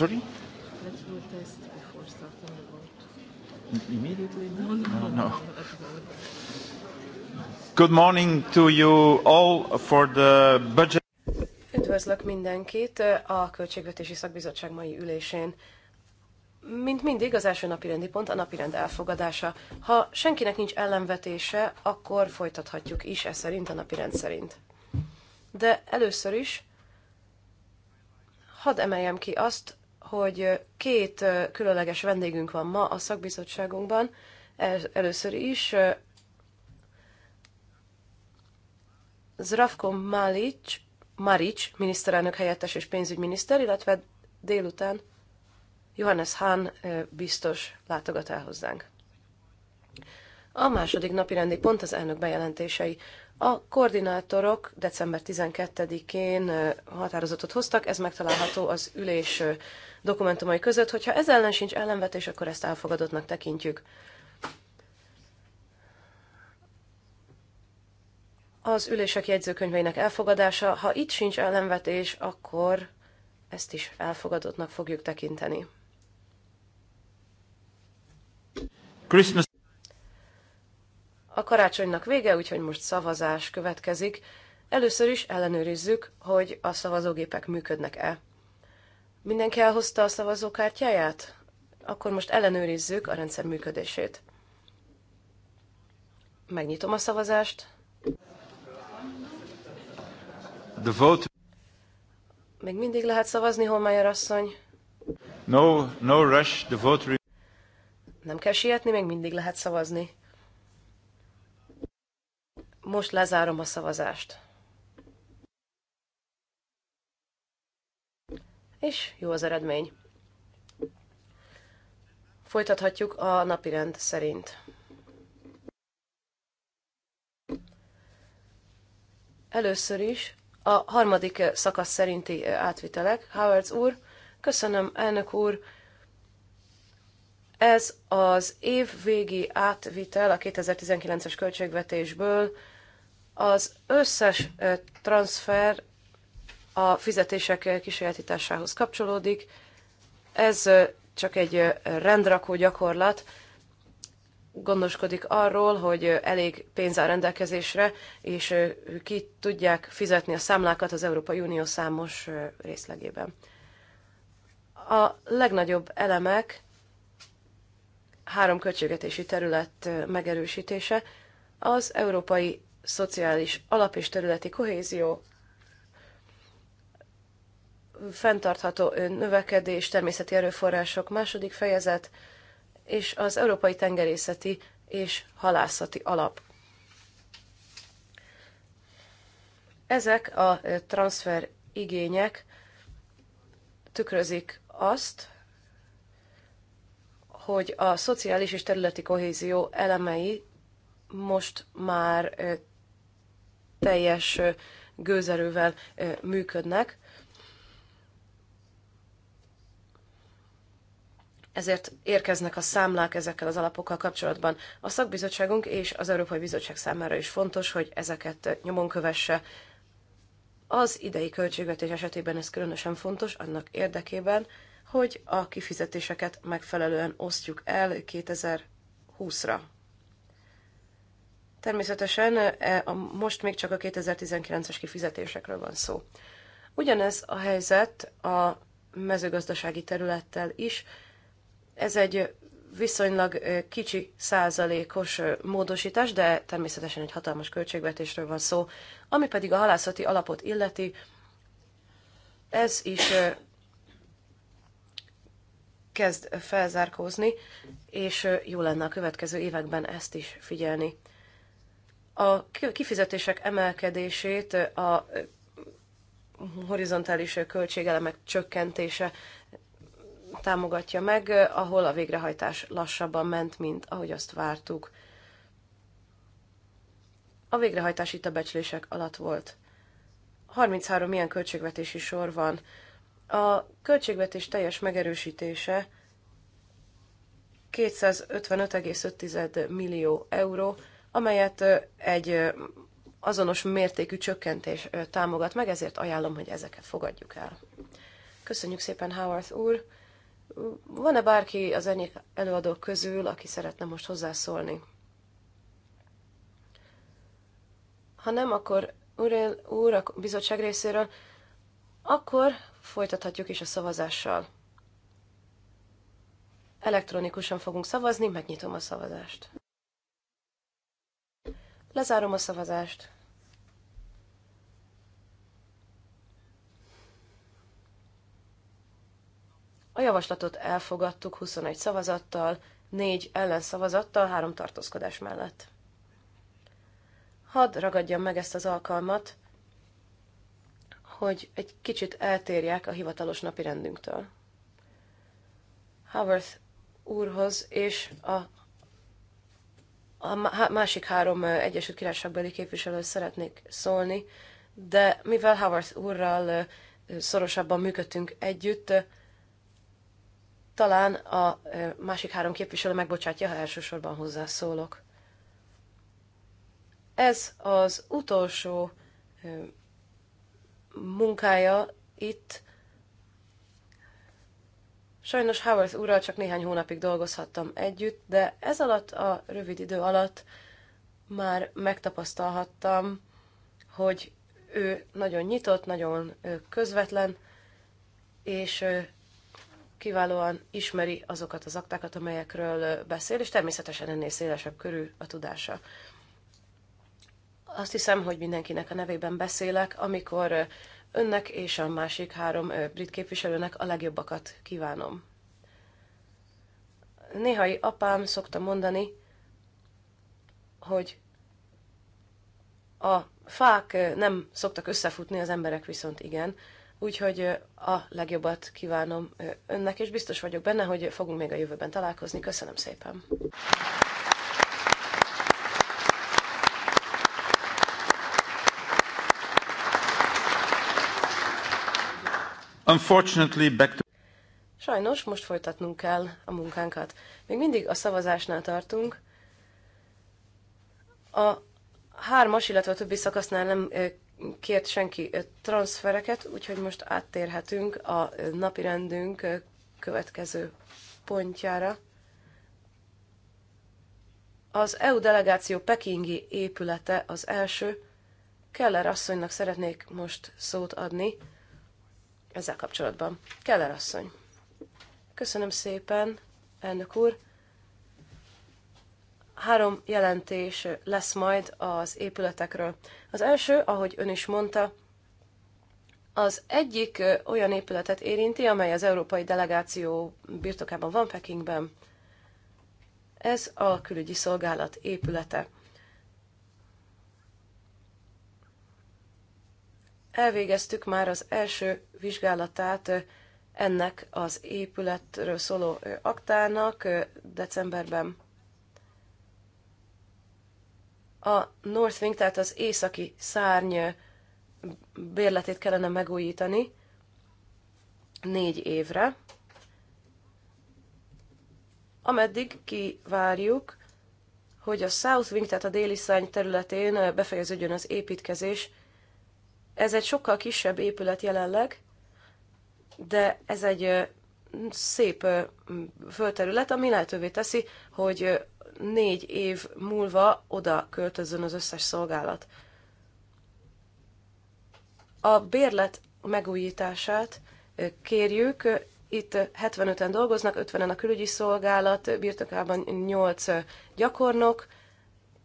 Sorry? Let's do a test before starting the vote. Immediately? No, no, no. no. Good morning to you all for the budget. Üdvözlök mindenkit a Költségvetési Szakbizottság mai ülésén. Mint mindig, az első napi rendi pont a napi rend elfogadása. Ha senkinek nincs ellenvetése, akkor folytathatjuk is ez szerint a napi rend szerint. De először is hadd emeljem ki azt, hogy két különleges vendégünk van ma a szakbizottságunkban. Először is Zravko Malic, Maric, miniszterelnök helyettes és pénzügyminiszter, illetve délután Johannes Hahn biztos látogat el hozzánk. A második napi rendi pont az elnök bejelentései. A koordinátorok december 12-én határozatot hoztak, ez megtalálható az ülés dokumentumai között, hogyha ez ellen sincs ellenvetés, akkor ezt elfogadottnak tekintjük. Az ülések jegyzőkönyveinek elfogadása, ha itt sincs ellenvetés, akkor ezt is elfogadottnak fogjuk tekinteni. Christmas. A karácsonynak vége, úgyhogy most szavazás következik. Először is ellenőrizzük, hogy a szavazógépek működnek-e. Mindenki elhozta a szavazókártyáját? Akkor most ellenőrizzük a rendszer működését. Megnyitom a szavazást. The vote. Még mindig lehet szavazni, Holmeyer asszony. No, no rush, the vote. Nem kell sietni, még mindig lehet szavazni. Most lezárom a szavazást. és jó az eredmény. Folytathatjuk a napirend szerint. Először is a harmadik szakasz szerinti átvitelek. Howard úr, köszönöm, elnök úr. Ez az évvégi átvitel a 2019-es költségvetésből az összes eh, transfer a fizetések kisajátításához kapcsolódik. Ez csak egy rendrakó gyakorlat, gondoskodik arról, hogy elég pénz áll rendelkezésre, és ki tudják fizetni a számlákat az Európai Unió számos részlegében. A legnagyobb elemek három költségetési terület megerősítése, az Európai Szociális Alap és Területi Kohézió, fenntartható növekedés, természeti erőforrások második fejezet, és az Európai Tengerészeti és Halászati Alap. Ezek a transfer igények tükrözik azt, hogy a szociális és területi kohézió elemei most már teljes gőzerővel működnek, ezért érkeznek a számlák ezekkel az alapokkal kapcsolatban. A szakbizottságunk és az Európai Bizottság számára is fontos, hogy ezeket nyomon kövesse. Az idei költségvetés esetében ez különösen fontos, annak érdekében, hogy a kifizetéseket megfelelően osztjuk el 2020-ra. Természetesen e, a, most még csak a 2019-es kifizetésekről van szó. Ugyanez a helyzet a mezőgazdasági területtel is, ez egy viszonylag kicsi százalékos módosítás, de természetesen egy hatalmas költségvetésről van szó. Ami pedig a halászati alapot illeti, ez is kezd felzárkózni, és jó lenne a következő években ezt is figyelni. A kifizetések emelkedését a horizontális költségelemek csökkentése támogatja meg, ahol a végrehajtás lassabban ment, mint ahogy azt vártuk. A végrehajtás itt a becslések alatt volt. 33 ilyen költségvetési sor van. A költségvetés teljes megerősítése 255,5 millió euró, amelyet egy azonos mértékű csökkentés támogat meg, ezért ajánlom, hogy ezeket fogadjuk el. Köszönjük szépen, Howard úr! Van-e bárki az enyék előadók közül, aki szeretne most hozzászólni? Ha nem, akkor úr, úr a bizottság részéről, akkor folytathatjuk is a szavazással. Elektronikusan fogunk szavazni, megnyitom a szavazást. Lezárom a szavazást. A javaslatot elfogadtuk 21 szavazattal, 4 ellenszavazattal, 3 tartózkodás mellett. Hadd ragadjam meg ezt az alkalmat, hogy egy kicsit eltérjek a hivatalos napirendünktől. Haworth úrhoz és a, a másik három Egyesült Királyságbeli képviselő szeretnék szólni, de mivel Haworth úrral szorosabban működtünk együtt, talán a másik három képviselő megbocsátja, ha elsősorban hozzászólok. Ez az utolsó munkája itt. Sajnos Howard úrral csak néhány hónapig dolgozhattam együtt, de ez alatt a rövid idő alatt már megtapasztalhattam, hogy ő nagyon nyitott, nagyon közvetlen, és kiválóan ismeri azokat az aktákat, amelyekről beszél, és természetesen ennél szélesebb körű a tudása. Azt hiszem, hogy mindenkinek a nevében beszélek, amikor önnek és a másik három brit képviselőnek a legjobbakat kívánom. Néhai apám szokta mondani, hogy a fák nem szoktak összefutni, az emberek viszont igen. Úgyhogy a legjobbat kívánom önnek, és biztos vagyok benne, hogy fogunk még a jövőben találkozni. Köszönöm szépen! Unfortunately, back to... Sajnos most folytatnunk kell a munkánkat. Még mindig a szavazásnál tartunk. A hármas, illetve a többi szakasznál nem kért senki transfereket, úgyhogy most áttérhetünk a napi rendünk következő pontjára. Az EU delegáció pekingi épülete az első. Keller asszonynak szeretnék most szót adni ezzel kapcsolatban. Keller asszony. Köszönöm szépen, elnök úr. Három jelentés lesz majd az épületekről. Az első, ahogy ön is mondta, az egyik olyan épületet érinti, amely az európai delegáció birtokában van Pekingben. Ez a külügyi szolgálat épülete. Elvégeztük már az első vizsgálatát ennek az épületről szóló aktának decemberben a North Wing, tehát az északi szárny bérletét kellene megújítani négy évre. Ameddig kivárjuk, hogy a South Wing, tehát a déli szárny területén befejeződjön az építkezés. Ez egy sokkal kisebb épület jelenleg, de ez egy szép földterület, ami lehetővé teszi, hogy négy év múlva oda költözön az összes szolgálat. A bérlet megújítását kérjük, itt 75-en dolgoznak, 50-en a külügyi szolgálat, birtokában 8 gyakornok,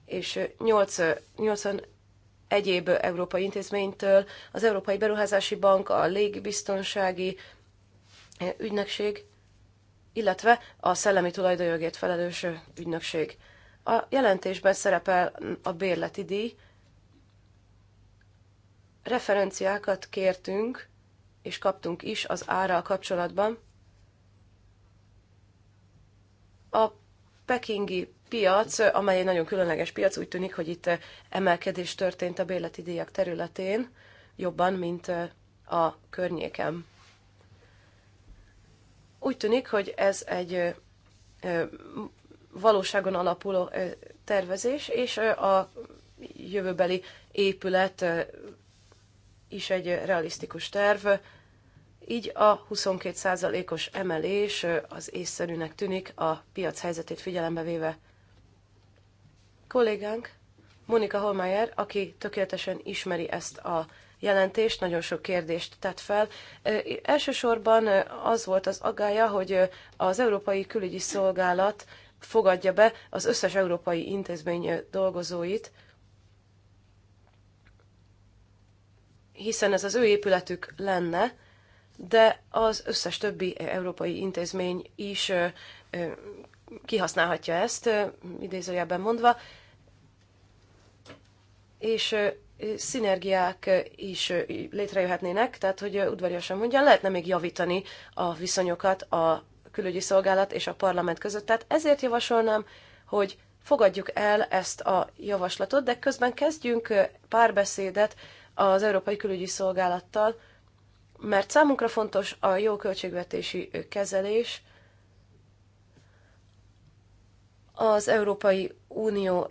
és 8, 80 egyéb európai intézménytől, az Európai Beruházási Bank, a Légibiztonsági Ügynökség, illetve a szellemi tulajdonjogért felelős ügynökség. A jelentésben szerepel a bérleti díj. Referenciákat kértünk, és kaptunk is az árral kapcsolatban. A pekingi piac, amely egy nagyon különleges piac, úgy tűnik, hogy itt emelkedés történt a bérleti díjak területén, jobban, mint a környékem. Úgy tűnik, hogy ez egy valóságon alapuló tervezés, és a jövőbeli épület is egy realisztikus terv. Így a 22%-os emelés az észszerűnek tűnik a piac helyzetét figyelembe véve. Kollégánk, Monika Holmeyer, aki tökéletesen ismeri ezt a jelentés nagyon sok kérdést tett fel. Elsősorban az volt az agája, hogy az Európai Külügyi Szolgálat fogadja be az összes európai intézmény dolgozóit, hiszen ez az ő épületük lenne, de az összes többi európai intézmény is kihasználhatja ezt, idézőjelben mondva, és szinergiák is létrejöhetnének, tehát hogy udvariasan mondjam, lehetne még javítani a viszonyokat a külügyi szolgálat és a parlament között. Tehát ezért javasolnám, hogy fogadjuk el ezt a javaslatot, de közben kezdjünk párbeszédet az Európai Külügyi Szolgálattal, mert számunkra fontos a jó költségvetési kezelés, az Európai Unió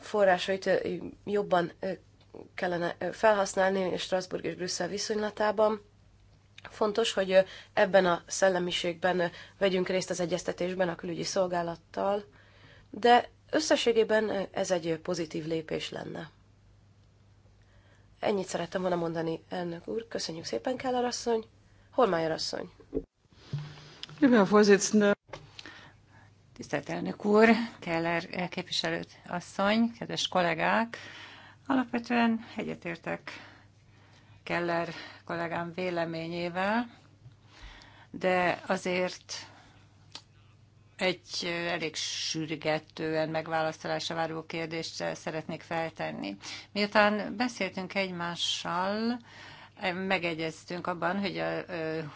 forrásait jobban kellene felhasználni Strasbourg és Brüsszel viszonylatában. Fontos, hogy ebben a szellemiségben vegyünk részt az egyeztetésben a külügyi szolgálattal, de összességében ez egy pozitív lépés lenne. Ennyit szerettem volna mondani, elnök úr. Köszönjük szépen, Keller asszony. Holmájer asszony. Liebe Vorsitzende. Tisztelt elnök úr, Keller képviselőt asszony, kedves kollégák! Alapvetően egyetértek Keller kollégám véleményével, de azért egy elég sürgetően megválasztalásra váró kérdést szeretnék feltenni. Miután beszéltünk egymással, megegyeztünk abban, hogy a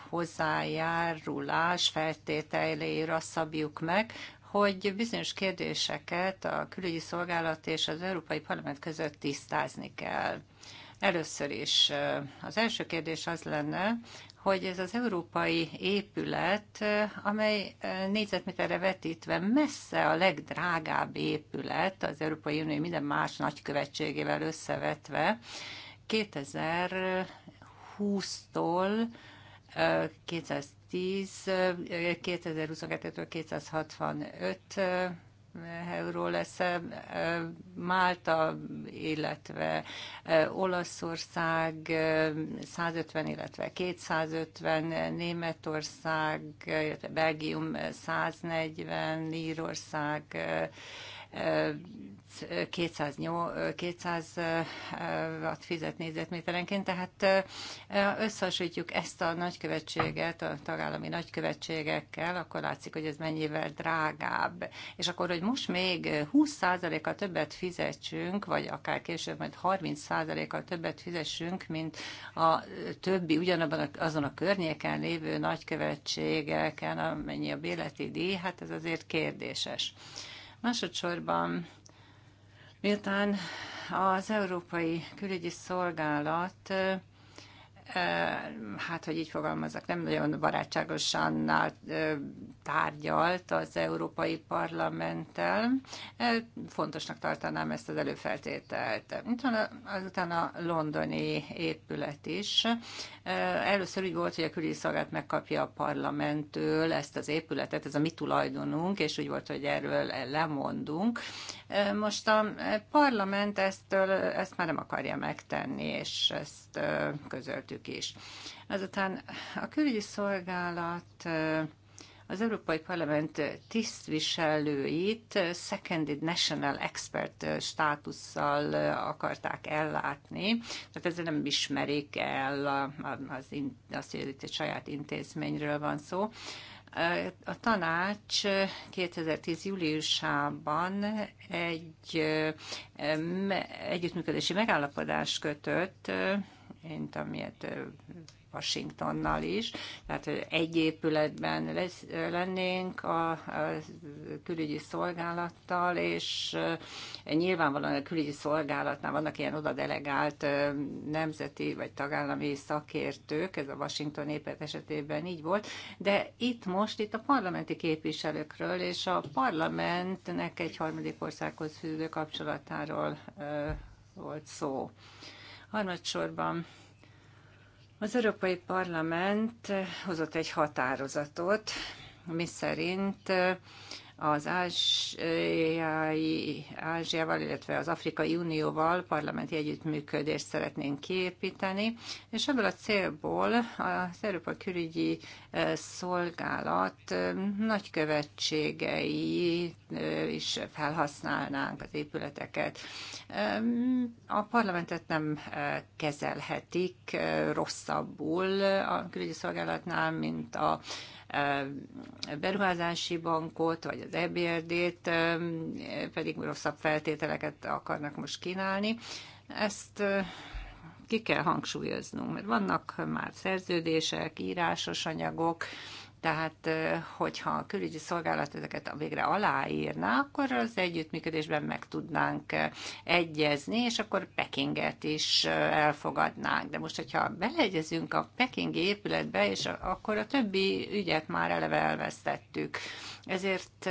hozzájárulás feltételeire szabjuk meg, hogy bizonyos kérdéseket a külügyi szolgálat és az Európai Parlament között tisztázni kell. Először is az első kérdés az lenne, hogy ez az európai épület, amely négyzetméterre vetítve messze a legdrágább épület az Európai Unió minden más nagykövetségével összevetve, 2000 2020-tól 210, 2022-től 265 euró lesz Málta, illetve Olaszország 150, illetve 250, Németország, illetve Belgium 140, Írország 200, 200 fizet négyzetméterenként, tehát összehasonlítjuk ezt a nagykövetséget a tagállami nagykövetségekkel, akkor látszik, hogy ez mennyivel drágább. És akkor, hogy most még 20%-kal többet fizetsünk, vagy akár később majd 30%-kal többet fizessünk, mint a többi ugyanabban azon a környéken lévő nagykövetségeken, amennyi a béleti díj, hát ez azért kérdéses. Másodszorban Miután az Európai Külügyi Szolgálat hát, hogy így fogalmazok, nem nagyon barátságosan tárgyalt az Európai Parlamenttel. Fontosnak tartanám ezt az előfeltételt. Azután a londoni épület is. Először úgy volt, hogy a külügyi szolgált megkapja a parlamenttől ezt az épületet, ez a mi tulajdonunk, és úgy volt, hogy erről lemondunk. Most a parlament eztől, ezt már nem akarja megtenni, és ezt közöltük is. Azután a külügyi szolgálat az Európai Parlament tisztviselőit seconded national expert státusszal akarták ellátni, tehát ezzel nem ismerik el az, az, azt, hogy itt egy saját intézményről van szó. A tanács 2010. júliusában egy együttműködési megállapodást kötött, mint amilyet Washingtonnal is, tehát egy épületben lesz, lennénk a, a külügyi szolgálattal, és e, nyilvánvalóan a külügyi szolgálatnál vannak ilyen oda delegált e, nemzeti vagy tagállami szakértők, ez a Washington épület esetében így volt, de itt most, itt a parlamenti képviselőkről és a parlamentnek egy harmadik országhoz fűző kapcsolatáról e, volt szó. Harmadsorban az Európai Parlament hozott egy határozatot, miszerint az Ázsiai, Ázsiával, illetve az Afrikai Unióval parlamenti együttműködést szeretnénk kiépíteni, és ebből a célból az Európai Külügyi Szolgálat nagykövetségei is felhasználnánk az épületeket. A parlamentet nem kezelhetik rosszabbul a külügyi szolgálatnál, mint a beruházási bankot, vagy az EBRD-t, pedig rosszabb feltételeket akarnak most kínálni. Ezt ki kell hangsúlyoznunk, mert vannak már szerződések, írásos anyagok, tehát, hogyha a külügyi szolgálat ezeket a végre aláírná, akkor az együttműködésben meg tudnánk egyezni, és akkor Pekinget is elfogadnánk. De most, hogyha beleegyezünk a pekingi épületbe, és akkor a többi ügyet már eleve elvesztettük. Ezért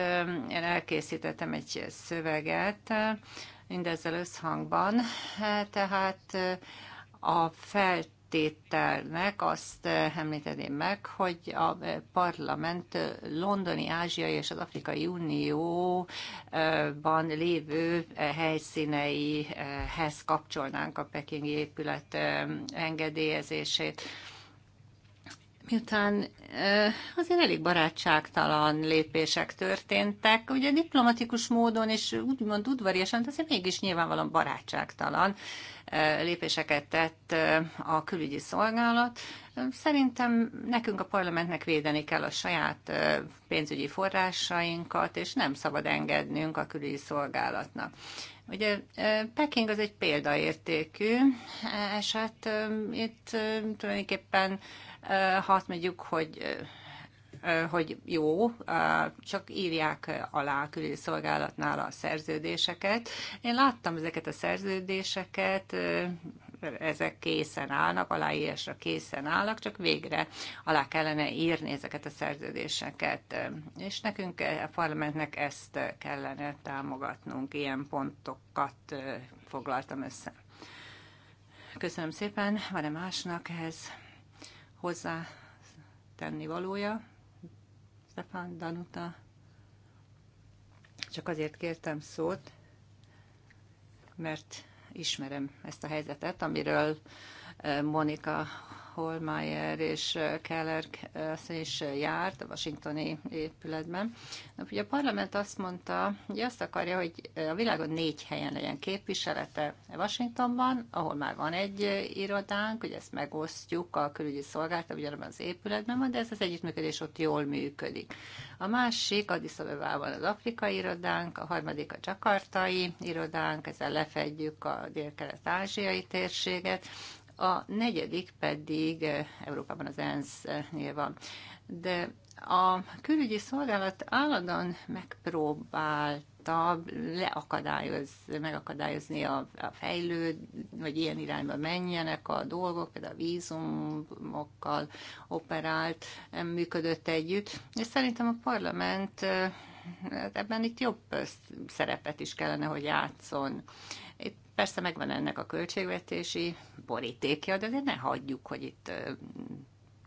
én elkészítettem egy szöveget, mindezzel összhangban, tehát a felt tételnek azt eh, említeném meg, hogy a eh, parlament eh, londoni, ázsiai és az Afrikai Unióban lévő helyszíneihez kapcsolnánk a pekingi épület engedélyezését miután azért elég barátságtalan lépések történtek, ugye diplomatikus módon és úgymond udvariasan, de azért mégis nyilvánvalóan barátságtalan lépéseket tett a külügyi szolgálat. Szerintem nekünk a parlamentnek védeni kell a saját pénzügyi forrásainkat, és nem szabad engednünk a külügyi szolgálatnak. Ugye Peking az egy példaértékű eset, itt tulajdonképpen hát mondjuk, hogy hogy jó, csak írják alá a külszolgálatnál a szerződéseket. Én láttam ezeket a szerződéseket, ezek készen állnak, aláírásra készen állnak, csak végre alá kellene írni ezeket a szerződéseket. És nekünk e, a parlamentnek ezt kellene támogatnunk, ilyen pontokat foglaltam össze. Köszönöm szépen, van-e másnak ehhez? hozzá tenni valója. Stefan Danuta, csak azért kértem szót, mert ismerem ezt a helyzetet, amiről eh, Monika Holmeyer és Keller is járt a washingtoni épületben. Na, ugye a parlament azt mondta, hogy azt akarja, hogy a világon négy helyen legyen képviselete Washingtonban, ahol már van egy irodánk, hogy ezt megosztjuk a külügyi szolgáltat, ugyanabban az épületben van, de ez az együttműködés ott jól működik. A másik, Addis Abebában az afrikai irodánk, a harmadik a jakartai irodánk, ezzel lefedjük a dél-kelet-ázsiai térséget, a negyedik pedig eh, Európában az ENSZ-nél van. De a külügyi szolgálat állandóan megpróbálta leakadályoz, megakadályozni a, a fejlőd, vagy ilyen irányba menjenek a dolgok, például a vízumokkal operált, működött együtt, és szerintem a parlament eh, hát ebben itt jobb eh, szerepet is kellene, hogy játszon. Persze megvan ennek a költségvetési borítékja, de ne hagyjuk, hogy itt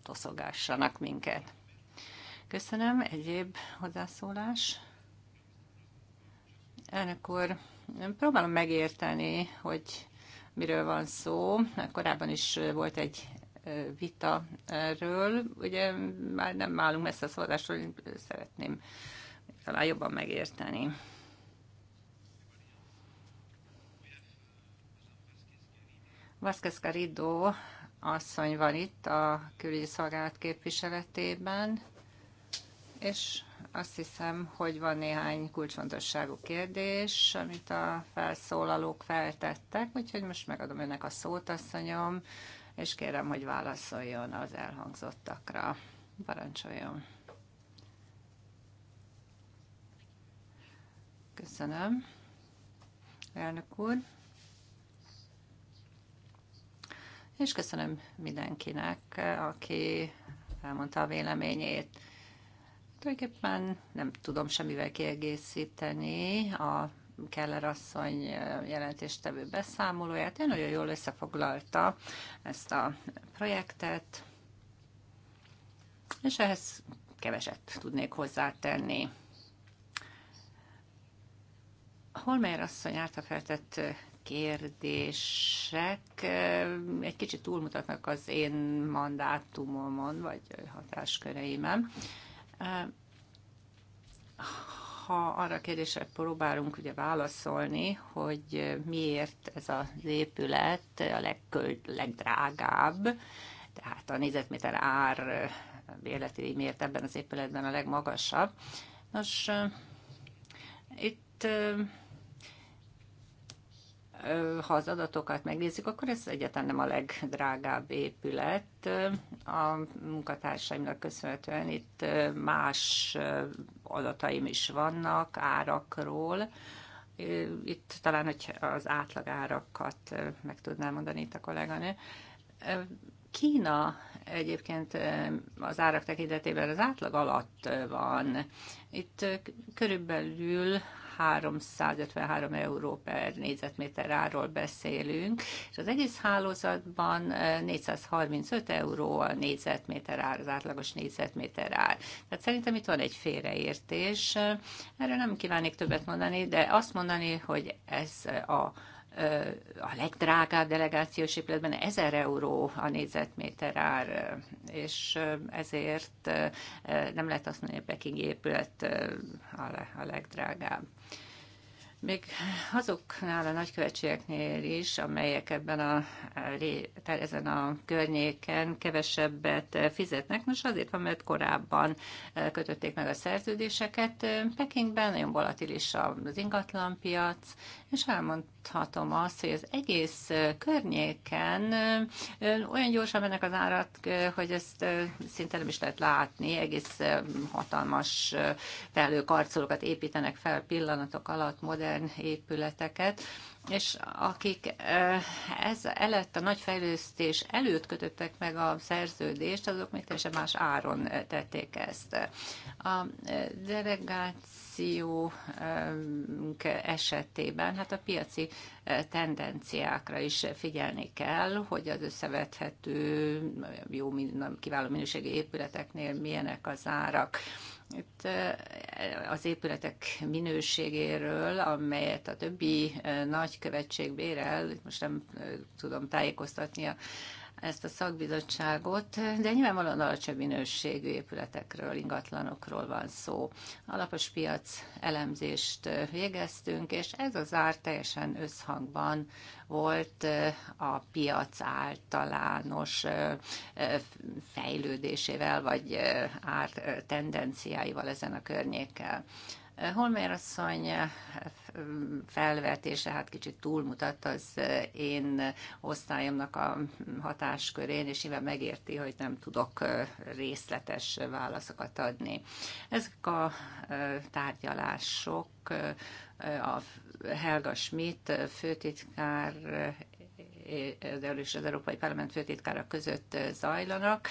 toszogássanak minket. Köszönöm. Egyéb hozzászólás? Elnök úr, próbálom megérteni, hogy miről van szó. Korábban is volt egy vita erről. Ugye már nem állunk messze a szavazásról, szeretném talán jobban megérteni. Vasquez Garrido asszony van itt a külügyi szolgálat képviseletében, és azt hiszem, hogy van néhány kulcsfontosságú kérdés, amit a felszólalók feltettek, úgyhogy most megadom önnek a szót, asszonyom, és kérem, hogy válaszoljon az elhangzottakra. Parancsoljon. Köszönöm. Elnök úr. és köszönöm mindenkinek, aki elmondta a véleményét. Tulajdonképpen nem tudom semmivel kiegészíteni a Keller asszony jelentéstevő beszámolóját. Én nagyon jól összefoglalta ezt a projektet, és ehhez keveset tudnék hozzátenni. Holmeyer asszony által feltett kérdések eh, egy kicsit túlmutatnak az én mandátumomon, vagy hatásköreimen. Eh, ha arra kérdésre próbálunk ugye válaszolni, hogy miért ez az épület a legköld, legdrágább, tehát a nézetméter ár bérleti miért ebben az épületben a legmagasabb. Nos, eh, itt itt ha az adatokat megnézzük, akkor ez egyetlen nem a legdrágább épület. A munkatársaimnak köszönhetően itt más adataim is vannak árakról. Itt talán, hogy az árakat meg tudnám mondani itt a kolléganő. Kína egyébként az árak tekintetében az átlag alatt van. Itt körülbelül 353 euró per négyzetméter áról beszélünk, és az egész hálózatban 435 eh, euró a négyzetméter ár, az átlagos négyzetméter ár. Tehát szerintem itt van egy félreértés. Erről nem kívánnék többet mondani, de azt mondani, hogy ez a a legdrágább delegációs épületben 1000 euró a négyzetméter ár, és ezért nem lehet azt mondani, hogy a Peking épület a legdrágább. Még azoknál a nagykövetségeknél is, amelyek ebben a, ezen a környéken kevesebbet fizetnek, most azért van, mert korábban kötötték meg a szerződéseket. Pekingben nagyon volatilis az ingatlanpiac, és elmondhatom azt, hogy az egész környéken olyan gyorsan mennek az árak, hogy ezt szinte nem is lehet látni, egész hatalmas felhőkarcolókat építenek fel pillanatok alatt, modern épületeket, és akik ez előtt, a nagy fejlesztés előtt kötöttek meg a szerződést, azok még teljesen más áron tették ezt. A delegáció pozíciónk esetében hát a piaci tendenciákra is figyelni kell, hogy az összevethető, jó, kiváló minőségi épületeknél milyenek az árak. Itt az épületek minőségéről, amelyet a többi nagykövetség bérel, most nem tudom tájékoztatni a ezt a szakbizottságot, de nyilvánvalóan alacsony minőségű épületekről, ingatlanokról van szó. Alapos piac elemzést végeztünk, és ez az ár teljesen összhangban volt a piac általános fejlődésével, vagy ár tendenciáival ezen a környékkel. Holmér asszony felvetése hát kicsit túlmutat az én osztályomnak a hatáskörén, és nyilván megérti, hogy nem tudok részletes válaszokat adni. Ezek a tárgyalások a Helga Schmidt főtitkár és az Európai Parlament főtitkára között zajlanak.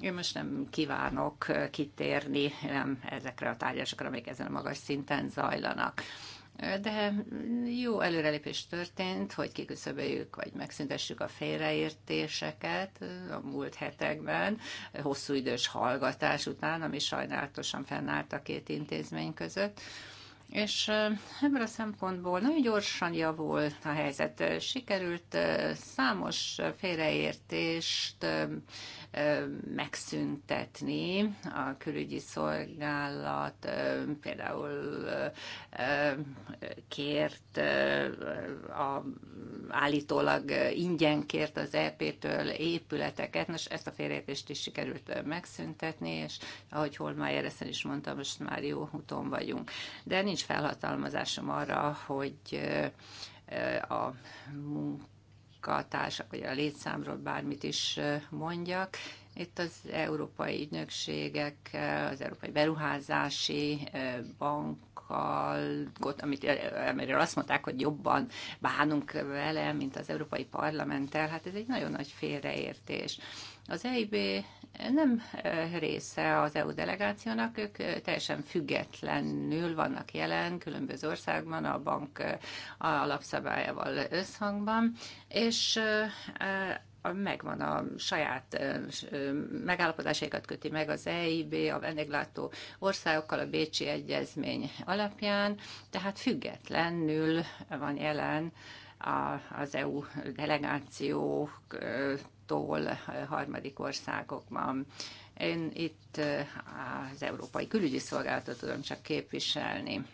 Én most nem kívánok kitérni nem ezekre a tárgyalásokra, amik ezen a magas szinten zajlanak de jó előrelépés történt, hogy kiküszöböljük, vagy megszüntessük a félreértéseket a múlt hetekben, hosszú idős hallgatás után, ami sajnálatosan fennállt a két intézmény között. És ebből a szempontból nagyon gyorsan javult a helyzet. Sikerült számos félreértést megszüntetni a külügyi szolgálat például kért a, állítólag ingyen kért az EP-től épületeket, nos ezt a félértést is sikerült megszüntetni, és ahogy Holmájer ezt is mondtam, most már jó úton vagyunk. De nincs felhatalmazásom arra, hogy a munka társak, vagy a létszámról bármit is mondjak. Itt az európai ügynökségek, az európai beruházási bankkal, amit, amiről azt mondták, hogy jobban bánunk vele, mint az európai parlamenttel, hát ez egy nagyon nagy félreértés az EIB nem része az EU delegációnak, ők teljesen függetlenül vannak jelen különböző országban, a bank alapszabályával összhangban, és megvan a saját megállapodásaikat köti meg az EIB, a vendéglátó országokkal a Bécsi Egyezmény alapján, tehát függetlenül van jelen az EU delegációk tól harmadik országokban. Én itt eh, az Európai Külügyi Szolgálatot tudom csak képviselni.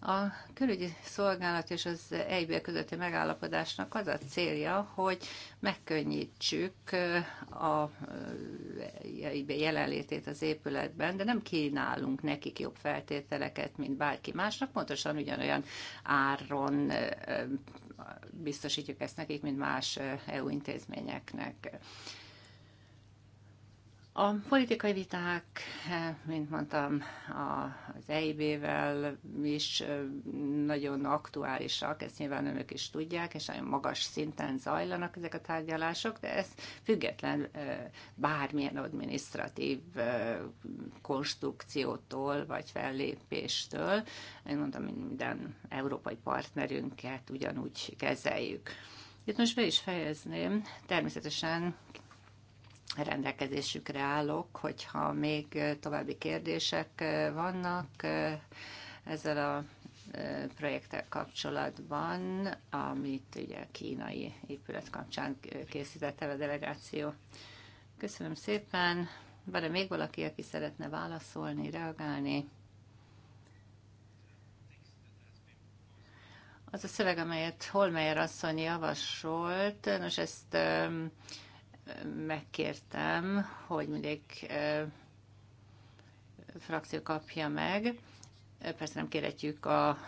A külügyi szolgálat és az EIB közötti megállapodásnak az a célja, hogy megkönnyítsük eh, a EIB eh, jelenlétét az épületben, de nem kínálunk nekik jobb feltételeket, mint bárki másnak, pontosan ugyanolyan áron biztosítjuk ezt nekik, mint más EU intézményeknek. A politikai viták, eh, mint mondtam, az EIB-vel is eh, nagyon aktuálisak, ezt nyilván önök is tudják, és nagyon magas szinten zajlanak ezek a tárgyalások, de ez független eh, bármilyen administratív konstrukciótól vagy fellépéstől. Én mondtam, minden európai partnerünket ugyanúgy kezeljük. Itt most be is fejezném. Természetesen rendelkezésükre állok, hogyha még további kérdések vannak ezzel a projekttel kapcsolatban, amit ugye a kínai épület kapcsán készített el a delegáció. Köszönöm szépen. Van-e még valaki, aki szeretne válaszolni, reagálni? Az a szöveg, amelyet Holmeyer asszony javasolt, nos ezt megkértem, hogy mindig frakció kapja meg. Persze nem kérhetjük a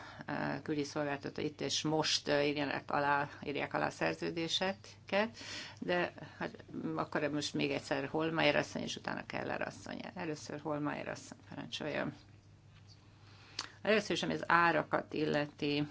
küli szolgáltató itt és most írják alá, írják alá a szerződéseket, de hát, akkor most még egyszer Holmaier asszony, és utána Keller asszony. Először Holmaier asszony parancsolja. Először is, ami az árakat illeti,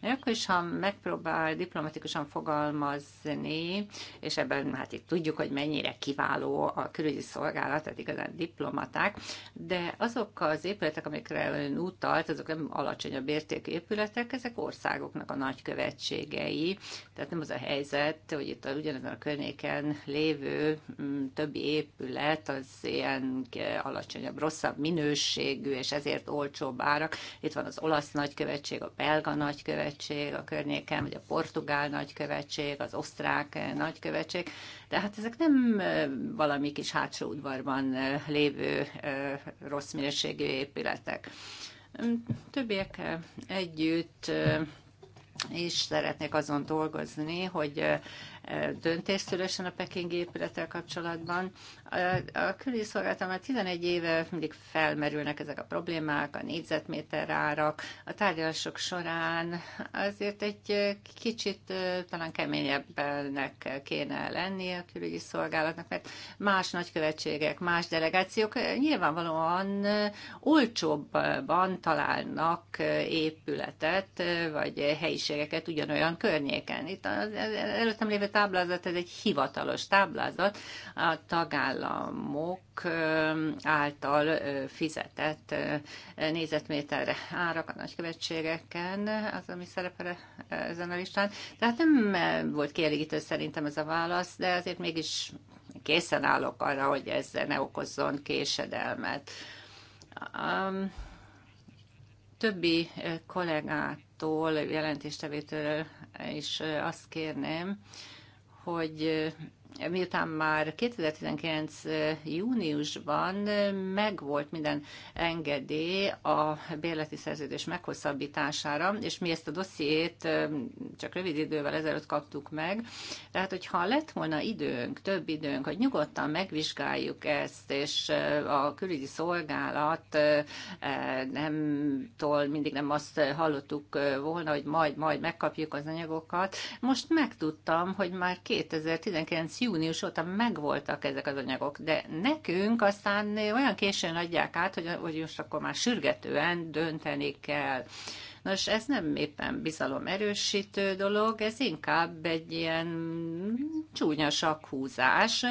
még akkor is, ha megpróbál diplomatikusan fogalmazni, és ebben hát itt tudjuk, hogy mennyire kiváló a külügyi szolgálat, tehát igazán diplomaták, de azok az épületek, amikre ön utalt, azok nem alacsonyabb értékű épületek, ezek országoknak a nagykövetségei, tehát nem az a helyzet, hogy itt a, ugyanezen a környéken lévő mm, többi épület az ilyen alacsonyabb, rosszabb minőségű, és ezért olcsóbb árak. Itt van az olasz nagykövetség, a belga nagykövetség, nagykövetség a környéken, vagy a portugál nagykövetség, az osztrák nagykövetség, de hát ezek nem valami kis hátsó udvarban lévő rossz minőségű épületek. Többiek együtt és szeretnék azon dolgozni, hogy döntésszülősen a pekingi épülettel kapcsolatban, a külügyszolgáltal már 11 éve mindig felmerülnek ezek a problémák, a négyzetméter árak. A tárgyalások során azért egy kicsit talán keményebbnek kéne lenni a külügyi szolgálatnak, mert más nagykövetségek, más delegációk nyilvánvalóan olcsóbban találnak épületet, vagy helyiségeket ugyanolyan környéken. Itt az előttem lévő táblázat, ez egy hivatalos táblázat, a tagállam államok által fizetett nézetméterre árak a nagykövetségeken, az, ami szerepel ezen a listán. Tehát nem volt kielégítő szerintem ez a válasz, de azért mégis készen állok arra, hogy ez ne okozzon késedelmet. Um, többi kollégától, jelentéstevétől is azt kérném, hogy miután már 2019 júniusban megvolt minden engedély a bérleti szerződés meghosszabbítására, és mi ezt a dossziét csak rövid idővel ezelőtt kaptuk meg. Tehát, hogyha lett volna időnk, több időnk, hogy nyugodtan megvizsgáljuk ezt, és a külügyi szolgálat e, nem tól mindig nem azt hallottuk volna, hogy majd, majd megkapjuk az anyagokat. Most megtudtam, hogy már 2019 június óta megvoltak ezek az anyagok, de nekünk aztán olyan későn adják át, hogy, hogy most akkor már sürgetően dönteni kell. Nos, ez nem éppen bizalomerősítő dolog, ez inkább egy ilyen csúnya sakhúzás.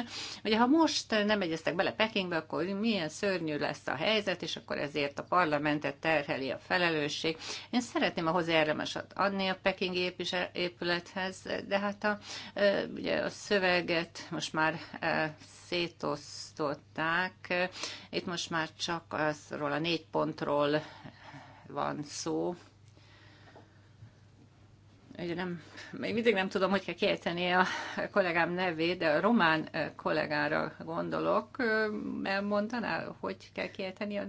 Ugye ha most nem egyeztek bele Pekingbe, akkor milyen szörnyű lesz a helyzet, és akkor ezért a parlamentet terheli a felelősség. Én szeretném a hozzájárulásat adni a pekingi épülethez, de hát a, ugye a szöveget most már szétosztották. Itt most már csak azról a négy pontról van szó, ugye nem, még mindig nem tudom, hogy kell kérteni a kollégám nevét, de a román eh, kollégára gondolok. Elmondanál, hogy kell kérteni a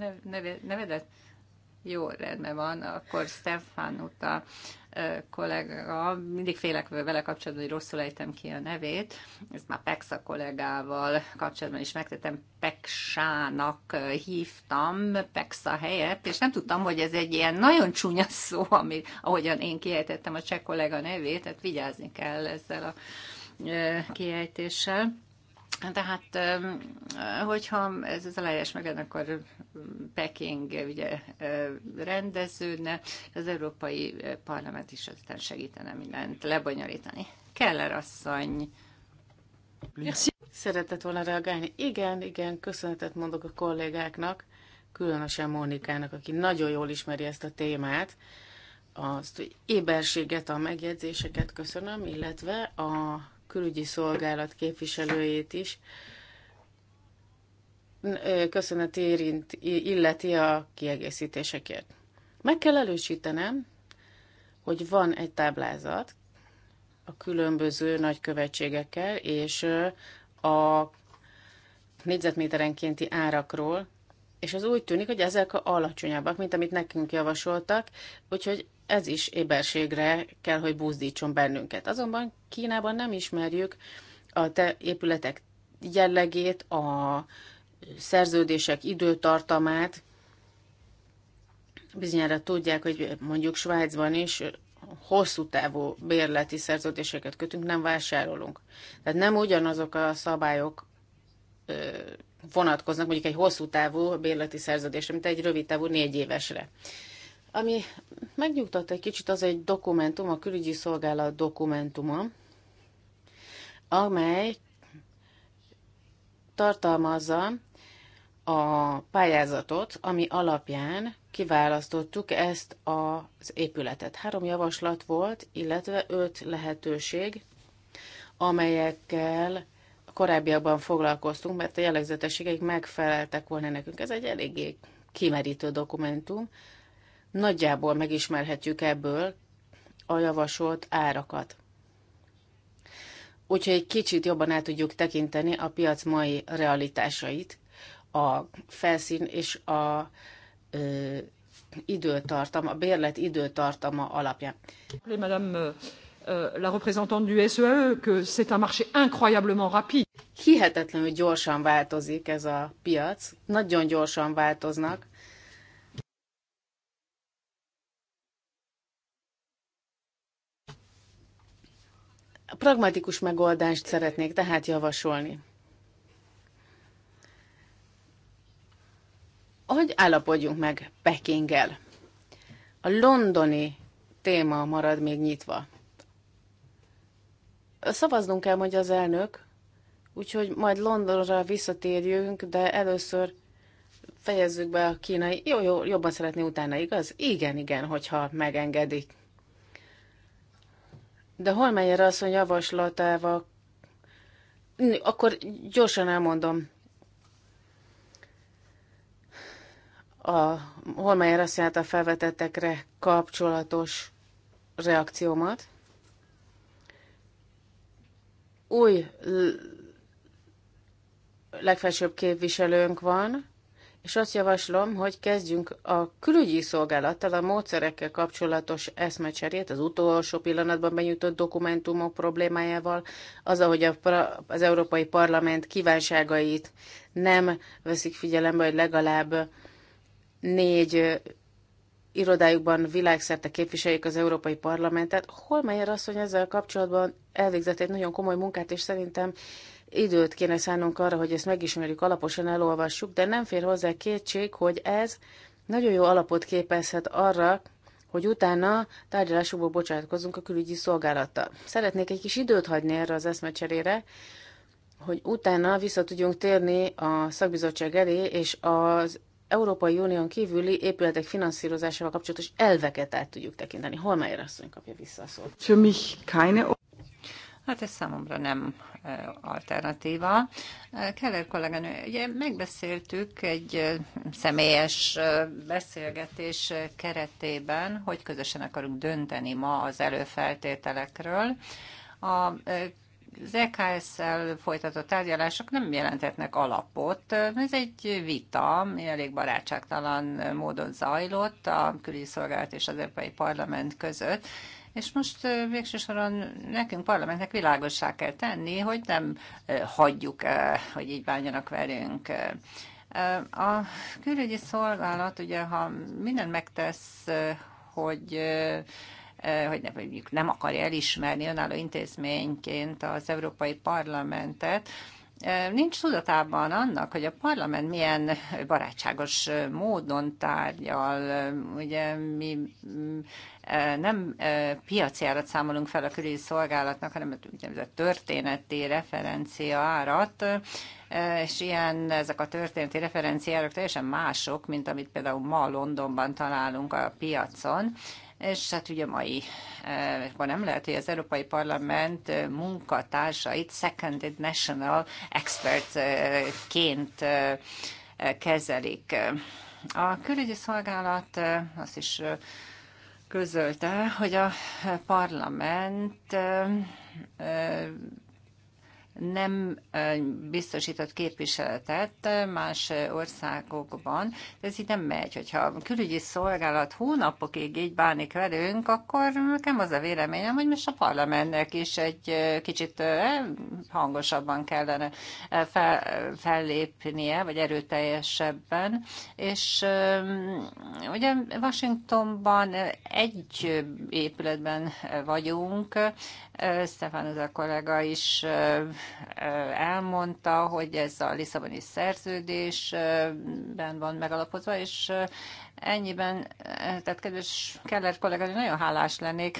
nevedet? Jó, rendben van, akkor Stefan uta kollega, mindig félek vele kapcsolatban, hogy rosszul ejtem ki a nevét, ezt már Peksa kollégával kapcsolatban is megtettem, Peksának hívtam, Peksa helyett, és nem tudtam, hogy ez egy ilyen nagyon csúnya szó, ami, ahogyan én kiejtettem a cseh kollega nevét, tehát vigyázni kell ezzel a kiejtéssel. Tehát, hogyha ez az elejes meg akkor Peking ugye rendeződne, az Európai Parlament is aztán segítene mindent lebonyolítani. Keller asszony. Szeretett volna reagálni. Igen, igen, köszönetet mondok a kollégáknak, különösen Monikának, aki nagyon jól ismeri ezt a témát. Azt, hogy éberséget, a megjegyzéseket köszönöm, illetve a külügyi szolgálat képviselőjét is. Köszönet érint, illeti a kiegészítésekért. Meg kell elősítenem, hogy van egy táblázat a különböző nagykövetségekkel, és a négyzetméterenkénti árakról, és az úgy tűnik, hogy ezek alacsonyabbak, mint amit nekünk javasoltak, úgyhogy ez is éberségre kell, hogy buzdítson bennünket. Azonban Kínában nem ismerjük a te épületek jellegét, a szerződések időtartamát. Bizonyára tudják, hogy mondjuk Svájcban is hosszú távú bérleti szerződéseket kötünk, nem vásárolunk. Tehát nem ugyanazok a szabályok vonatkoznak mondjuk egy hosszú távú bérleti szerződésre, mint egy rövid távú négy évesre. Ami megnyugtat egy kicsit, az egy dokumentum, a külügyi szolgálat dokumentuma, amely tartalmazza a pályázatot, ami alapján kiválasztottuk ezt az épületet. Három javaslat volt, illetve öt lehetőség, amelyekkel korábbiakban foglalkoztunk, mert a jellegzetességeik megfeleltek volna nekünk. Ez egy eléggé kimerítő dokumentum, Nagyjából megismerhetjük ebből a javasolt árakat. Úgyhogy egy kicsit jobban el tudjuk tekinteni a piac mai realitásait, a felszín és a ö, időtartam, a bérlet időtartama alapján. Madame euh, euh, la représentante du SEE e, que c'est un marché incroyablement rapide. Hihetetlenül gyorsan változik ez a piac, nagyon gyorsan változnak Pragmatikus megoldást szeretnék tehát javasolni. Hogy állapodjunk meg Pekinggel? A londoni téma marad még nyitva. Szavaznunk kell, hogy az elnök, úgyhogy majd Londonra visszatérjünk, de először fejezzük be a kínai. Jó, jó, jobban szeretné utána, igaz? Igen, igen, hogyha megengedik. De Holmeyer asszony javaslatával, akkor gyorsan elmondom. A Holmeyer asszony által felvetettekre kapcsolatos reakciómat. Új legfelsőbb képviselőnk van, és azt javaslom, hogy kezdjünk a külügyi szolgálattal a módszerekkel kapcsolatos eszmecserét, az utolsó pillanatban benyújtott dokumentumok problémájával, az, ahogy a, az Európai Parlament kívánságait nem veszik figyelembe, hogy legalább négy irodájukban világszerte képviseljék az Európai Parlamentet. Holmeyer asszony ezzel kapcsolatban elvégzett egy nagyon komoly munkát, és szerintem Időt kéne szánnunk arra, hogy ezt megismerjük, alaposan elolvassuk, de nem fér hozzá kétség, hogy ez nagyon jó alapot képezhet arra, hogy utána tárgyalásokból bocsátkozunk a külügyi szolgálata. Szeretnék egy kis időt hagyni erre az eszmecserére, hogy utána vissza tudjunk térni a szakbizottság elé, és az Európai Unión kívüli épületek finanszírozásával kapcsolatos elveket át tudjuk tekinteni. Holmeyer asszony kapja vissza a szót. Hát ez számomra nem alternatíva. Keller kolléganő, ugye megbeszéltük egy személyes beszélgetés keretében, hogy közösen akarunk dönteni ma az előfeltételekről. A az EKS-szel folytatott tárgyalások nem jelentetnek alapot. Ez egy vita, ami elég barátságtalan módon zajlott a külügyszolgálat és az Európai Parlament között. És most végső soron nekünk, parlamentnek világossá kell tenni, hogy nem hagyjuk, hogy így bánjanak velünk. A külügyi szolgálat, ugye, ha mindent megtesz, hogy hogy ne, mondjuk nem akarja elismerni önálló intézményként az Európai Parlamentet, nincs tudatában annak, hogy a parlament milyen barátságos módon tárgyal, ugye mi nem piaci árat számolunk fel a külügyi szolgálatnak, hanem úgynevezett történeti referencia árat, és ilyen ezek a történeti referenciárak teljesen mások, mint amit például ma Londonban találunk a piacon és hát ugye mai van nem lehet, hogy az Európai Parlament munkatársait seconded national expertként kezelik. A külügyi szolgálat azt is közölte, hogy a parlament nem biztosított képviseletet más országokban. Ez így nem megy. Hogyha a külügyi szolgálat hónapokig így bánik velünk, akkor nekem az a véleményem, hogy most a parlamentnek is egy kicsit hangosabban kellene fel, fellépnie, vagy erőteljesebben. És ugye Washingtonban egy épületben vagyunk, Stefan a kollega is elmondta, hogy ez a Lisszaboni szerződésben van megalapozva, és Ennyiben, eh, tehát kedves Keller kollega, nagyon hálás lennék.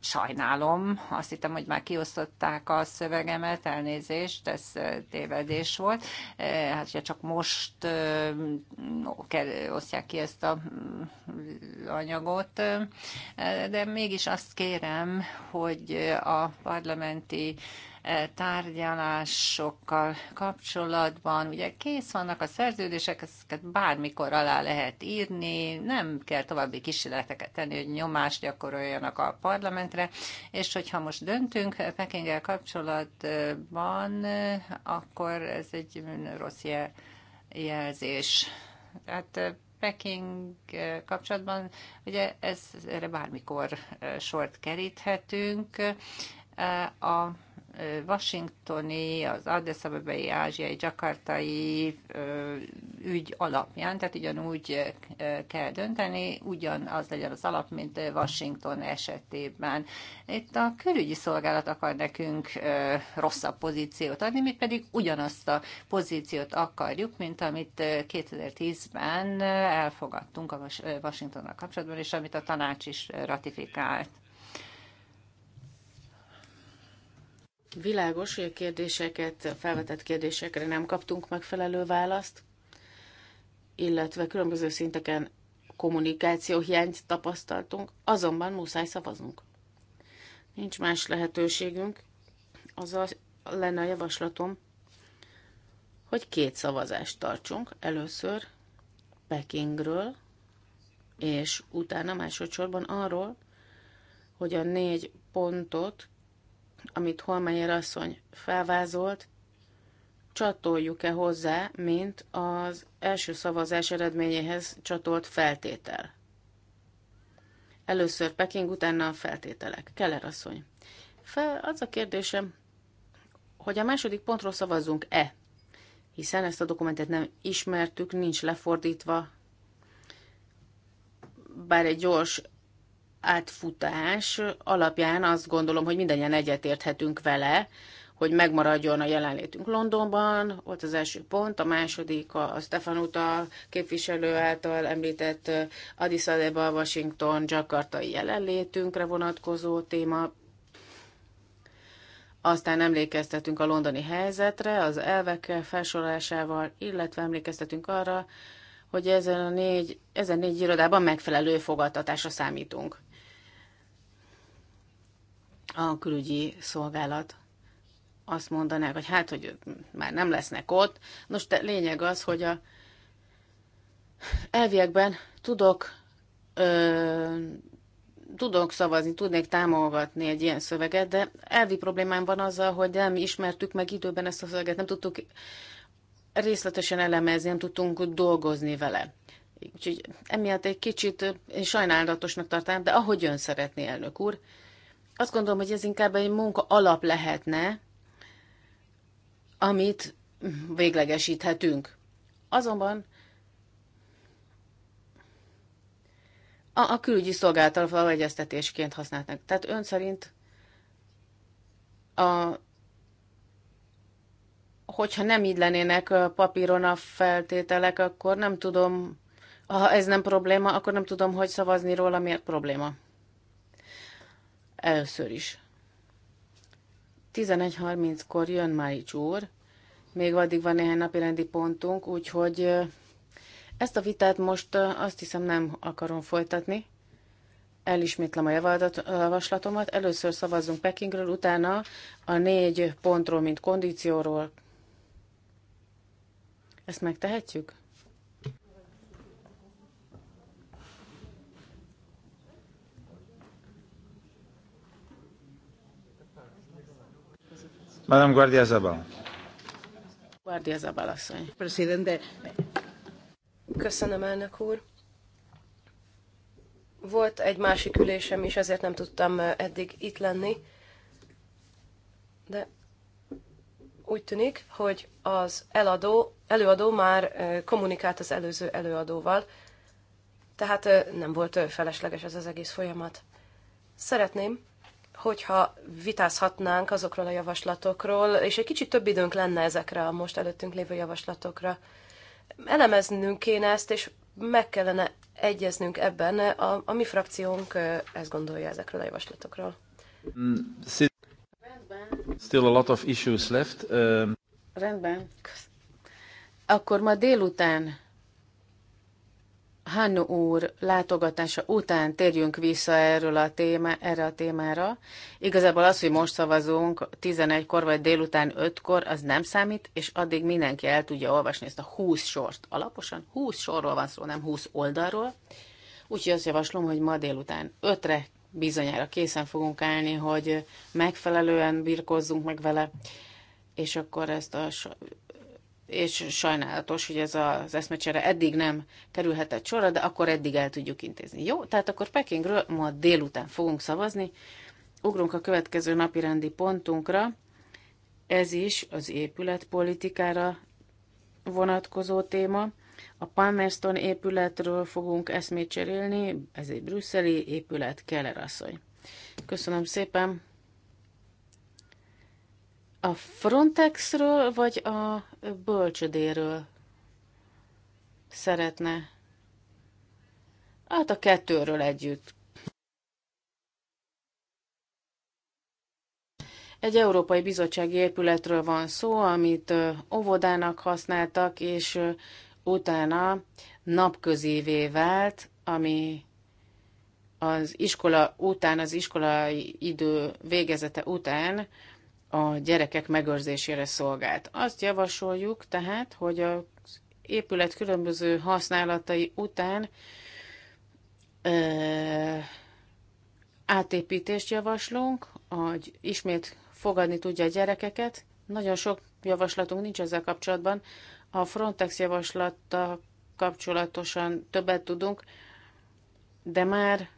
Sajnálom, azt hittem, hogy már kiosztották a szövegemet, elnézést, ez eh, tévedés volt. Eh, hát hogyha csak most osztják ki ezt a mm, anyagot, de mégis azt kérem, hogy a parlamenti E, tárgyalásokkal kapcsolatban. Ugye kész vannak a szerződések, ezeket bármikor alá lehet írni, nem kell további kísérleteket tenni, hogy nyomást gyakoroljanak a parlamentre, és hogyha most döntünk Pekinggel kapcsolatban, akkor ez egy rossz jelzés. Tehát e, Peking kapcsolatban, ugye ez, erre bármikor e, sort keríthetünk. A washingtoni, az Addis Abebei, ázsiai, jakartai ügy alapján, tehát ugyanúgy kell dönteni, ugyanaz legyen az alap, mint Washington esetében. Itt a külügyi szolgálat akar nekünk rosszabb pozíciót adni, mi pedig ugyanazt a pozíciót akarjuk, mint amit 2010-ben elfogadtunk a Washingtonnal kapcsolatban, és amit a tanács is ratifikált. Világos, hogy a kérdéseket, felvetett kérdésekre nem kaptunk megfelelő választ, illetve különböző szinteken kommunikáció hiányt tapasztaltunk, azonban muszáj szavaznunk. Nincs más lehetőségünk, Az a lenne a javaslatom, hogy két szavazást tartsunk. Először Pekingről, és utána másodszorban arról, hogy a négy pontot amit Holmeyer asszony felvázolt, csatoljuk-e hozzá, mint az első szavazás eredményéhez csatolt feltétel. Először Peking, utána a feltételek. Keller asszony. Fel, az a kérdésem, hogy a második pontról szavazzunk-e, hiszen ezt a dokumentet nem ismertük, nincs lefordítva, bár egy gyors átfutás alapján azt gondolom, hogy mindannyian egyetérthetünk vele, hogy megmaradjon a jelenlétünk Londonban, volt az első pont, a második a, Stefanuta képviselő által említett uh, Addis Abeba, Washington, Jakartai jelenlétünkre vonatkozó téma. Aztán emlékeztetünk a londoni helyzetre, az elvek felsorolásával, illetve emlékeztetünk arra, hogy ezen a négy, ezen négy irodában megfelelő fogadtatásra számítunk a külügyi szolgálat azt mondanák, hogy hát, hogy már nem lesznek ott. Nos, de lényeg az, hogy a elviekben tudok ö, tudok szavazni, tudnék támogatni egy ilyen szöveget, de elvi problémám van azzal, hogy nem ismertük meg időben ezt a szöveget, nem tudtuk részletesen elemezni, nem tudtunk dolgozni vele. Úgyhogy emiatt egy kicsit sajnálatosnak tartanám, de ahogy ön szeretné, elnök úr, azt gondolom, hogy ez inkább egy munka alap lehetne, amit véglegesíthetünk. Azonban a, a külügyi szolgálattal egyeztetésként használták. Tehát ön szerint a, hogyha nem így lennének papíron a feltételek, akkor nem tudom, ha ez nem probléma, akkor nem tudom, hogy szavazni róla, miért probléma. Először is. 11.30-kor jön Márics úr, még addig van néhány napi rendi pontunk, úgyhogy ezt a vitát most azt hiszem nem akarom folytatni. Elismétlem a javaslatomat. Először szavazzunk Pekingről, utána a négy pontról, mint kondícióról. Ezt megtehetjük? Madame Guardia Zabal. Guardia Zabal asszony. Presidente. Köszönöm, elnök úr. Volt egy másik ülésem is, ezért nem tudtam eh, eddig itt lenni. De úgy tűnik, hogy az eladó, előadó már eh, kommunikált az előző előadóval, tehát eh, nem volt felesleges ez az egész folyamat. Szeretném, hogyha vitázhatnánk azokról a javaslatokról, és egy kicsit több időnk lenne ezekre a most előttünk lévő javaslatokra. Elemeznünk kéne ezt, és meg kellene egyeznünk ebben. A, a mi frakciónk ezt gondolja ezekről a javaslatokról. Still a lot of issues left. Um... Rendben. Akkor ma délután Hannu úr látogatása után térjünk vissza erről a téma, erre a témára. Igazából az, hogy most szavazunk 11-kor vagy délután 5-kor, az nem számít, és addig mindenki el tudja olvasni ezt a 20 sort. Alaposan 20 sorról van szó, nem 20 oldalról. Úgyhogy azt javaslom, hogy ma délután 5-re bizonyára készen fogunk állni, hogy megfelelően birkozzunk meg vele, és akkor ezt a és sajnálatos, hogy ez az eszmecsere eddig nem kerülhetett sorra, de akkor eddig el tudjuk intézni. Jó, tehát akkor Pekingről ma délután fogunk szavazni. Ugrunk a következő napi rendi pontunkra. Ez is az épületpolitikára vonatkozó téma. A Palmerston épületről fogunk eszmét cserélni, ez egy brüsszeli épület, Keller asszony. Köszönöm szépen! A Frontexről vagy a bölcsödéről szeretne? Hát a kettőről együtt. Egy Európai Bizottsági épületről van szó, amit óvodának használtak, és utána napközévé vált, ami az iskola után, az iskolai idő végezete után a gyerekek megőrzésére szolgált. Azt javasoljuk tehát, hogy az épület különböző használatai után ö, átépítést javaslunk, hogy ismét fogadni tudja a gyerekeket. Nagyon sok javaslatunk nincs ezzel kapcsolatban. A Frontex javaslata kapcsolatosan többet tudunk, de már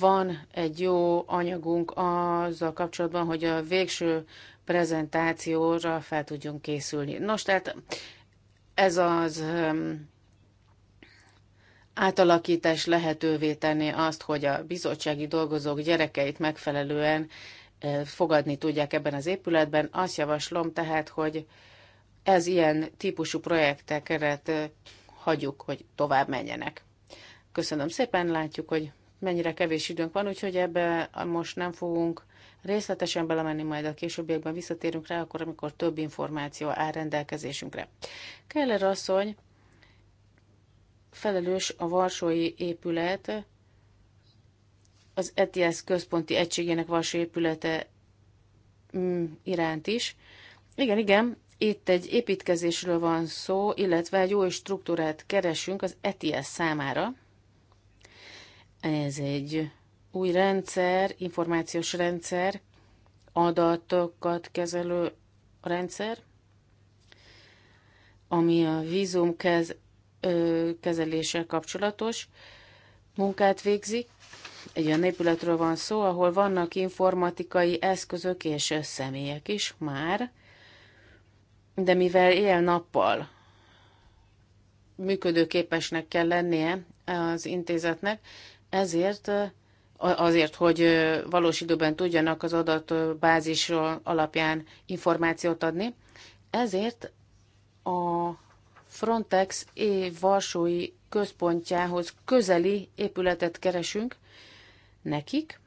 van egy jó anyagunk azzal kapcsolatban, hogy a végső prezentációra fel tudjunk készülni. Nos, tehát ez az átalakítás lehetővé tenni azt, hogy a bizottsági dolgozók gyerekeit megfelelően fogadni tudják ebben az épületben. Azt javaslom tehát, hogy ez ilyen típusú projektekeret hagyjuk, hogy tovább menjenek. Köszönöm szépen, látjuk, hogy mennyire kevés időnk van, úgyhogy ebbe most nem fogunk részletesen belemenni, majd a későbbiekben visszatérünk rá, akkor, amikor több információ áll rendelkezésünkre. Keller asszony felelős a Varsói épület, az ETS központi egységének Varsói épülete mm, iránt is. Igen, igen, itt egy építkezésről van szó, illetve egy új struktúrát keresünk az ETS számára, ez egy új rendszer, információs rendszer, adatokat kezelő rendszer, ami a vízum kez, ö, kezeléssel kapcsolatos munkát végzik. Egy olyan épületről van szó, ahol vannak informatikai eszközök és személyek is már, de mivel él-nappal működőképesnek kell lennie az intézetnek, ezért azért, hogy valós időben tudjanak az adatbázisról alapján információt adni. Ezért a Frontex és Varsói központjához közeli épületet keresünk nekik.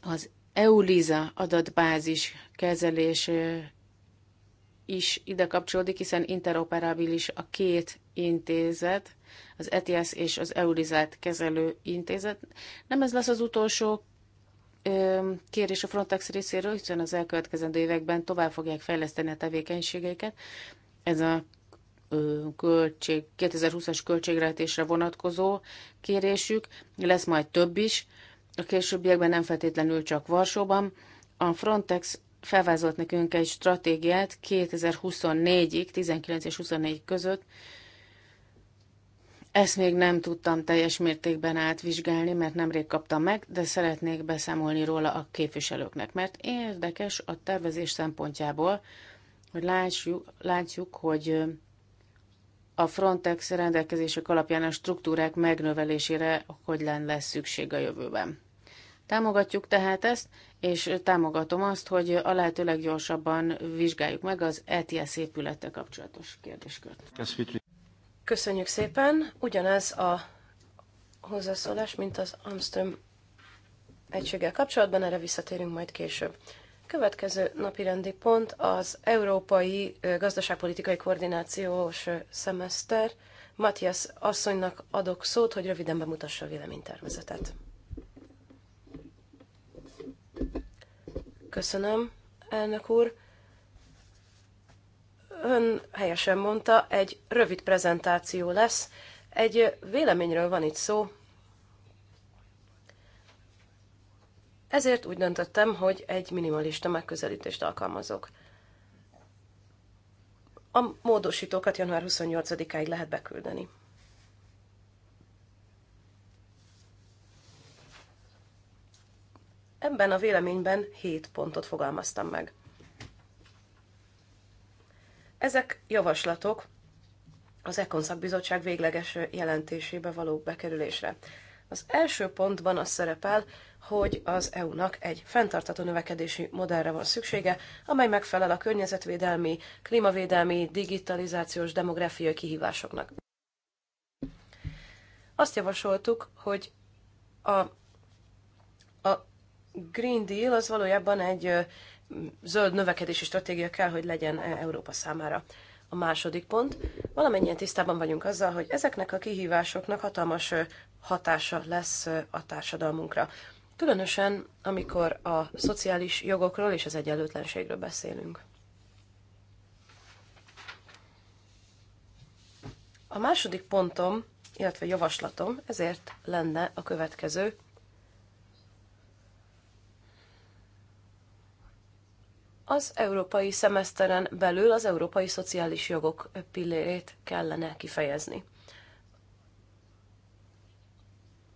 Az EULISA adatbázis kezelés is ide kapcsolódik, hiszen interoperabilis a két intézet, az ETS és az Eurizát kezelő intézet. Nem ez lesz az utolsó kérés a Frontex részéről, hiszen az elkövetkezendő években tovább fogják fejleszteni a tevékenységeiket. Ez a költség, 2020-as költségrejtésre vonatkozó kérésük, lesz majd több is, a későbbiekben nem feltétlenül csak Varsóban. A Frontex felvázolt nekünk egy stratégiát 2024-ig, 19 és 24 között, ezt még nem tudtam teljes mértékben átvizsgálni, mert nemrég kaptam meg, de szeretnék beszámolni róla a képviselőknek, mert érdekes a tervezés szempontjából, hogy látjuk, látjuk hogy a Frontex rendelkezések alapján a struktúrák megnövelésére hogyan lesz szükség a jövőben. Támogatjuk tehát ezt, és támogatom azt, hogy a lehető leggyorsabban vizsgáljuk meg az ETS épülete kapcsolatos kérdéskört. Köszönjük szépen. Ugyanez a hozzászólás, mint az Amström egységgel kapcsolatban, erre visszatérünk majd később. Következő napirendi pont az Európai Gazdaságpolitikai Koordinációs Szemeszter. Matthias asszonynak adok szót, hogy röviden bemutassa a véleménytervezetet. Köszönöm, elnök úr ön helyesen mondta, egy rövid prezentáció lesz. Egy véleményről van itt szó. Ezért úgy döntöttem, hogy egy minimalista megközelítést alkalmazok. A módosítókat január 28-áig lehet beküldeni. Ebben a véleményben 7 pontot fogalmaztam meg. Ezek javaslatok az Ekon szakbizottság végleges jelentésébe való bekerülésre. Az első pontban az szerepel, hogy az EU-nak egy fenntartató növekedési modellre van szüksége, amely megfelel a környezetvédelmi, klímavédelmi, digitalizációs, demográfiai kihívásoknak. Azt javasoltuk, hogy a, a Green Deal az valójában egy zöld növekedési stratégia kell, hogy legyen e Európa számára. A második pont, valamennyien tisztában vagyunk azzal, hogy ezeknek a kihívásoknak hatalmas hatása lesz a társadalmunkra. Különösen, amikor a szociális jogokról és az egyenlőtlenségről beszélünk. A második pontom, illetve javaslatom ezért lenne a következő – az európai szemeszteren belül az európai szociális jogok pillérét kellene kifejezni.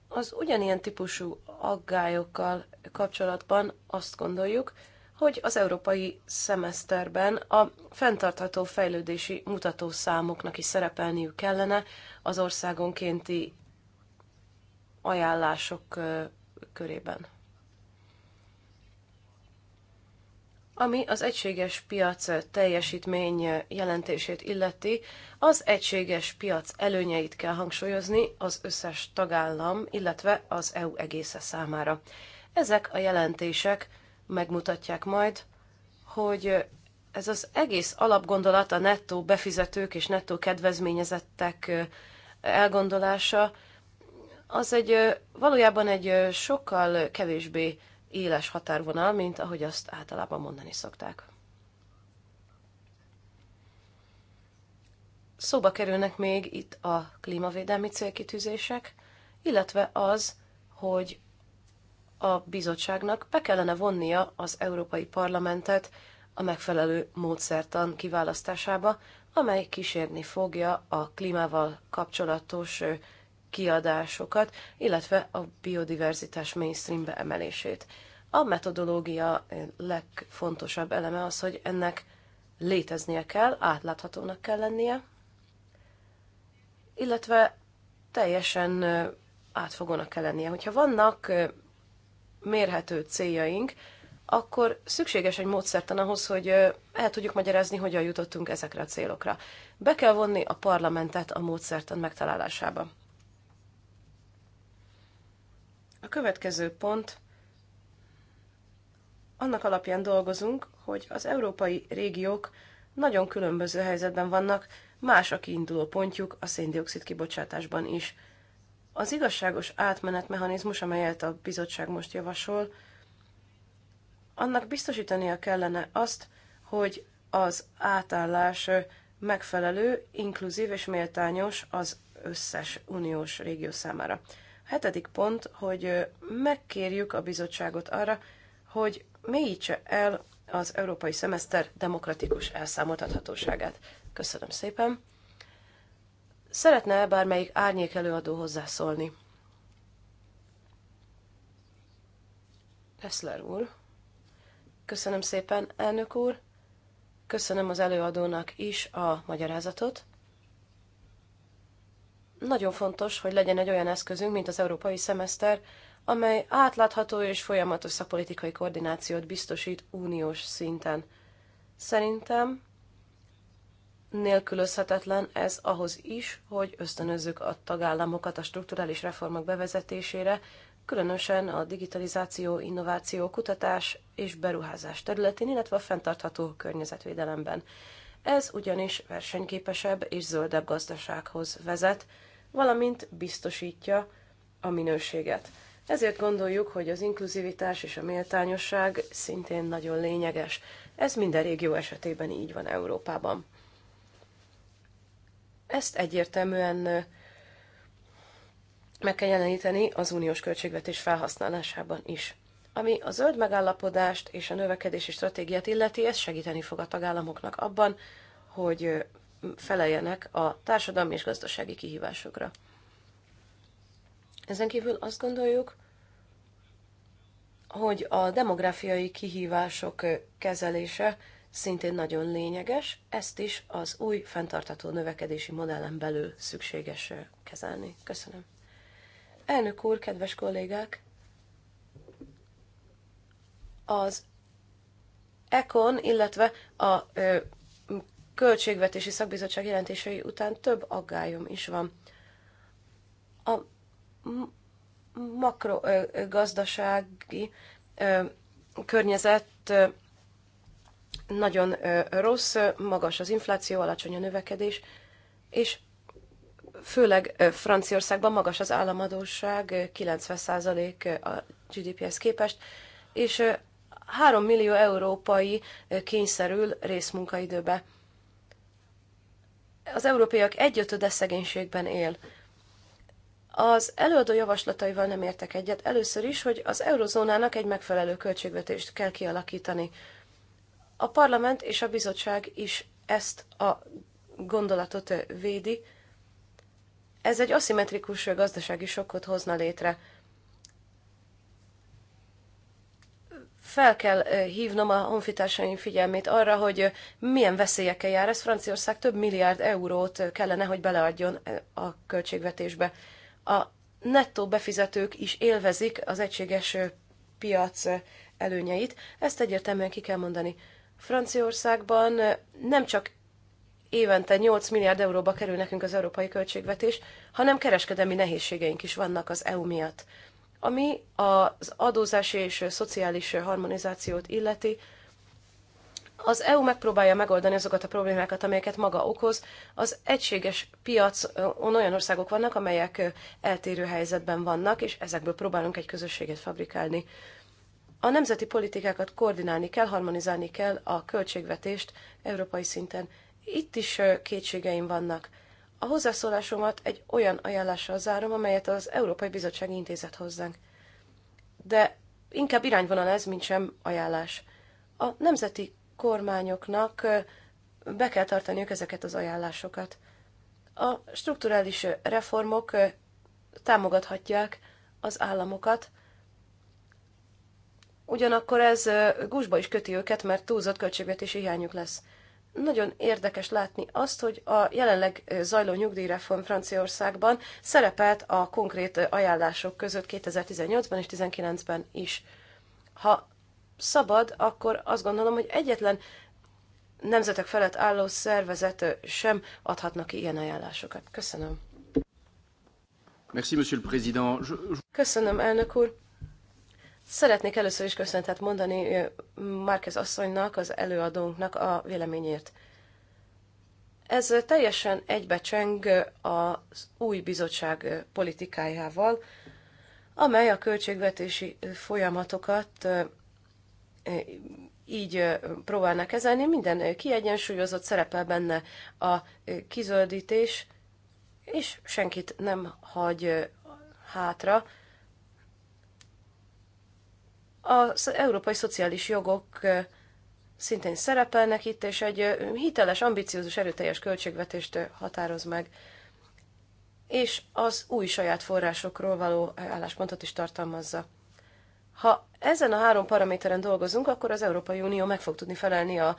Az ugyanilyen típusú aggályokkal kapcsolatban azt gondoljuk, hogy az európai szemeszterben a fenntartható fejlődési mutatószámoknak is szerepelniük kellene az országonkénti ajánlások körében. Ami az egységes piac teljesítmény jelentését illeti, az egységes piac előnyeit kell hangsúlyozni az összes tagállam, illetve az EU egésze számára. Ezek a jelentések megmutatják majd, hogy ez az egész alapgondolat a nettó befizetők és nettó kedvezményezettek elgondolása, az egy valójában egy sokkal kevésbé éles határvonal, mint ahogy azt általában mondani szokták. Szóba kerülnek még itt a klímavédelmi célkitűzések, illetve az, hogy a bizottságnak be kellene vonnia az Európai Parlamentet a megfelelő módszertan kiválasztásába, amely kísérni fogja a klímával kapcsolatos kiadásokat, illetve a biodiverzitás mainstreambe emelését. A metodológia legfontosabb eleme az, hogy ennek léteznie kell, átláthatónak kell lennie, illetve teljesen átfogónak kell lennie. Hogyha vannak mérhető céljaink, akkor szükséges egy módszertan ahhoz, hogy el tudjuk magyarázni, hogyan jutottunk ezekre a célokra. Be kell vonni a parlamentet a módszertan megtalálásába. A következő pont, annak alapján dolgozunk, hogy az európai régiók nagyon különböző helyzetben vannak, más a kiinduló pontjuk a széndiokszid kibocsátásban is. Az igazságos átmenetmechanizmus, amelyet a bizottság most javasol, annak biztosítania kellene azt, hogy az átállás megfelelő, inkluzív és méltányos az összes uniós régió számára. Hetedik pont, hogy megkérjük a bizottságot arra, hogy mélyítse el az európai szemeszter demokratikus elszámoltathatóságát. Köszönöm szépen. Szeretne bármelyik árnyék előadó hozzászólni? Eszler úr. Köszönöm szépen, elnök úr. Köszönöm az előadónak is a magyarázatot nagyon fontos, hogy legyen egy olyan eszközünk, mint az európai szemeszter, amely átlátható és folyamatos szakpolitikai koordinációt biztosít uniós szinten. Szerintem nélkülözhetetlen ez ahhoz is, hogy ösztönözzük a tagállamokat a strukturális reformok bevezetésére, különösen a digitalizáció, innováció, kutatás és beruházás területén, illetve a fenntartható környezetvédelemben. Ez ugyanis versenyképesebb és zöldebb gazdasághoz vezet, valamint biztosítja a minőséget. Ezért gondoljuk, hogy az inkluzivitás és a méltányosság szintén nagyon lényeges. Ez minden régió esetében így van Európában. Ezt egyértelműen meg kell jeleníteni az uniós költségvetés felhasználásában is. Ami a zöld megállapodást és a növekedési stratégiát illeti, ez segíteni fog a tagállamoknak abban, hogy feleljenek a társadalmi és gazdasági kihívásokra. Ezen kívül azt gondoljuk, hogy a demográfiai kihívások kezelése szintén nagyon lényeges, ezt is az új fenntartató növekedési modellen belül szükséges kezelni. Köszönöm. Elnök úr, kedves kollégák! Az ECON, illetve a költségvetési szakbizottság jelentései után több aggályom is van. A makrogazdasági környezet nagyon rossz, magas az infláció, alacsony a növekedés, és főleg Franciaországban magas az államadóság, 90% a GDP-hez képest, és 3 millió európai kényszerül részmunkaidőbe az európaiak egyötöde szegénységben él. Az előadó javaslataival nem értek egyet. Először is, hogy az eurozónának egy megfelelő költségvetést kell kialakítani. A parlament és a bizottság is ezt a gondolatot védi. Ez egy aszimmetrikus gazdasági sokkot hozna létre. fel kell hívnom a honfitársaim figyelmét arra, hogy milyen veszélyekkel jár ez. Franciaország több milliárd eurót kellene, hogy beleadjon a költségvetésbe. A nettó befizetők is élvezik az egységes piac előnyeit. Ezt egyértelműen ki kell mondani. Franciaországban nem csak évente 8 milliárd euróba kerül nekünk az európai költségvetés, hanem kereskedelmi nehézségeink is vannak az EU miatt. Ami az adózási és szociális harmonizációt illeti, az EU megpróbálja megoldani azokat a problémákat, amelyeket maga okoz. Az egységes piacon olyan országok vannak, amelyek eltérő helyzetben vannak, és ezekből próbálunk egy közösséget fabrikálni. A nemzeti politikákat koordinálni kell, harmonizálni kell a költségvetést európai szinten. Itt is kétségeim vannak. A hozzászólásomat egy olyan ajánlással zárom, amelyet az Európai Bizottság intézett hozzánk. De inkább irányvonal ez, mint sem ajánlás. A nemzeti kormányoknak be kell tartaniuk ezeket az ajánlásokat. A strukturális reformok támogathatják az államokat, ugyanakkor ez gusba is köti őket, mert túlzott költségvetési hiányuk lesz nagyon érdekes látni azt, hogy a jelenleg zajló nyugdíjreform Franciaországban szerepelt a konkrét ajánlások között 2018-ban és 2019-ben is. Ha szabad, akkor azt gondolom, hogy egyetlen nemzetek felett álló szervezet sem adhatnak ki ilyen ajánlásokat. Köszönöm. Merci, monsieur le président. Köszönöm, elnök úr. Szeretnék először is köszöntet mondani Márkez asszonynak, az előadónknak a véleményért. Ez teljesen egybecseng az új bizottság politikájával, amely a költségvetési folyamatokat így próbálnak kezelni. Minden kiegyensúlyozott szerepel benne a kizöldítés, és senkit nem hagy hátra az európai szociális jogok szintén szerepelnek itt, és egy hiteles, ambiciózus, erőteljes költségvetést határoz meg. És az új saját forrásokról való álláspontot is tartalmazza. Ha ezen a három paraméteren dolgozunk, akkor az Európai Unió meg fog tudni felelni a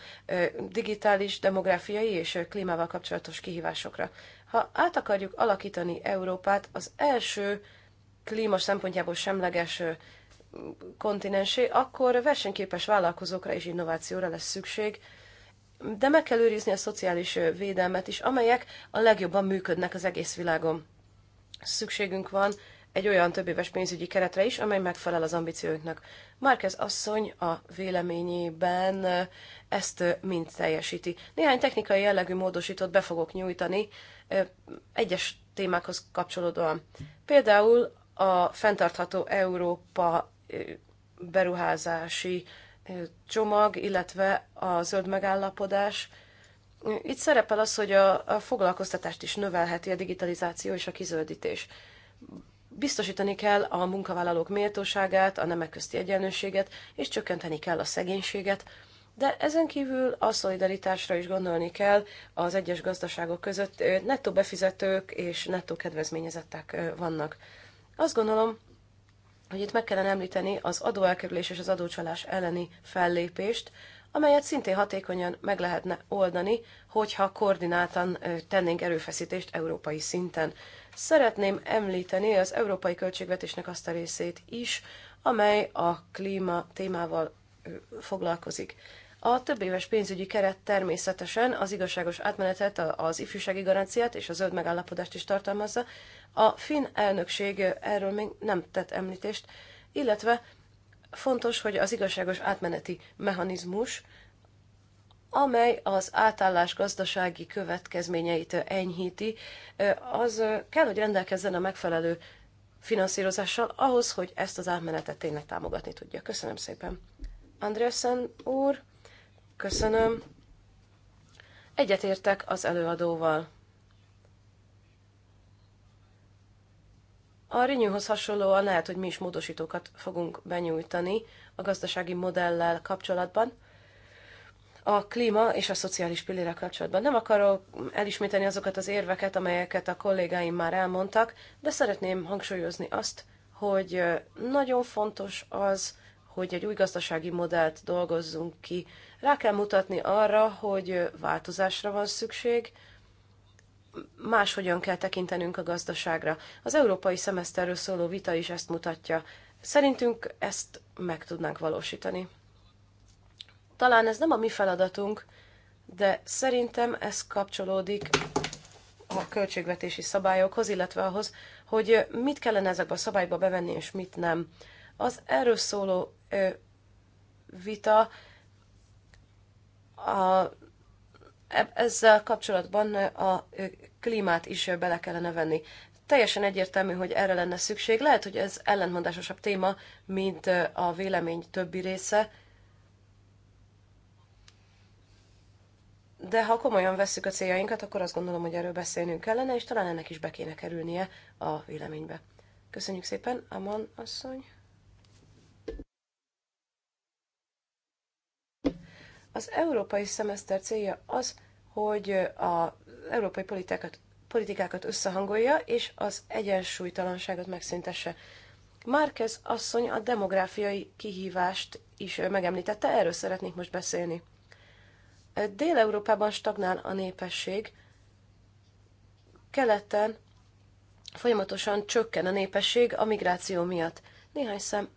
digitális, demográfiai és klímával kapcsolatos kihívásokra. Ha át akarjuk alakítani Európát az első klíma szempontjából semleges kontinensé, akkor versenyképes vállalkozókra és innovációra lesz szükség, de meg kell őrizni a szociális védelmet is, amelyek a legjobban működnek az egész világon. Szükségünk van egy olyan többéves pénzügyi keretre is, amely megfelel az ambícióinknak. Márkez asszony a véleményében ezt mind teljesíti. Néhány technikai jellegű módosítót be fogok nyújtani egyes témákhoz kapcsolódóan. Például a fenntartható Európa beruházási csomag, illetve a zöld megállapodás. Itt szerepel az, hogy a, foglalkoztatást is növelheti a digitalizáció és a kizöldítés. Biztosítani kell a munkavállalók méltóságát, a nemek közti egyenlőséget, és csökkenteni kell a szegénységet, de ezen kívül a szolidaritásra is gondolni kell az egyes gazdaságok között. Nettó befizetők és nettó kedvezményezettek vannak. Azt gondolom, hogy itt meg kellene említeni az adóelkerülés és az adócsalás elleni fellépést, amelyet szintén hatékonyan meg lehetne oldani, hogyha koordináltan tennénk erőfeszítést európai szinten. Szeretném említeni az európai költségvetésnek azt a részét is, amely a klíma témával foglalkozik. A több éves pénzügyi keret természetesen az igazságos átmenetet, az ifjúsági garanciát és a zöld megállapodást is tartalmazza. A finn elnökség erről még nem tett említést, illetve fontos, hogy az igazságos átmeneti mechanizmus, amely az átállás gazdasági következményeit enyhíti, az kell, hogy rendelkezzen a megfelelő finanszírozással ahhoz, hogy ezt az átmenetet tényleg támogatni tudja. Köszönöm szépen. Andreasen úr, Köszönöm. Egyetértek az előadóval. A Rinyúhoz hasonlóan lehet, hogy mi is módosítókat fogunk benyújtani a gazdasági modellel kapcsolatban, a klíma és a szociális pillére kapcsolatban. Nem akarok elismételni azokat az érveket, amelyeket a kollégáim már elmondtak, de szeretném hangsúlyozni azt, hogy nagyon fontos az, hogy egy új gazdasági modellt dolgozzunk ki, rá kell mutatni arra, hogy változásra van szükség, máshogyan kell tekintenünk a gazdaságra. Az európai szemeszterről szóló vita is ezt mutatja. Szerintünk ezt meg tudnánk valósítani. Talán ez nem a mi feladatunk, de szerintem ez kapcsolódik a költségvetési szabályokhoz, illetve ahhoz, hogy mit kellene ezekbe a szabályba bevenni, és mit nem. Az erről szóló ö, vita a, ezzel kapcsolatban a klímát is bele kellene venni. Teljesen egyértelmű, hogy erre lenne szükség. Lehet, hogy ez ellentmondásosabb téma, mint a vélemény többi része, de ha komolyan vesszük a céljainkat, akkor azt gondolom, hogy erről beszélnünk kellene, és talán ennek is be kéne kerülnie a véleménybe. Köszönjük szépen, Aman asszony! Az európai szemeszter célja az, hogy az európai politikákat, politikákat összehangolja, és az egyensúlytalanságot megszüntesse. Márkez asszony a demográfiai kihívást is megemlítette, erről szeretnék most beszélni. Dél-Európában stagnál a népesség, keleten folyamatosan csökken a népesség a migráció miatt. Néhány szem.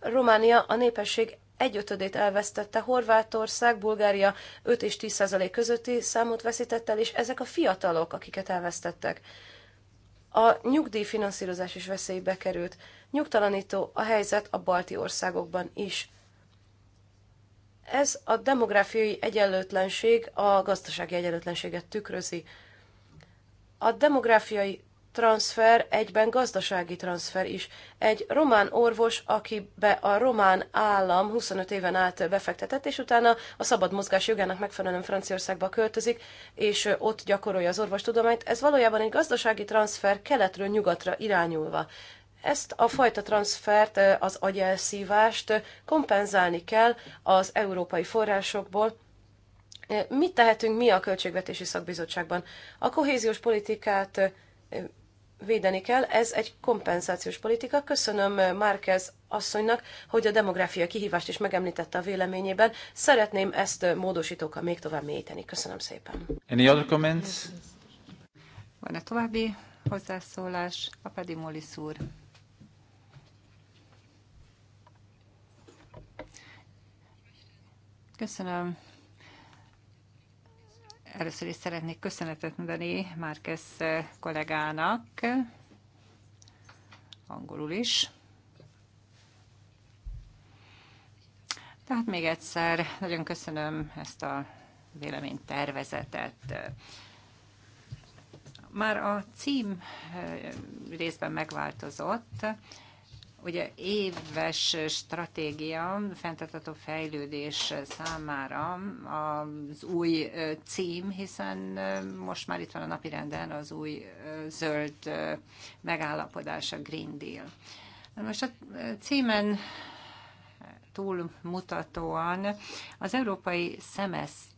Románia a népesség egyötödét elvesztette, Horvátország, Bulgária 5 és 10 százalék közötti számot veszített el, és ezek a fiatalok, akiket elvesztettek. A nyugdíjfinanszírozás is veszélybe került. Nyugtalanító a helyzet a balti országokban is. Ez a demográfiai egyenlőtlenség a gazdasági egyenlőtlenséget tükrözi. A demográfiai transfer egyben gazdasági transfer is. Egy román orvos, akibe a román állam 25 éven át befektetett, és utána a szabad mozgás jogának megfelelően Franciaországba költözik, és ott gyakorolja az orvostudományt. Ez valójában egy gazdasági transfer keletről nyugatra irányulva. Ezt a fajta transfert, az agyelszívást kompenzálni kell az európai forrásokból, Mit tehetünk mi a Költségvetési Szakbizottságban? A kohéziós politikát védeni kell, ez egy kompenzációs politika. Köszönöm Márkez asszonynak, hogy a demográfia kihívást is megemlítette a véleményében. Szeretném ezt módosítókkal még tovább mélyíteni. Köszönöm szépen. Any other comments? Van-e további hozzászólás? A Pedimolis úr. Köszönöm, Először is szeretnék köszönetet mondani Márkesz kollégának, angolul is. Tehát még egyszer nagyon köszönöm ezt a véleménytervezetet. Már a cím eh, részben megváltozott, Ugye éves stratégia fenntartható fejlődés számára az új cím, hiszen most már itt van a napirenden az új zöld megállapodás, a Green Deal. Most a címen túlmutatóan az európai szemeszt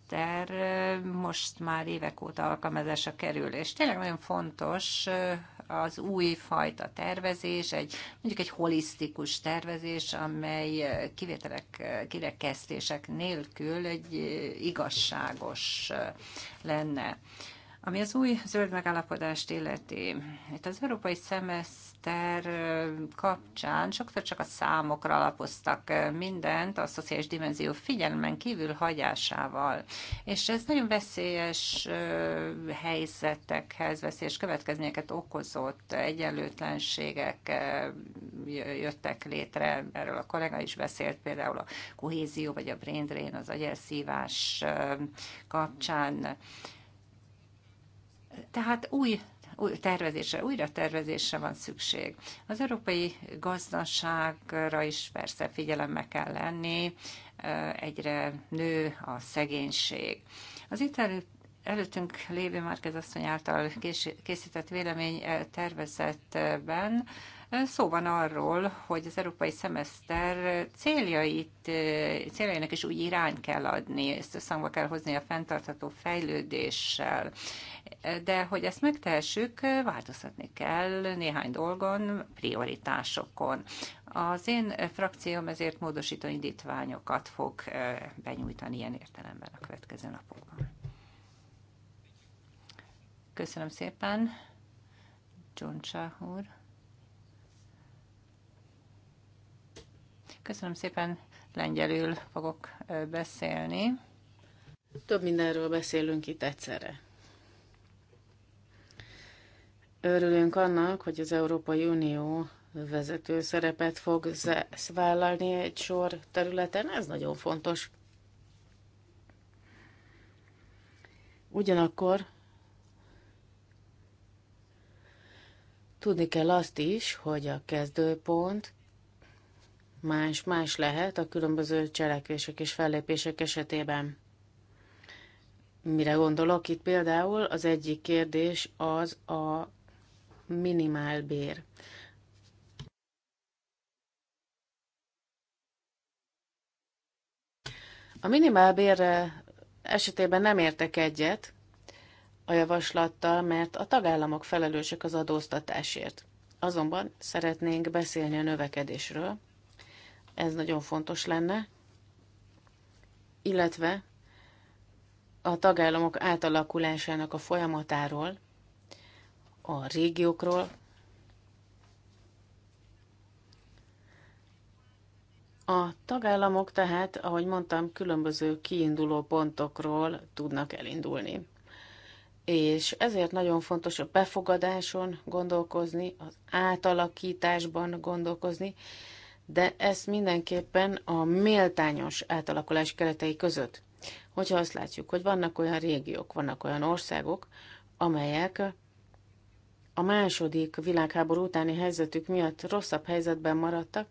most már évek óta alkalmazása kerül, és tényleg nagyon fontos, az új fajta tervezés, egy, mondjuk egy holisztikus tervezés, amely eh, kivételek, eh, kirekesztések nélkül egy eh, igazságos lenne. Ami az új zöld megállapodást illeti, itt az európai szemeszt Twitter kapcsán sokszor csak a számokra alapoztak mindent, a szociális dimenzió figyelmen kívül hagyásával. És ez nagyon veszélyes helyzetekhez, veszélyes következményeket okozott, egyenlőtlenségek jöttek létre, erről a kollega is beszélt, például a kohézió vagy a brain drain, az agyelszívás kapcsán. Tehát új új tervezésre, újra tervezésre van szükség. Az európai gazdaságra is persze figyelembe kell lenni, egyre nő a szegénység. Az itt előtt előttünk lévő Márkez asszony által készített vélemény tervezetben Szó van arról, hogy az európai szemeszter céljait, céljainak is úgy irány kell adni, ezt összhangba kell hozni a fenntartható fejlődéssel. De hogy ezt megtehessük, változtatni kell néhány dolgon, prioritásokon. Az én frakcióm ezért módosító indítványokat fog benyújtani ilyen értelemben a következő napokban. Köszönöm szépen, Csoncsa úr. Köszönöm szépen, lengyelül fogok beszélni. Több mindenről beszélünk itt egyszerre. Örülünk annak, hogy az Európai Unió vezető szerepet fog vállalni egy sor területen, ez nagyon fontos. Ugyanakkor tudni kell azt is, hogy a kezdőpont más-más lehet a különböző cselekvések és fellépések esetében. Mire gondolok itt például? Az egyik kérdés az a bér. A bér esetében nem értek egyet a javaslattal, mert a tagállamok felelősek az adóztatásért. Azonban szeretnénk beszélni a növekedésről, ez nagyon fontos lenne, illetve a tagállamok átalakulásának a folyamatáról, a régiókról, A tagállamok tehát, ahogy mondtam, különböző kiinduló pontokról tudnak elindulni. És ezért nagyon fontos a befogadáson gondolkozni, az átalakításban gondolkozni, de ezt mindenképpen a méltányos átalakulás keretei között. Hogyha azt látjuk, hogy vannak olyan régiók, vannak olyan országok, amelyek a második világháború utáni helyzetük miatt rosszabb helyzetben maradtak,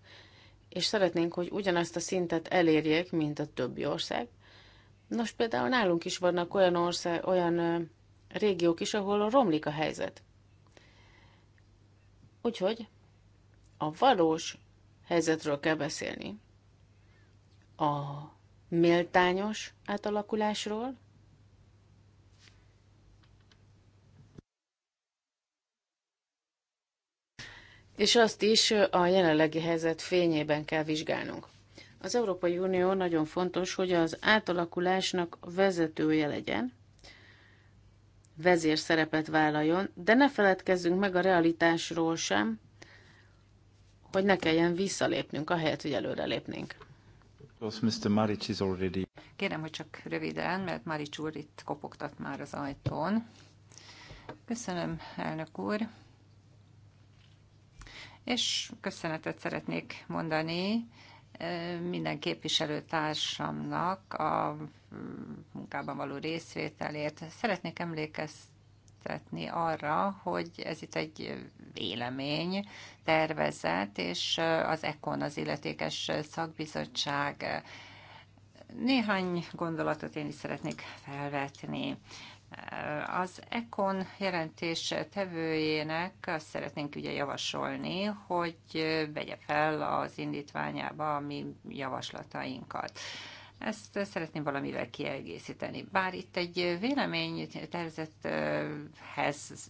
és szeretnénk, hogy ugyanazt a szintet elérjék, mint a többi ország. Nos, például nálunk is vannak olyan, ország, olyan régiók is, ahol romlik a helyzet. Úgyhogy a valós helyzetről kell beszélni. A méltányos átalakulásról, és azt is a jelenlegi helyzet fényében kell vizsgálnunk. Az Európai Unió nagyon fontos, hogy az átalakulásnak vezetője legyen, vezérszerepet vállaljon, de ne feledkezzünk meg a realitásról sem, hogy ne kelljen visszalépnünk, helyet, hogy előrelépnénk. Kérem, hogy csak röviden, mert Marics úr itt kopogtat már az ajtón. Köszönöm, elnök úr. És köszönetet szeretnék mondani minden képviselőtársamnak a mm, munkában való részvételért. Szeretnék emlékeztetni, emlékeztetni arra, hogy ez itt egy vélemény tervezet, és az ECON, az illetékes szakbizottság néhány gondolatot én is szeretnék felvetni. Az ECON jelentés tevőjének azt szeretnénk ugye javasolni, hogy vegye fel az indítványába a mi javaslatainkat. Ezt szeretném valamivel kiegészíteni. Bár itt egy vélemény tervezethez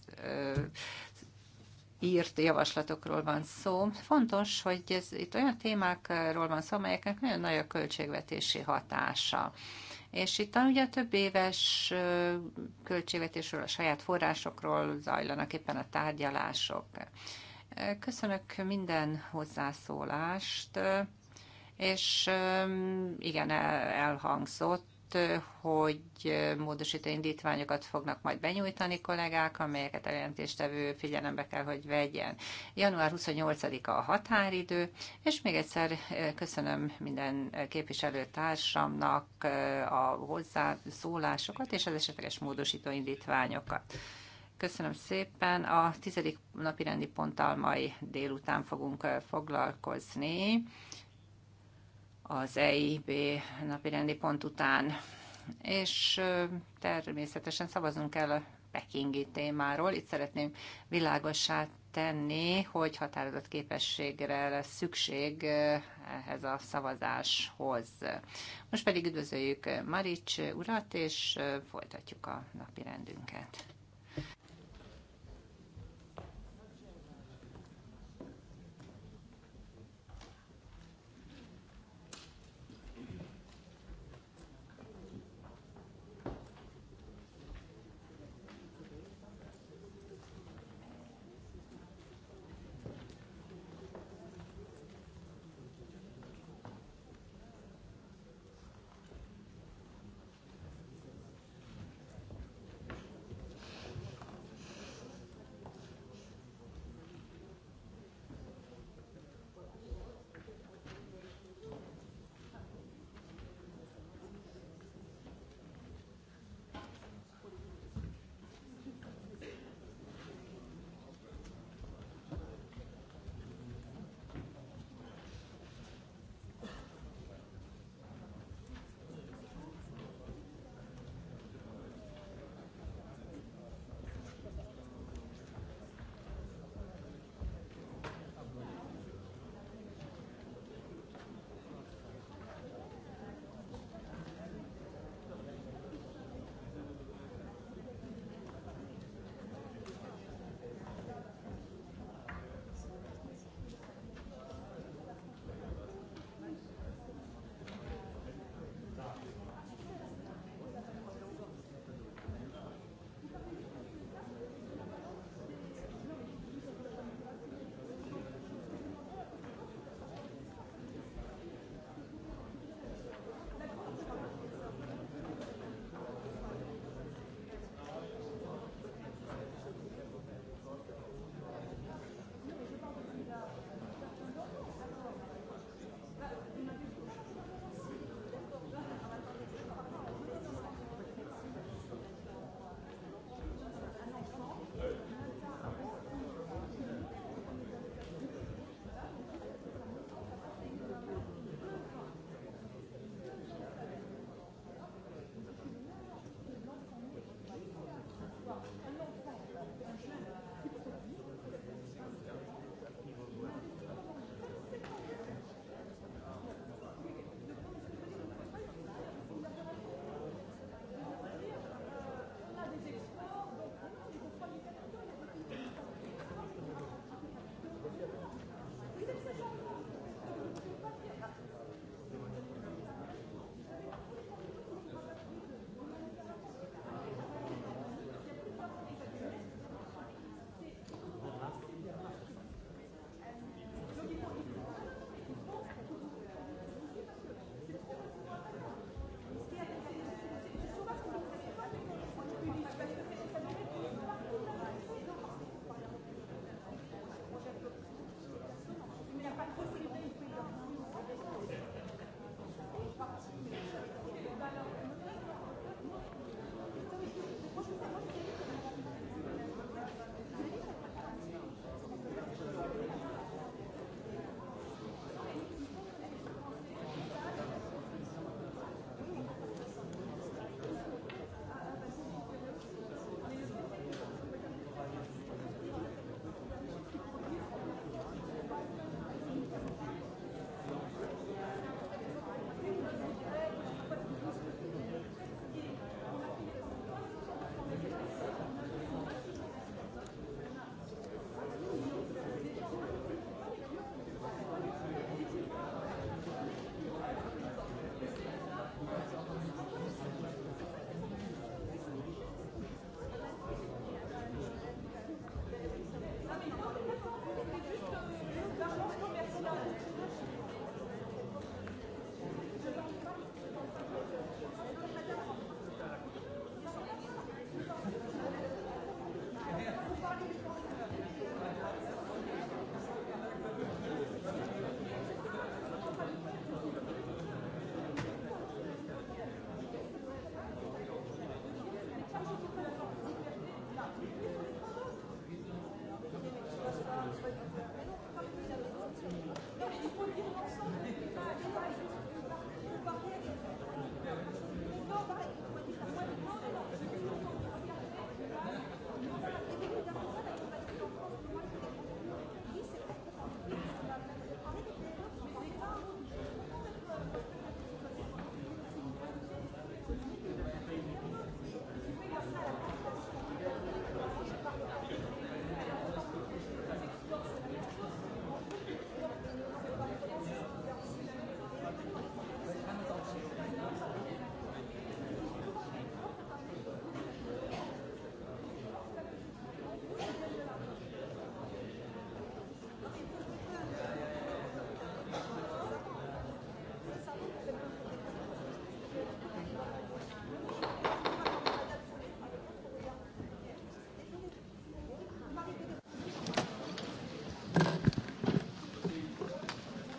írt javaslatokról van szó. Fontos, hogy ez, itt olyan témákról van szó, amelyeknek nagyon nagy a költségvetési hatása. És itt ugye a több éves költségvetésről, a saját forrásokról zajlanak éppen a tárgyalások. Köszönök minden hozzászólást és igen, elhangzott, hogy módosító indítványokat fognak majd benyújtani kollégák, amelyeket a jelentéstevő figyelembe kell, hogy vegyen. Január 28-a a határidő, és még egyszer köszönöm minden képviselőtársamnak a hozzászólásokat és az esetleges módosító indítványokat. Köszönöm szépen. A tizedik napirendi ponttal mai délután fogunk foglalkozni az EIB napirendi pont után. És természetesen szavazunk el a pekingi témáról. Itt szeretném világossá tenni, hogy határozott képességre lesz szükség ehhez a szavazáshoz. Most pedig üdvözöljük Marics urat, és folytatjuk a napi rendünket.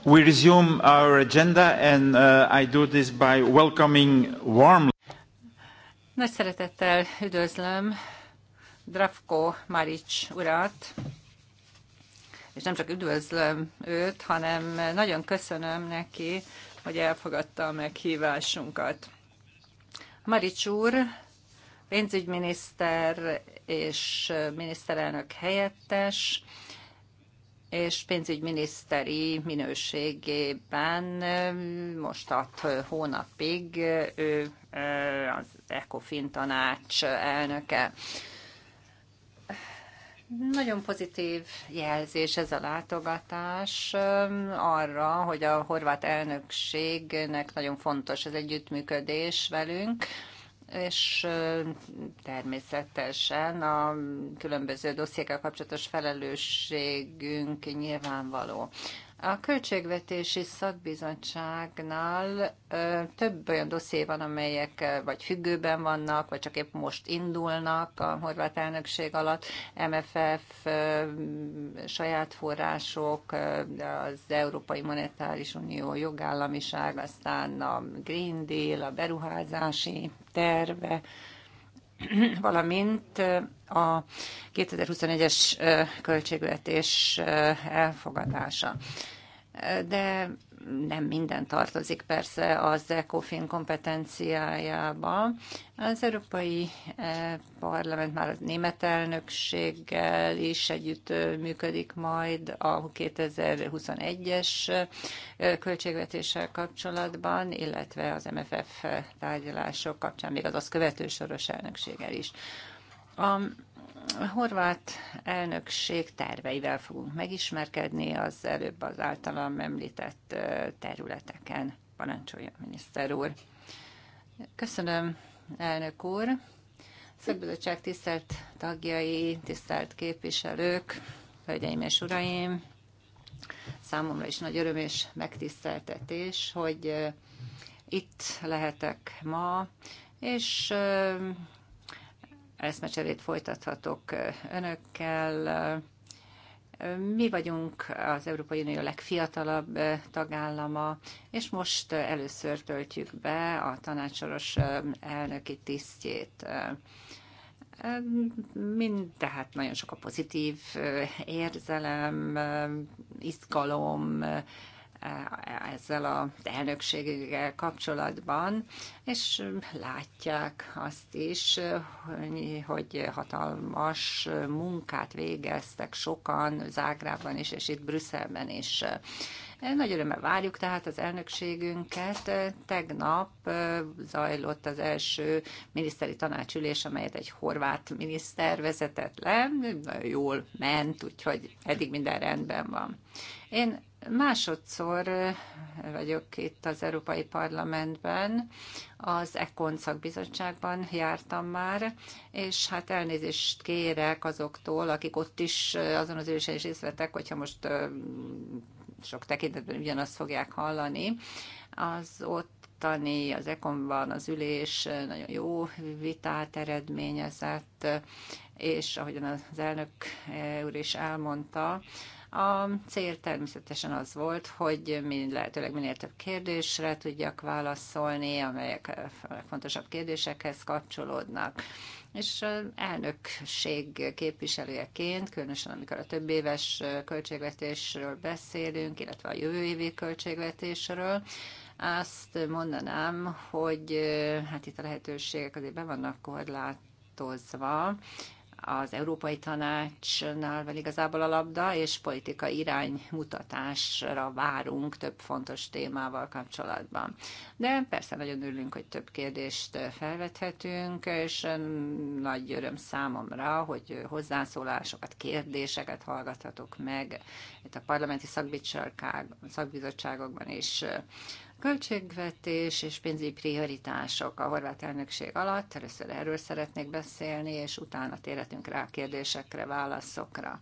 We resume our agenda, and uh, I do this by welcoming warmly. Nagy szeretettel üdvözlöm Dravko Maric urat, és nem csak üdvözlöm őt, hanem nagyon köszönöm neki, hogy elfogadta a meghívásunkat. Maric úr, pénzügyminiszter és miniszterelnök helyettes, és pénzügyminiszteri minőségében most a hónapig ő az ECOFIN tanács elnöke. Nagyon pozitív jelzés ez a látogatás arra, hogy a horvát elnökségnek nagyon fontos az együttműködés velünk és természetesen a különböző dossziékkal kapcsolatos felelősségünk nyilvánvaló. A Költségvetési Szakbizottságnál több olyan dosszé van, amelyek vagy függőben vannak, vagy csak épp most indulnak a horvát elnökség alatt. MFF, saját források, az Európai Monetáris Unió jogállamiság, aztán a Green Deal, a beruházási terve, valamint a 2021-es költségvetés elfogadása. De nem minden tartozik persze az ECOFIN kompetenciájába. Az Európai eh, Parlament már a német elnökséggel is együtt eh, működik majd a 2021-es eh, költségvetéssel kapcsolatban, illetve az MFF tárgyalások kapcsán, még az azt követő soros elnökséggel is. A a horvát elnökség terveivel fogunk megismerkedni az előbb az általam említett területeken. Parancsolja, miniszter úr! Köszönöm, elnök úr! Szakbizottság tisztelt tagjai, tisztelt képviselők, hölgyeim és uraim! Számomra is nagy öröm és megtiszteltetés, hogy itt lehetek ma, és eszmecserét folytathatok önökkel. Mi vagyunk az Európai Unió legfiatalabb tagállama, és most először töltjük be a tanácsoros elnöki tisztjét. Mind, tehát nagyon sok a pozitív érzelem, izgalom, ezzel a elnökséggel kapcsolatban, és látják azt is, hogy hatalmas munkát végeztek sokan Zágrában is, és itt Brüsszelben is. Nagy örömmel várjuk tehát az elnökségünket. Tegnap zajlott az első miniszteri tanácsülés, amelyet egy horvát miniszter vezetett le. Nagyon jól ment, úgyhogy eddig minden rendben van. Én Másodszor eh, vagyok itt az Európai Parlamentben, az ECON szakbizottságban jártam már, és hát elnézést kérek azoktól, akik ott is eh, azon az ülésen is részt vettek, hogyha most eh, sok tekintetben ugyanazt fogják hallani. Az ott az ekonban az ülés nagyon jó vitát eredményezett, és ahogyan az elnök úr is elmondta, a cél természetesen az volt, hogy mind, lehetőleg minél több kérdésre tudjak válaszolni, amelyek fontosabb kérdésekhez kapcsolódnak. És elnökség képviselőjeként, különösen amikor a több éves költségvetésről beszélünk, illetve a jövő évi költségvetésről, azt mondanám, hogy hát itt a lehetőségek azért be vannak korlátozva, az Európai Tanácsnál van igazából a labda, és politika iránymutatásra várunk több fontos témával kapcsolatban. De persze nagyon örülünk, hogy több kérdést felvethetünk, és nagy öröm számomra, hogy hozzászólásokat, kérdéseket hallgathatok meg itt a parlamenti szakbizottságokban is. Költségvetés és pénzügyi prioritások a horvát elnökség alatt. Először erről szeretnék beszélni, és utána térhetünk rá a kérdésekre, válaszokra.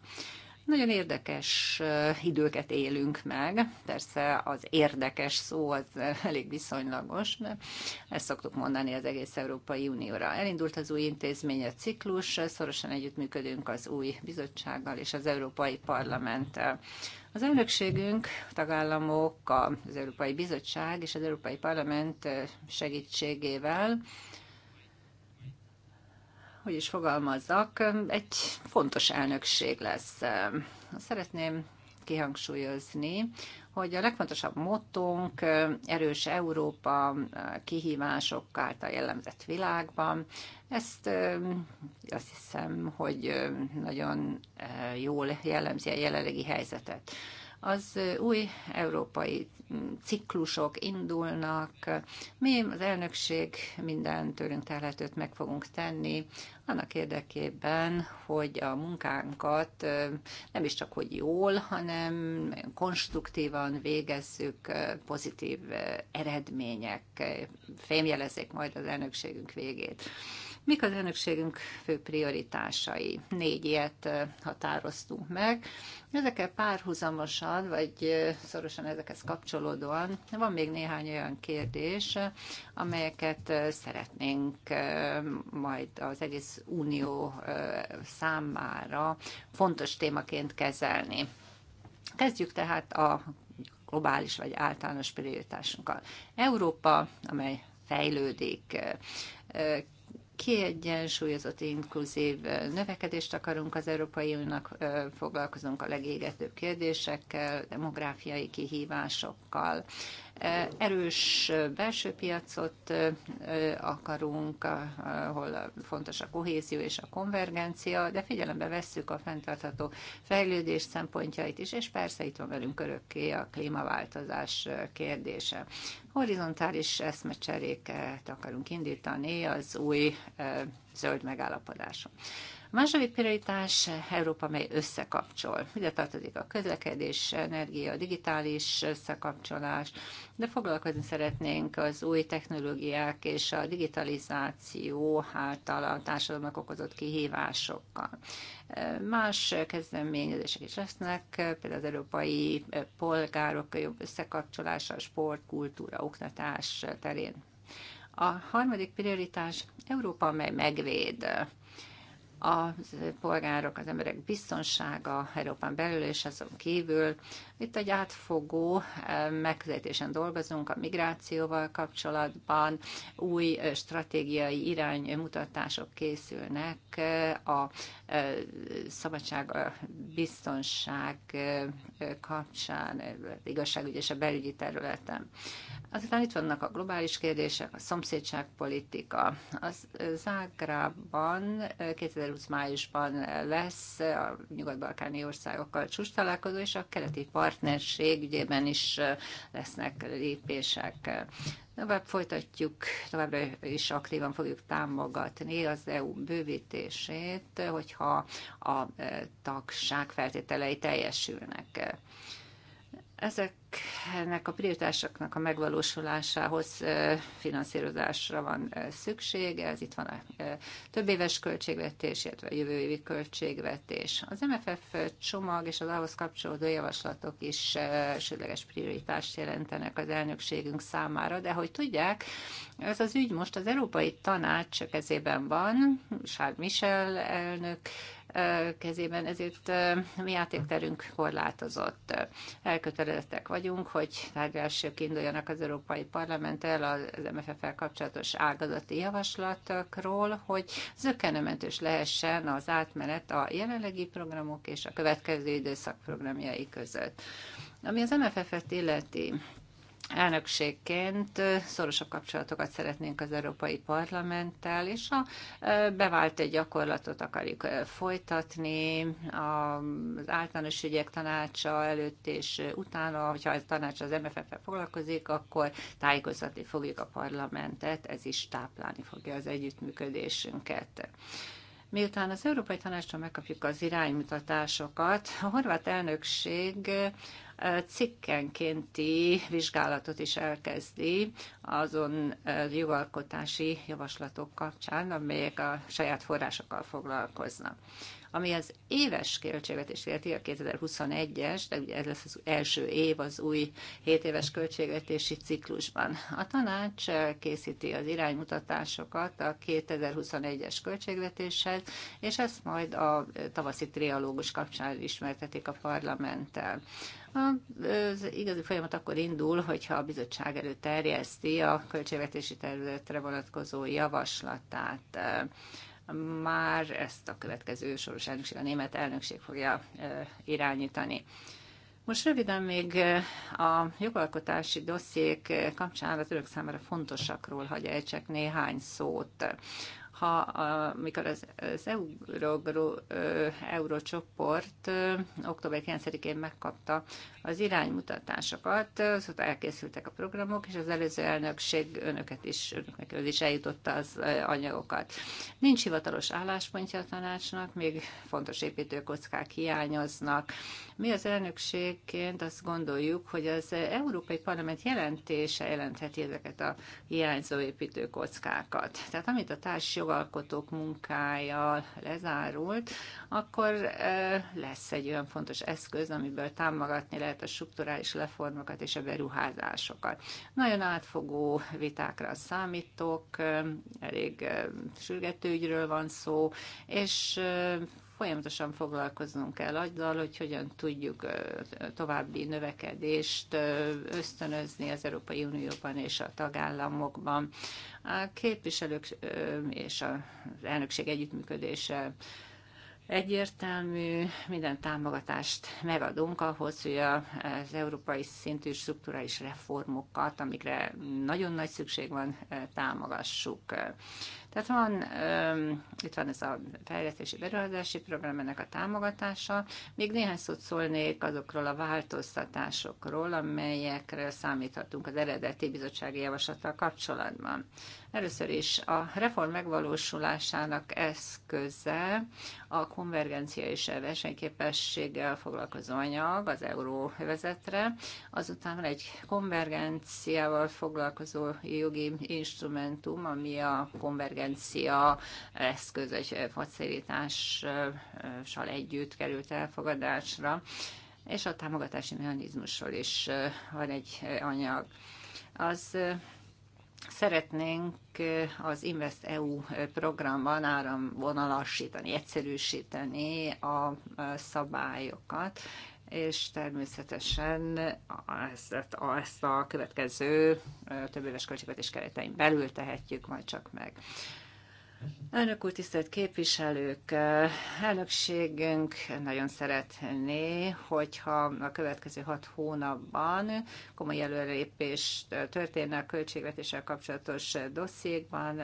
Nagyon érdekes időket élünk meg. Persze az érdekes szó az elég viszonylagos, mert ezt szoktuk mondani az egész Európai Unióra. Elindult az új intézmény, a ciklus, szorosan együttműködünk az új bizottsággal és az Európai Parlamenttel. Az elnökségünk, a tagállamok, az Európai Bizottság és az Európai Parlament segítségével hogy is fogalmazzak, egy fontos elnökség lesz. Szeretném kihangsúlyozni, hogy a legfontosabb mottónk erős Európa kihívások által jellemzett világban. Ezt azt hiszem, hogy nagyon jól jellemzi a jelenlegi helyzetet az új európai ciklusok indulnak. Mi az elnökség minden tőlünk telhetőt meg fogunk tenni annak érdekében, hogy a munkánkat nem is csak hogy jól, hanem konstruktívan végezzük, pozitív eredmények fémjelezzék majd az elnökségünk végét. Mik az elnökségünk fő prioritásai? Négy ilyet határoztunk meg. Ezekkel párhuzamosan, vagy szorosan ezekhez kapcsolódóan van még néhány olyan kérdés, amelyeket szeretnénk majd az egész unió számára fontos témaként kezelni. Kezdjük tehát a globális vagy általános prioritásunkkal. Európa, amely fejlődik, kiegyensúlyozott, inkluzív növekedést akarunk az Európai Uniónak, foglalkozunk a legégetőbb kérdésekkel, demográfiai kihívásokkal. Erős belső piacot akarunk, ahol fontos a kohézió és a konvergencia, de figyelembe vesszük a fenntartható fejlődés szempontjait is, és persze itt van velünk örökké a klímaváltozás kérdése. Horizontális eszmecseréket akarunk indítani az új zöld megállapodáson. Második prioritás Európa, mely összekapcsol. Ide tartozik a közlekedés, energia, a digitális összekapcsolás, de foglalkozni szeretnénk az új technológiák és a digitalizáció által a társadalomnak okozott kihívásokkal. Más kezdeményezések is lesznek, például az európai polgárok jobb összekapcsolása, sport, kultúra, oktatás terén. A harmadik prioritás Európa, amely megvéd a polgárok, az emberek biztonsága Európán belül és azon kívül, itt egy átfogó megközelítésen dolgozunk a migrációval kapcsolatban, új stratégiai iránymutatások készülnek a szabadság, a biztonság kapcsán, igazságügy és a belügyi területen. Azután itt vannak a globális kérdések, a szomszédságpolitika. Az Zágrában 2020 májusban lesz a nyugat-balkáni országokkal csúcs találkozó, és a keleti part partnerség ügyében is lesznek lépések. Tovább folytatjuk, továbbra is aktívan fogjuk támogatni az EU bővítését, hogyha a tagság feltételei teljesülnek. Ezeknek a prioritásoknak a megvalósulásához finanszírozásra van szükség, ez itt van a több éves költségvetés, illetve a jövő évi költségvetés. Az MFF csomag és az ahhoz kapcsolódó javaslatok is sődleges prioritást jelentenek az elnökségünk számára, de hogy tudják, ez az ügy most az Európai Tanács kezében van, Charles Michel elnök kezében, ezért mi játékterünk korlátozott. Elkötelezettek vagyunk, hogy tárgyalások induljanak az Európai Parlamenttel az MFF-fel kapcsolatos ágazati javaslatokról, hogy zökkenőmentős lehessen az átmenet a jelenlegi programok és a következő időszak programjai között. Ami az MFF-et illeti, elnökségként szorosabb kapcsolatokat szeretnénk az Európai Parlamenttel, és a bevált gyakorlatot akarjuk folytatni az általános ügyek tanácsa előtt és utána, hogyha a tanács az MFF-fel foglalkozik, akkor tájékoztatni fogjuk a parlamentet, ez is táplálni fogja az együttműködésünket. Miután az Európai Tanácstól megkapjuk az iránymutatásokat, a horvát elnökség cikkenkénti vizsgálatot is elkezdi azon jogalkotási javaslatok kapcsán, amelyek a saját forrásokkal foglalkoznak ami az éves költségvetést illeti, a 2021-es, de ugye ez lesz az első év az új 7 éves költségvetési ciklusban. A tanács készíti az iránymutatásokat a 2021-es költségvetéshez, és ezt majd a tavaszi trialógus kapcsán ismertetik a parlamenttel. Az igazi folyamat akkor indul, hogyha a bizottság terjeszti a költségvetési területre vonatkozó javaslatát. Már ezt a következő soros elnökség, a német elnökség fogja e, irányítani. Most röviden még e, a jogalkotási dossziék kapcsán az önök számára fontosakról hagyja egy csak néhány szót ha amikor az, az Euro, Eurocsoport október 9-én megkapta az iránymutatásokat, ott elkészültek a programok, és az előző elnökség önöket is, önöknek is eljutotta az anyagokat. Nincs hivatalos álláspontja a tanácsnak, még fontos építőkockák hiányoznak. Mi az elnökségként azt gondoljuk, hogy az Európai Parlament jelentése jelentheti ezeket a hiányzó építőkockákat. Tehát amit a társ jogalkotók munkája lezárult, akkor lesz egy olyan fontos eszköz, amiből támogatni lehet a strukturális reformokat és a beruházásokat. Nagyon átfogó vitákra számítok, elég sürgető ügyről van szó, és folyamatosan foglalkoznunk kell azzal, hogy hogyan tudjuk további növekedést ösztönözni az Európai Unióban és a tagállamokban. A képviselők és az elnökség együttműködése egyértelmű, minden támogatást megadunk ahhoz, hogy az európai szintű strukturális reformokat, amikre nagyon nagy szükség van, támogassuk. Tehát van, itt van ez a fejlesztési beruházási program, ennek a támogatása. Még néhány szót szólnék azokról a változtatásokról, amelyekről számíthatunk az eredeti bizottsági javaslattal kapcsolatban. Először is a reform megvalósulásának eszköze a konvergencia és a versenyképességgel foglalkozó anyag az euróvezetre, azután van egy konvergenciával foglalkozó jogi instrumentum, ami a konvergencia intelligencia eszköz vagy facilitással együtt került elfogadásra, és a támogatási mechanizmusról is van egy anyag. Az Szeretnénk az Invest EU programban áramvonalasítani, egyszerűsíteni a szabályokat, és természetesen ezt, ezt a következő több éves költségvetés keretein belül tehetjük majd csak meg. Elnök úr, tisztelt képviselők! Elnökségünk nagyon szeretné, hogyha a következő hat hónapban komoly előrelépés történne a költségvetéssel kapcsolatos dossziékban,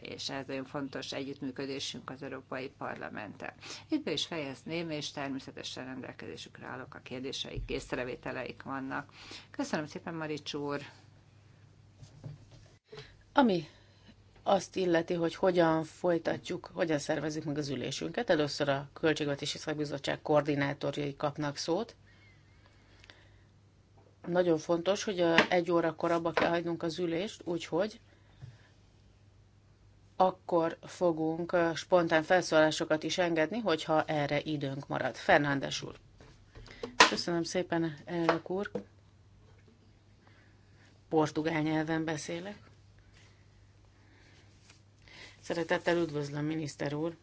és ez nagyon fontos együttműködésünk az Európai Parlamenttel. Itt be is fejezném, és természetesen rendelkezésükre állok a kérdéseik, észrevételeik vannak. Köszönöm szépen, Maricsúr. Ami azt illeti, hogy hogyan folytatjuk, hogyan szervezzük meg az ülésünket. Először a Költségvetési Szakbizottság koordinátorjai kapnak szót. Nagyon fontos, hogy egy órakor abba kell hagynunk az ülést, úgyhogy akkor fogunk spontán felszólásokat is engedni, hogyha erre időnk marad. Fernándes úr. Köszönöm szépen, elnök úr. Portugál nyelven beszélek. Szeretettel üdvözlöm, miniszter úr!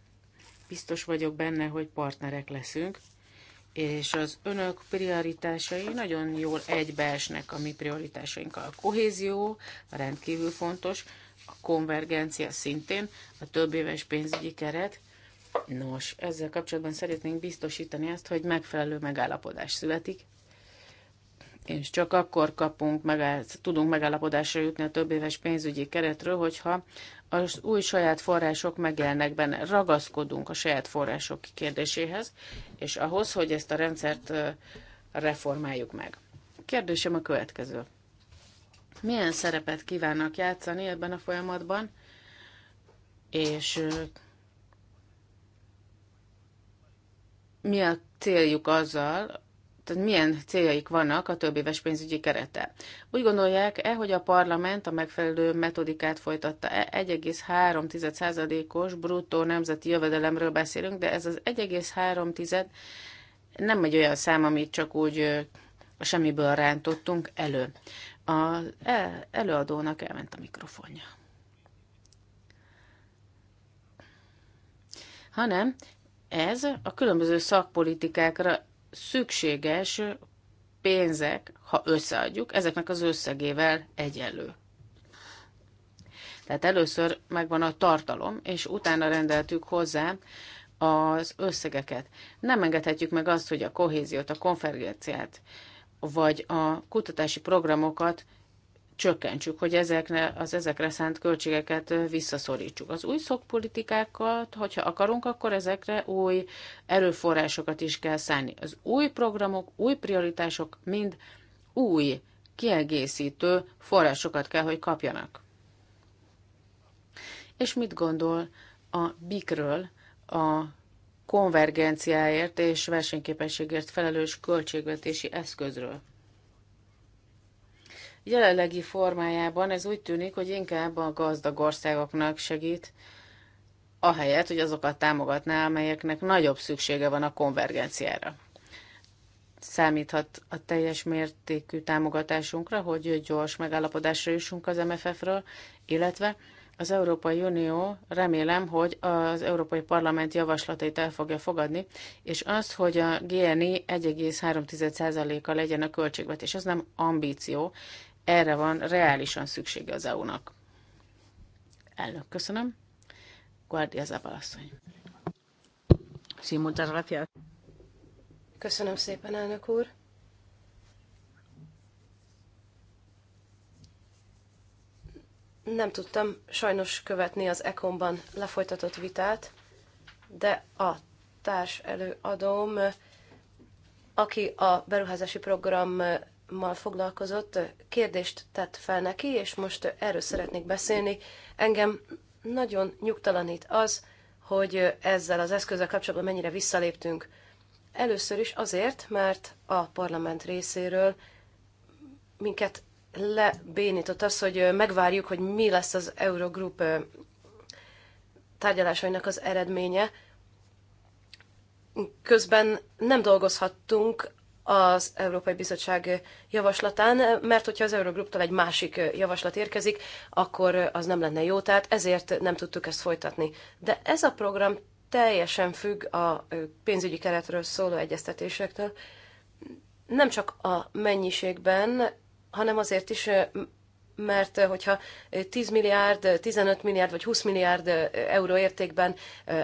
Biztos vagyok benne, hogy partnerek leszünk, és az önök prioritásai nagyon jól egybeesnek a mi prioritásainkkal. A kohézió rendkívül fontos, a konvergencia szintén, a több éves pénzügyi keret. Nos, ezzel kapcsolatban szeretnénk biztosítani azt, hogy megfelelő megállapodás születik, és csak akkor kapunk meg, tudunk megállapodásra jutni a több éves pénzügyi keretről, hogyha az új saját források megjelennek benne. Ragaszkodunk a saját források kérdéséhez, és ahhoz, hogy ezt a rendszert reformáljuk meg. Kérdésem a következő. Milyen szerepet kívánnak játszani ebben a folyamatban, és mi a céljuk azzal, tehát milyen céljaik vannak a több éves pénzügyi kerete. Úgy gondolják-e, hogy a parlament a megfelelő metodikát folytatta-e? 1,3%-os bruttó nemzeti jövedelemről beszélünk, de ez az 1,3 nem egy olyan szám, amit csak úgy a semmiből rántottunk elő. Az e, előadónak elment a mikrofonja. Hanem ez a különböző szakpolitikákra szükséges pénzek, ha összeadjuk, ezeknek az összegével egyenlő. Tehát először megvan a tartalom, és utána rendeltük hozzá az összegeket. Nem engedhetjük meg azt, hogy a kohéziót, a konferenciát, vagy a kutatási programokat csökkentsük, hogy ezekre, az ezekre szánt költségeket visszaszorítsuk. Az új szakpolitikákat, hogyha akarunk, akkor ezekre új erőforrásokat is kell szállni. Az új programok, új prioritások mind új kiegészítő forrásokat kell, hogy kapjanak. És mit gondol a BIK-ről, a konvergenciáért és versenyképességért felelős költségvetési eszközről? Jelenlegi formájában ez úgy tűnik, hogy inkább a gazdag országoknak segít, ahelyett, hogy azokat támogatná, amelyeknek nagyobb szüksége van a konvergenciára. Számíthat a teljes mértékű támogatásunkra, hogy gyors megállapodásra jussunk az MFF-ről, illetve az Európai Unió remélem, hogy az Európai Parlament javaslatait el fogja fogadni, és azt, hogy a GNI 1,3%-a legyen a költségvetés, az nem ambíció, erre van reálisan szüksége az EU-nak. Elnök, köszönöm. Guardia Zabalasszony. Sí, muchas gracias. Köszönöm szépen, elnök úr. Nem tudtam sajnos követni az ECOM-ban lefolytatott vitát, de a társ előadóm, aki a beruházási program mal foglalkozott, kérdést tett fel neki, és most erről szeretnék beszélni. Engem nagyon nyugtalanít az, hogy ezzel az eszközzel kapcsolatban mennyire visszaléptünk. Először is azért, mert a parlament részéről minket lebénított az, hogy megvárjuk, hogy mi lesz az Eurogroup tárgyalásainak az eredménye. Közben nem dolgozhattunk az Európai Bizottság javaslatán, mert hogyha az Eurogruptól egy másik javaslat érkezik, akkor az nem lenne jó, tehát ezért nem tudtuk ezt folytatni. De ez a program teljesen függ a pénzügyi keretről szóló egyeztetésektől, nem csak a mennyiségben, hanem azért is, mert hogyha 10 milliárd, 15 milliárd vagy 20 milliárd euró értékben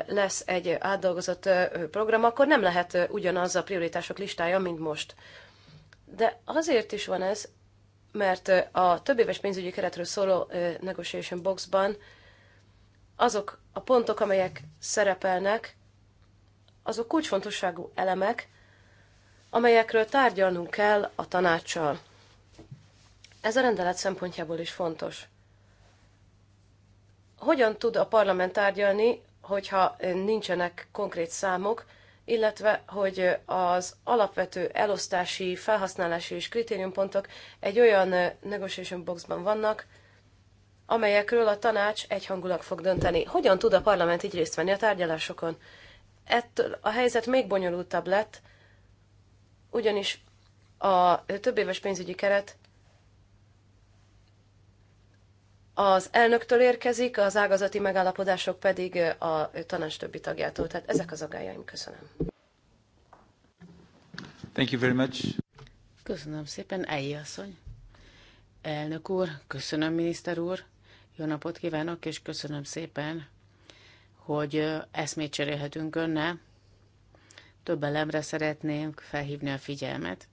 lesz egy átdolgozott program, akkor nem lehet ugyanaz a prioritások listája, mint most. De azért is van ez, mert a több éves pénzügyi keretről szóló negotiation boxban azok a pontok, amelyek szerepelnek, azok kulcsfontosságú elemek, amelyekről tárgyalnunk kell a tanácssal. Ez a rendelet szempontjából is fontos. Hogyan tud a parlament tárgyalni, hogyha nincsenek konkrét számok, illetve hogy az alapvető elosztási, felhasználási és kritériumpontok egy olyan negotiation boxban vannak, amelyekről a tanács egyhangulag fog dönteni. Hogyan tud a parlament így részt venni a tárgyalásokon? Ettől a helyzet még bonyolultabb lett, ugyanis a több éves pénzügyi keret az elnöktől érkezik, az ágazati megállapodások pedig a tanács többi tagjától. Tehát ezek az agályaim. Köszönöm. Thank you very much. Köszönöm szépen, Elyi asszony. Elnök úr, köszönöm, miniszter úr. Jó napot kívánok, és köszönöm szépen, hogy eszmét cserélhetünk önne. Több elemre szeretnénk felhívni a figyelmet,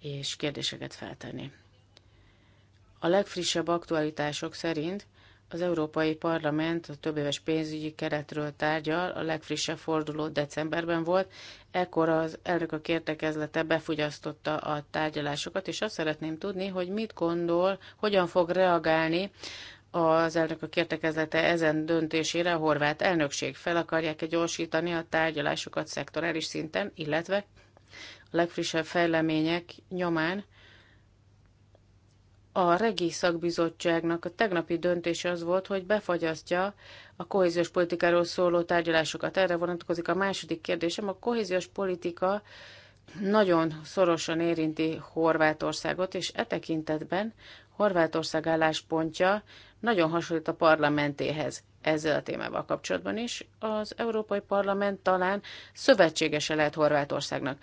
és kérdéseket feltenni. A legfrissebb aktualitások szerint az Európai Parlament a többéves pénzügyi keretről tárgyal, a legfrissebb forduló decemberben volt, ekkor az elnök a kértekezlete befugyasztotta a tárgyalásokat, és azt szeretném tudni, hogy mit gondol, hogyan fog reagálni az elnök a kértekezlete ezen döntésére a horvát elnökség fel akarják-e gyorsítani a tárgyalásokat szektorális szinten, illetve a legfrissebb fejlemények nyomán a regi szakbizottságnak a tegnapi döntése az volt, hogy befagyasztja a kohéziós politikáról szóló tárgyalásokat. Erre vonatkozik a második kérdésem. A kohéziós politika nagyon szorosan érinti Horvátországot, és e tekintetben Horvátország álláspontja nagyon hasonlít a parlamentéhez ezzel a témával kapcsolatban is. Az Európai Parlament talán szövetségese lehet Horvátországnak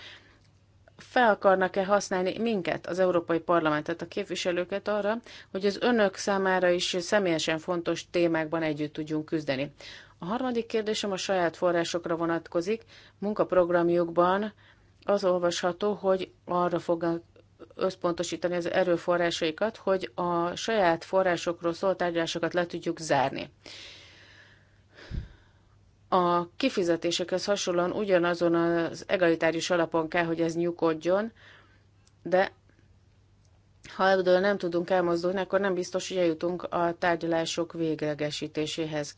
fel akarnak-e használni minket, az Európai Parlamentet, a képviselőket arra, hogy az önök számára is személyesen fontos témákban együtt tudjunk küzdeni. A harmadik kérdésem a saját forrásokra vonatkozik. Munkaprogramjukban az olvasható, hogy arra fognak összpontosítani az erőforrásaikat, hogy a saját forrásokról szólt tárgyalásokat le tudjuk zárni a kifizetésekhez hasonlóan ugyanazon az egalitárius alapon kell, hogy ez nyugodjon, de ha ebből nem tudunk elmozdulni, akkor nem biztos, hogy eljutunk a tárgyalások véglegesítéséhez.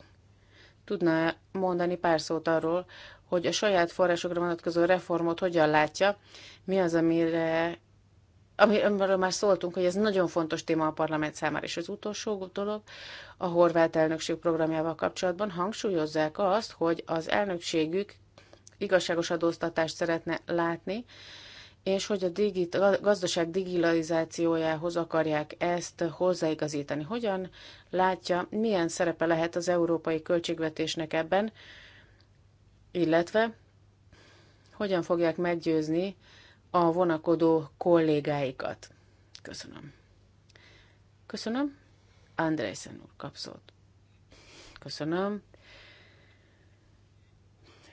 Tudná mondani pár szót arról, hogy a saját forrásokra vonatkozó reformot hogyan látja, mi az, amire amiről már szóltunk, hogy ez nagyon fontos téma a parlament számára, és az utolsó dolog a horvát elnökség programjával kapcsolatban hangsúlyozzák azt, hogy az elnökségük igazságos adóztatást szeretne látni, és hogy a digit, gazdaság digitalizációjához akarják ezt hozzáigazítani. Hogyan látja, milyen szerepe lehet az európai költségvetésnek ebben, illetve hogyan fogják meggyőzni a vonakodó kollégáikat. Köszönöm. Köszönöm. Andrészen úr kap Köszönöm.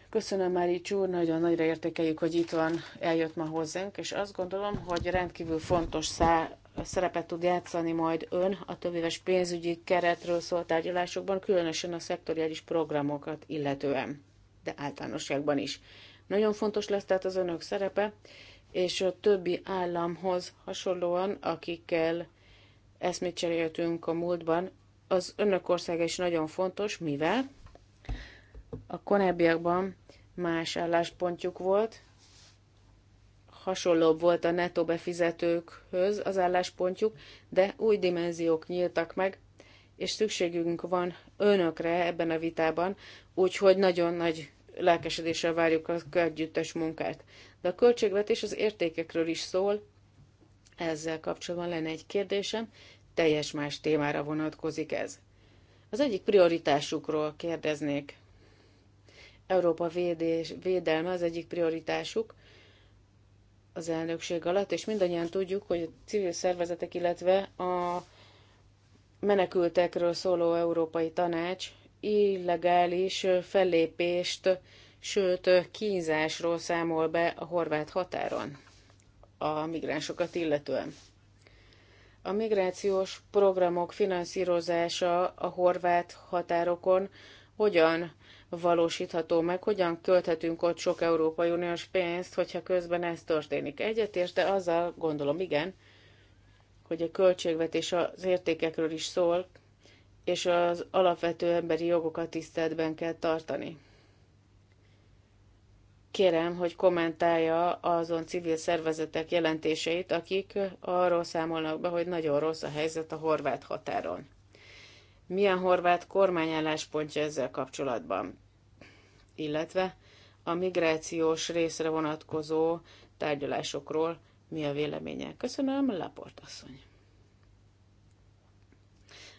Köszönöm, Mári Csúr, nagyon nagyra értékeljük, hogy itt van, eljött ma hozzánk, és azt gondolom, hogy rendkívül fontos szá szerepet tud játszani majd ön a többéves pénzügyi keretről szólt tárgyalásokban, különösen a szektoriális programokat illetően, de általánosságban is. Nagyon fontos lesz tehát az önök szerepe, és a többi államhoz hasonlóan, akikkel eszmét cseréltünk a múltban, az önök országa is nagyon fontos, mivel a konebbiakban más álláspontjuk volt, hasonlóbb volt a netto befizetőkhöz az álláspontjuk, de új dimenziók nyíltak meg, és szükségünk van önökre ebben a vitában, úgyhogy nagyon nagy lelkesedéssel várjuk az együttes munkát de a költségvetés az értékekről is szól. Ezzel kapcsolatban lenne egy kérdésem, teljes más témára vonatkozik ez. Az egyik prioritásukról kérdeznék. Európa védés, védelme az egyik prioritásuk az elnökség alatt, és mindannyian tudjuk, hogy a civil szervezetek, illetve a menekültekről szóló Európai Tanács illegális fellépést sőt kínzásról számol be a horvát határon a migránsokat illetően. A migrációs programok finanszírozása a horvát határokon hogyan valósítható meg, hogyan költhetünk ott sok Európai Uniós pénzt, hogyha közben ez történik. Egyetért, de azzal gondolom igen, hogy a költségvetés az értékekről is szól, és az alapvető emberi jogokat tiszteletben kell tartani kérem, hogy kommentálja azon civil szervezetek jelentéseit, akik arról számolnak be, hogy nagyon rossz a helyzet a horvát határon. Milyen horvát kormány ezzel kapcsolatban? Illetve a migrációs részre vonatkozó tárgyalásokról mi a véleménye? Köszönöm, Laport asszony.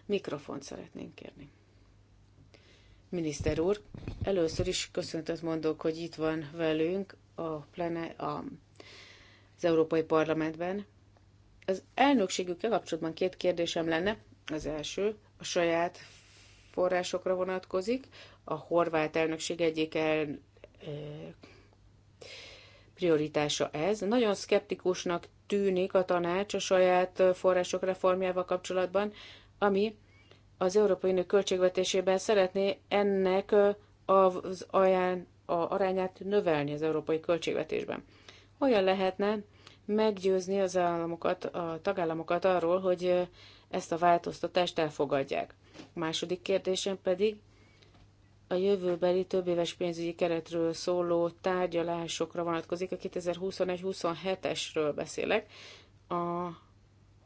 Mikrofont szeretnénk kérni. Miniszter úr, először is köszöntet mondok, hogy itt van velünk a plene, a, az Európai Parlamentben. Az elnökségükkel kapcsolatban két kérdésem lenne. Az első a saját forrásokra vonatkozik. A horvát elnökség egyik el, eh, prioritása ez. Nagyon szkeptikusnak tűnik a tanács a saját források reformjával kapcsolatban, ami az Európai Unió költségvetésében szeretné ennek az aján, a arányát növelni az európai költségvetésben. Hogyan lehetne meggyőzni az államokat, a tagállamokat arról, hogy ezt a változtatást elfogadják? A második kérdésem pedig a jövőbeli több éves pénzügyi keretről szóló tárgyalásokra vonatkozik, a 2021-27-esről beszélek. A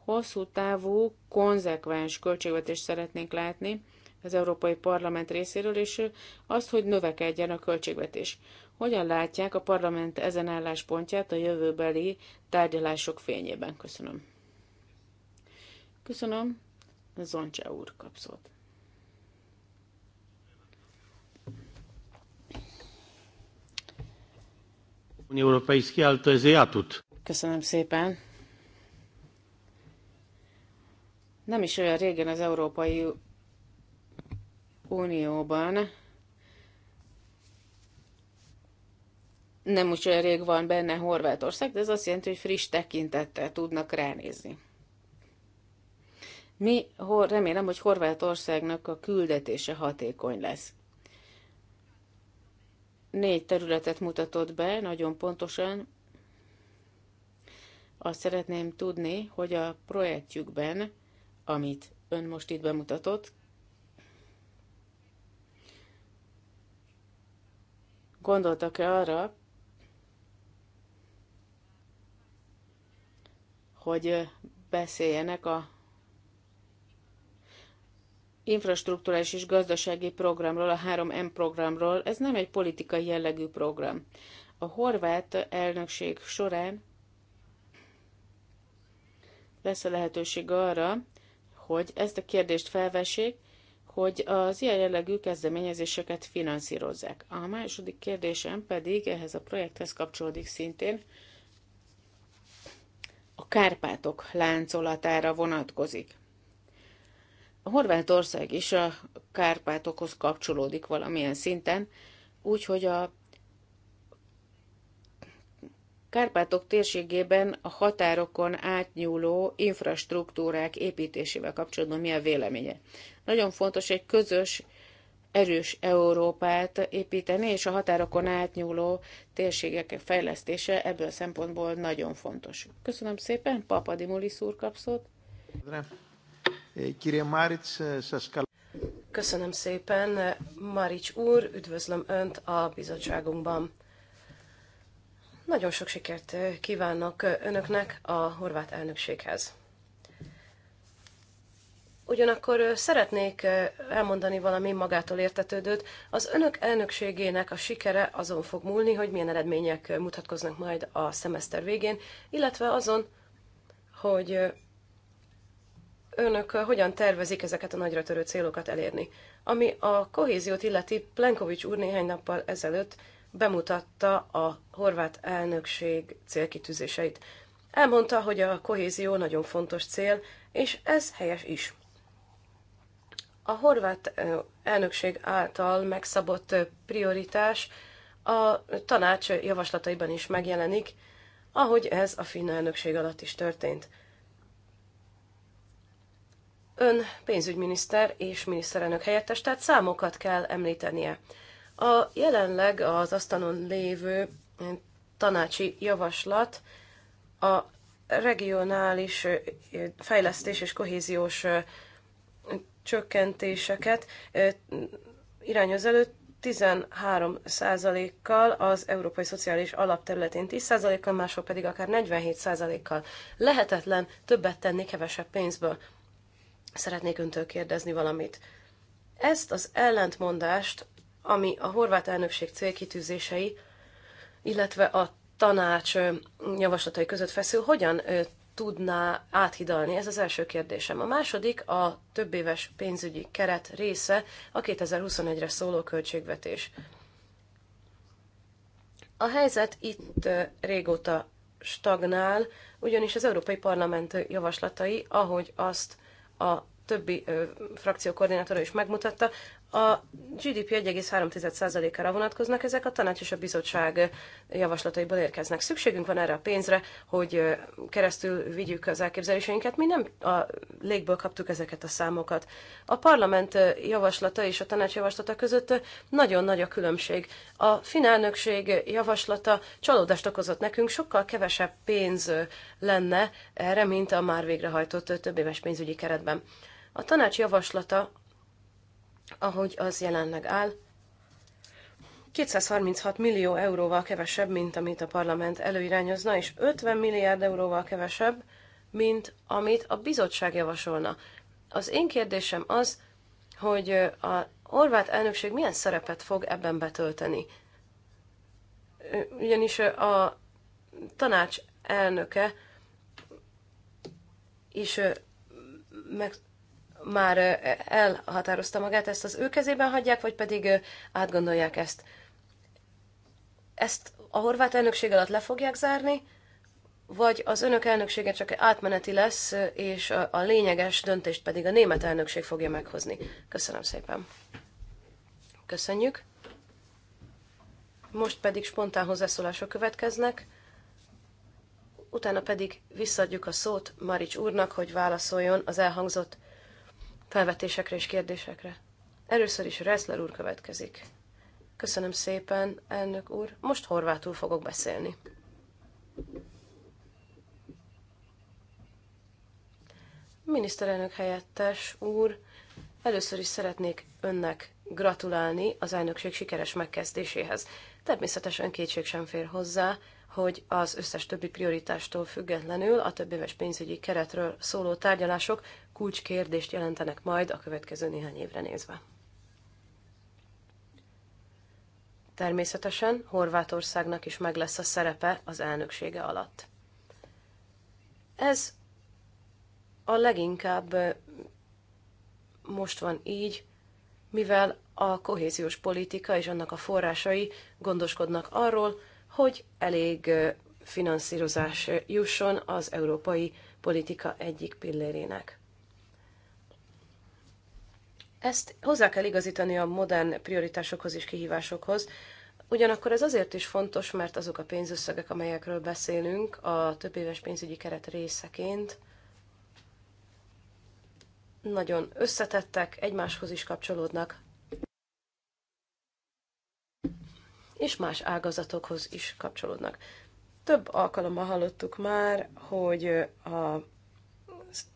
hosszú távú, konzekvens költségvetést szeretnénk látni az Európai Parlament részéről, és azt, hogy növekedjen a költségvetés. Hogyan látják a parlament ezen álláspontját a jövőbeli tárgyalások fényében? Köszönöm. Köszönöm. Zoncsa úr kapszott. Unii Europejskiej, Köszönöm szépen. Nem is olyan régen az Európai Unióban, nem úgy olyan rég van benne Horvátország, de ez azt jelenti, hogy friss tekintettel tudnak ránézni. Mi remélem, hogy Horvátországnak a küldetése hatékony lesz. Négy területet mutatott be, nagyon pontosan. Azt szeretném tudni, hogy a projektjükben amit ön most itt bemutatott, gondoltak-e arra, hogy beszéljenek a infrastruktúrális és gazdasági programról, a 3M programról. Ez nem egy politikai jellegű program. A horvát elnökség során lesz a lehetőség arra, hogy ezt a kérdést felvessék, hogy az ilyen jellegű kezdeményezéseket finanszírozzák. A második kérdésem pedig ehhez a projekthez kapcsolódik szintén, a Kárpátok láncolatára vonatkozik. A Horvátország is a Kárpátokhoz kapcsolódik valamilyen szinten, úgyhogy a Kárpátok térségében a határokon átnyúló infrastruktúrák építésével kapcsolatban mi a véleménye? Nagyon fontos egy közös, erős Európát építeni, és a határokon átnyúló térségek fejlesztése ebből a szempontból nagyon fontos. Köszönöm szépen, Muli szúr kapszót. Köszönöm szépen, Marics úr, üdvözlöm Önt a bizottságunkban. Nagyon sok sikert kívánok önöknek a horvát elnökséghez. Ugyanakkor szeretnék elmondani valami magától értetődőt. Az önök elnökségének a sikere azon fog múlni, hogy milyen eredmények mutatkoznak majd a szemeszter végén, illetve azon, hogy önök hogyan tervezik ezeket a nagyra törő célokat elérni. Ami a kohéziót illeti, Plenkovics úr néhány nappal ezelőtt bemutatta a horvát elnökség célkitűzéseit. Elmondta, hogy a kohézió nagyon fontos cél, és ez helyes is. A horvát elnökség által megszabott prioritás a tanács javaslataiban is megjelenik, ahogy ez a finn elnökség alatt is történt. Ön pénzügyminiszter és miniszterelnök helyettes, tehát számokat kell említenie. A jelenleg az asztalon lévő eh, tanácsi javaslat a regionális eh, fejlesztés és kohéziós eh, csökkentéseket irányoz elő 13%-kal, az Európai Szociális Alapterületén 10%-kal, máshol pedig akár 47%-kal. Lehetetlen többet tenni kevesebb pénzből. Szeretnék öntől kérdezni valamit. Ezt az ellentmondást ami a horvát elnökség célkitűzései, illetve a tanács javaslatai között feszül, hogyan tudná áthidalni? Ez az első kérdésem. A második a több éves pénzügyi keret része, a 2021-re szóló költségvetés. A helyzet itt régóta stagnál, ugyanis az Európai Parlament javaslatai, ahogy azt a többi ö, frakció koordinátora is megmutatta, a GDP 1,3%-ára vonatkoznak, ezek a tanács és a bizottság javaslataiból érkeznek. Szükségünk van erre a pénzre, hogy keresztül vigyük az elképzeléseinket. Mi nem a légből kaptuk ezeket a számokat. A parlament javaslata és a tanács javaslata között nagyon nagy a különbség. A finálnökség javaslata csalódást okozott nekünk, sokkal kevesebb pénz lenne erre, mint a már végrehajtott több éves pénzügyi keretben. A tanács javaslata ahogy az jelenleg áll. 236 millió euróval kevesebb, mint amit a parlament előirányozna, és 50 milliárd euróval kevesebb, mint amit a bizottság javasolna. Az én kérdésem az, hogy a horvát elnökség milyen szerepet fog ebben betölteni. Ugyanis a tanács elnöke is meg már elhatározta magát, ezt az ő kezében hagyják, vagy pedig átgondolják ezt. Ezt a horvát elnökség alatt le fogják zárni, vagy az önök elnöksége csak átmeneti lesz, és a, a lényeges döntést pedig a német elnökség fogja meghozni. Köszönöm szépen. Köszönjük. Most pedig spontán hozzászólások következnek, utána pedig visszaadjuk a szót Marics úrnak, hogy válaszoljon az elhangzott felvetésekre és kérdésekre. Először is Reszler úr következik. Köszönöm szépen, elnök úr. Most horvátul fogok beszélni. Miniszterelnök helyettes úr, először is szeretnék önnek gratulálni az elnökség sikeres megkezdéséhez. Természetesen kétség sem fér hozzá, hogy az összes többi prioritástól függetlenül a több éves pénzügyi keretről szóló tárgyalások kulcskérdést jelentenek majd a következő néhány évre nézve. Természetesen Horvátországnak is meg lesz a szerepe az elnöksége alatt. Ez a leginkább most van így, mivel a kohéziós politika és annak a forrásai gondoskodnak arról, hogy elég finanszírozás jusson az európai politika egyik pillérének. Ezt hozzá kell igazítani a modern prioritásokhoz és kihívásokhoz, ugyanakkor ez azért is fontos, mert azok a pénzösszegek, amelyekről beszélünk a több éves pénzügyi keret részeként, nagyon összetettek, egymáshoz is kapcsolódnak. és más ágazatokhoz is kapcsolódnak. Több alkalommal hallottuk már, hogy a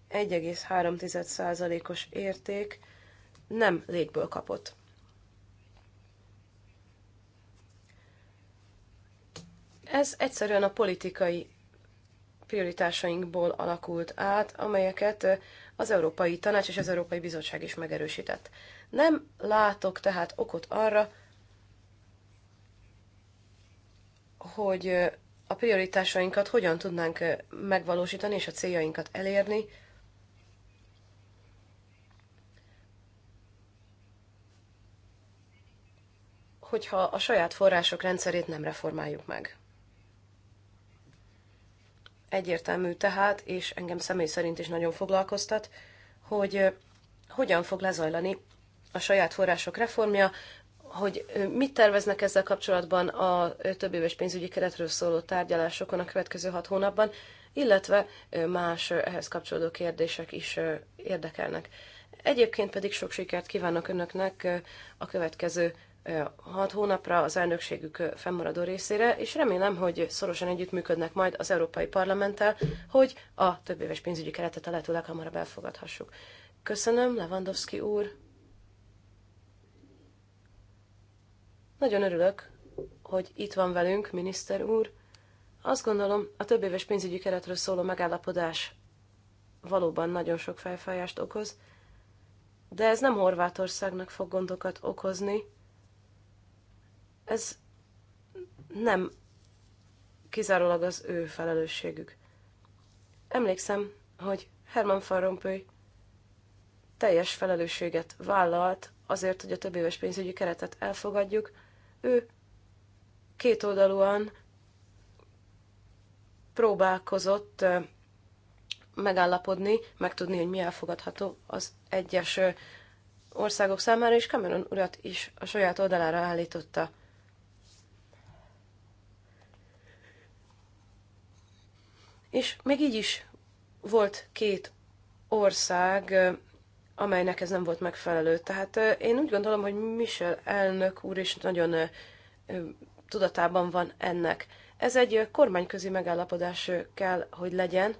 1,3%-os érték nem légből kapott. Ez egyszerűen a politikai prioritásainkból alakult át, amelyeket az Európai Tanács és az Európai Bizottság is megerősített. Nem látok tehát okot arra, hogy a prioritásainkat hogyan tudnánk megvalósítani és a céljainkat elérni. hogyha a saját források rendszerét nem reformáljuk meg. Egyértelmű tehát, és engem személy szerint is nagyon foglalkoztat, hogy hogyan fog lezajlani a saját források reformja, hogy mit terveznek ezzel kapcsolatban a több éves pénzügyi keretről szóló tárgyalásokon a következő hat hónapban, illetve más ehhez kapcsolódó kérdések is érdekelnek. Egyébként pedig sok sikert kívánok Önöknek a következő hat hónapra az elnökségük fennmaradó részére, és remélem, hogy szorosan együttműködnek majd az Európai Parlamenttel, hogy a több éves pénzügyi keretet a lehető leghamarabb elfogadhassuk. Köszönöm, Lewandowski úr! Nagyon örülök, hogy itt van velünk, miniszter úr. Azt gondolom, a több éves pénzügyi keretről szóló megállapodás valóban nagyon sok felfájást okoz, de ez nem Horvátországnak fog gondokat okozni. Ez nem kizárólag az ő felelősségük. Emlékszem, hogy Herman Van Rompuy teljes felelősséget vállalt azért, hogy a több éves pénzügyi keretet elfogadjuk, ő kétoldalúan próbálkozott megállapodni, megtudni, hogy mi elfogadható az egyes országok számára, és Cameron urat is a saját oldalára állította. És még így is volt két ország, amelynek ez nem volt megfelelő. Tehát én úgy gondolom, hogy Michel elnök úr is nagyon tudatában van ennek. Ez egy kormányközi megállapodás kell, hogy legyen.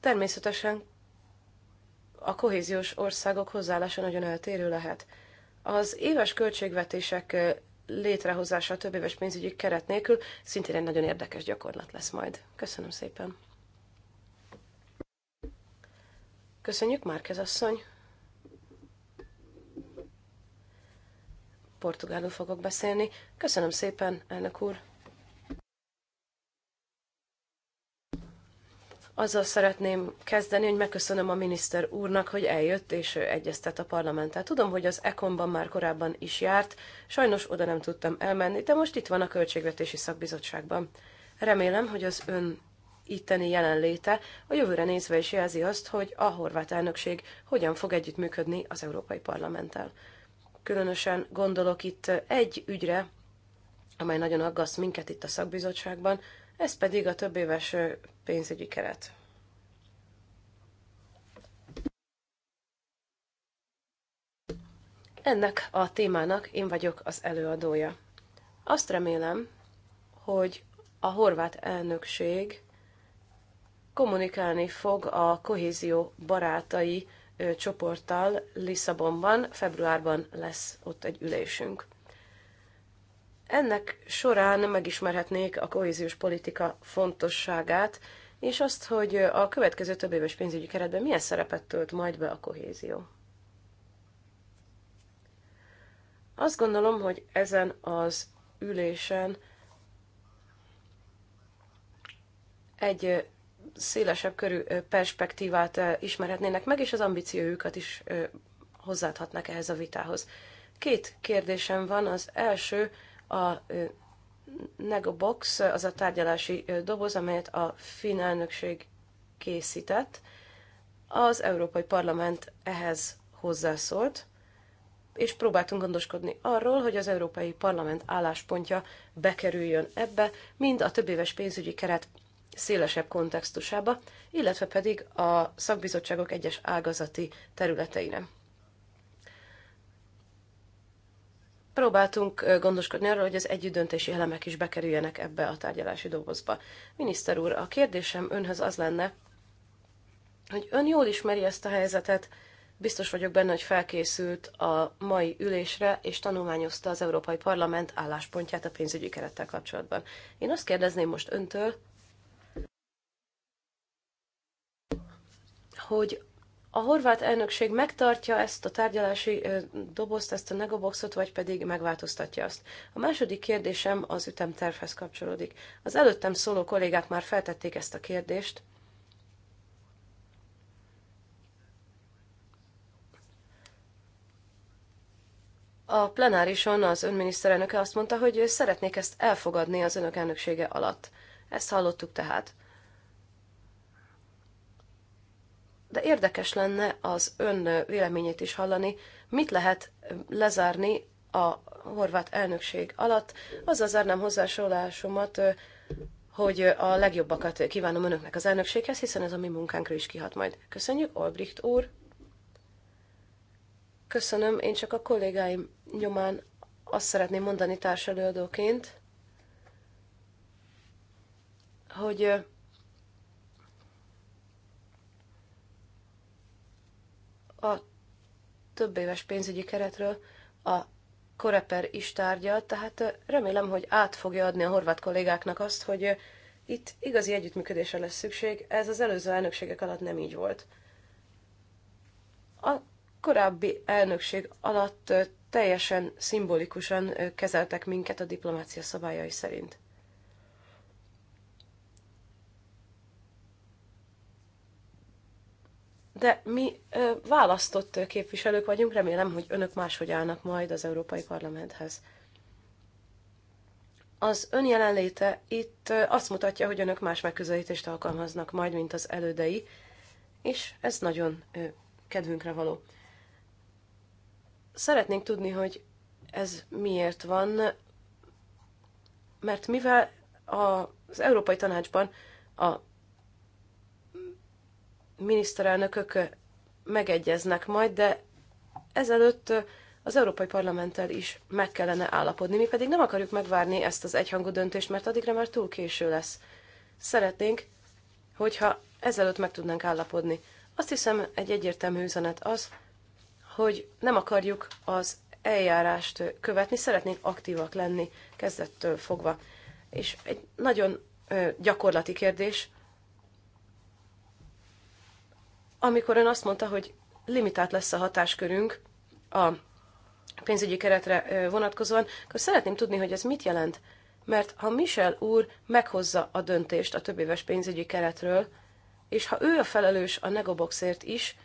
Természetesen a kohéziós országok hozzáállása nagyon eltérő lehet. Az éves költségvetések létrehozása a több éves pénzügyi keret nélkül szintén egy nagyon érdekes gyakorlat lesz majd. Köszönöm szépen! Köszönjük, Márkez asszony! Portugálul fogok beszélni. Köszönöm szépen, elnök úr! Azzal szeretném kezdeni, hogy megköszönöm a miniszter úrnak, hogy eljött és egyeztet a parlamenttel. Tudom, hogy az Ekonban már korábban is járt, sajnos oda nem tudtam elmenni, de most itt van a Költségvetési Szakbizottságban. Remélem, hogy az ön itteni jelenléte a jövőre nézve is jelzi azt, hogy a horvát elnökség hogyan fog együttműködni az Európai Parlamenttel. Különösen gondolok itt egy ügyre, amely nagyon aggaszt minket itt a szakbizottságban, ez pedig a több éves pénzügyi keret. Ennek a témának én vagyok az előadója. Azt remélem, hogy a horvát elnökség kommunikálni fog a kohézió barátai csoporttal Lisszabonban, februárban lesz ott egy ülésünk. Ennek során megismerhetnék a kohéziós politika fontosságát, és azt, hogy a következő több éves pénzügyi keretben milyen szerepet tölt majd be a kohézió. Azt gondolom, hogy ezen az ülésen egy szélesebb körű perspektívát ismerhetnének meg, és az ambíciójukat is hozzáadhatnak ehhez a vitához. Két kérdésem van. Az első a Negobox, az a tárgyalási doboz, amelyet a finn elnökség készített. Az Európai Parlament ehhez hozzászólt, és próbáltunk gondoskodni arról, hogy az Európai Parlament álláspontja bekerüljön ebbe, mind a többéves pénzügyi keret szélesebb kontextusába, illetve pedig a szakbizottságok egyes ágazati területeire. Próbáltunk gondoskodni arról, hogy az együttdöntési elemek is bekerüljenek ebbe a tárgyalási dobozba. Miniszter úr, a kérdésem önhöz az lenne, hogy ön jól ismeri ezt a helyzetet, biztos vagyok benne, hogy felkészült a mai ülésre, és tanulmányozta az Európai Parlament álláspontját a pénzügyi kerettel kapcsolatban. Én azt kérdezném most öntől, hogy a horvát elnökség megtartja ezt a tárgyalási dobozt, ezt a negoboxot, vagy pedig megváltoztatja azt. A második kérdésem az ütemtervhez kapcsolódik. Az előttem szóló kollégák már feltették ezt a kérdést. A plenárison az önminiszterelnöke azt mondta, hogy szeretnék ezt elfogadni az önök elnöksége alatt. Ezt hallottuk tehát. de érdekes lenne az ön véleményét is hallani, mit lehet lezárni a horvát elnökség alatt. Azzal zárnám hozzásolásomat, hogy a legjobbakat kívánom önöknek az elnökséghez, hiszen ez a mi munkánkra is kihat majd. Köszönjük, Olbricht úr! Köszönöm, én csak a kollégáim nyomán azt szeretném mondani társelőadóként, hogy a több éves pénzügyi keretről a Koreper is tárgyal, tehát remélem, hogy át fogja adni a horvát kollégáknak azt, hogy itt igazi együttműködésre lesz szükség, ez az előző elnökségek alatt nem így volt. A korábbi elnökség alatt teljesen szimbolikusan kezeltek minket a diplomácia szabályai szerint. de mi ö, választott képviselők vagyunk, remélem, hogy önök máshogy állnak majd az Európai Parlamenthez. Az ön jelenléte itt azt mutatja, hogy önök más megközelítést alkalmaznak majd, mint az elődei, és ez nagyon ö, kedvünkre való. Szeretnénk tudni, hogy ez miért van, mert mivel az Európai Tanácsban a miniszterelnökök megegyeznek majd, de ezelőtt az Európai Parlamenttel is meg kellene állapodni. Mi pedig nem akarjuk megvárni ezt az egyhangú döntést, mert addigra már túl késő lesz. Szeretnénk, hogyha ezelőtt meg tudnánk állapodni. Azt hiszem, egy egyértelmű üzenet az, hogy nem akarjuk az eljárást követni, szeretnénk aktívak lenni kezdettől fogva. És egy nagyon gyakorlati kérdés, amikor ön azt mondta, hogy limitált lesz a hatáskörünk a pénzügyi keretre vonatkozóan, akkor szeretném tudni, hogy ez mit jelent. Mert ha Michel úr meghozza a döntést a többéves pénzügyi keretről, és ha ő a felelős a negoboxért is,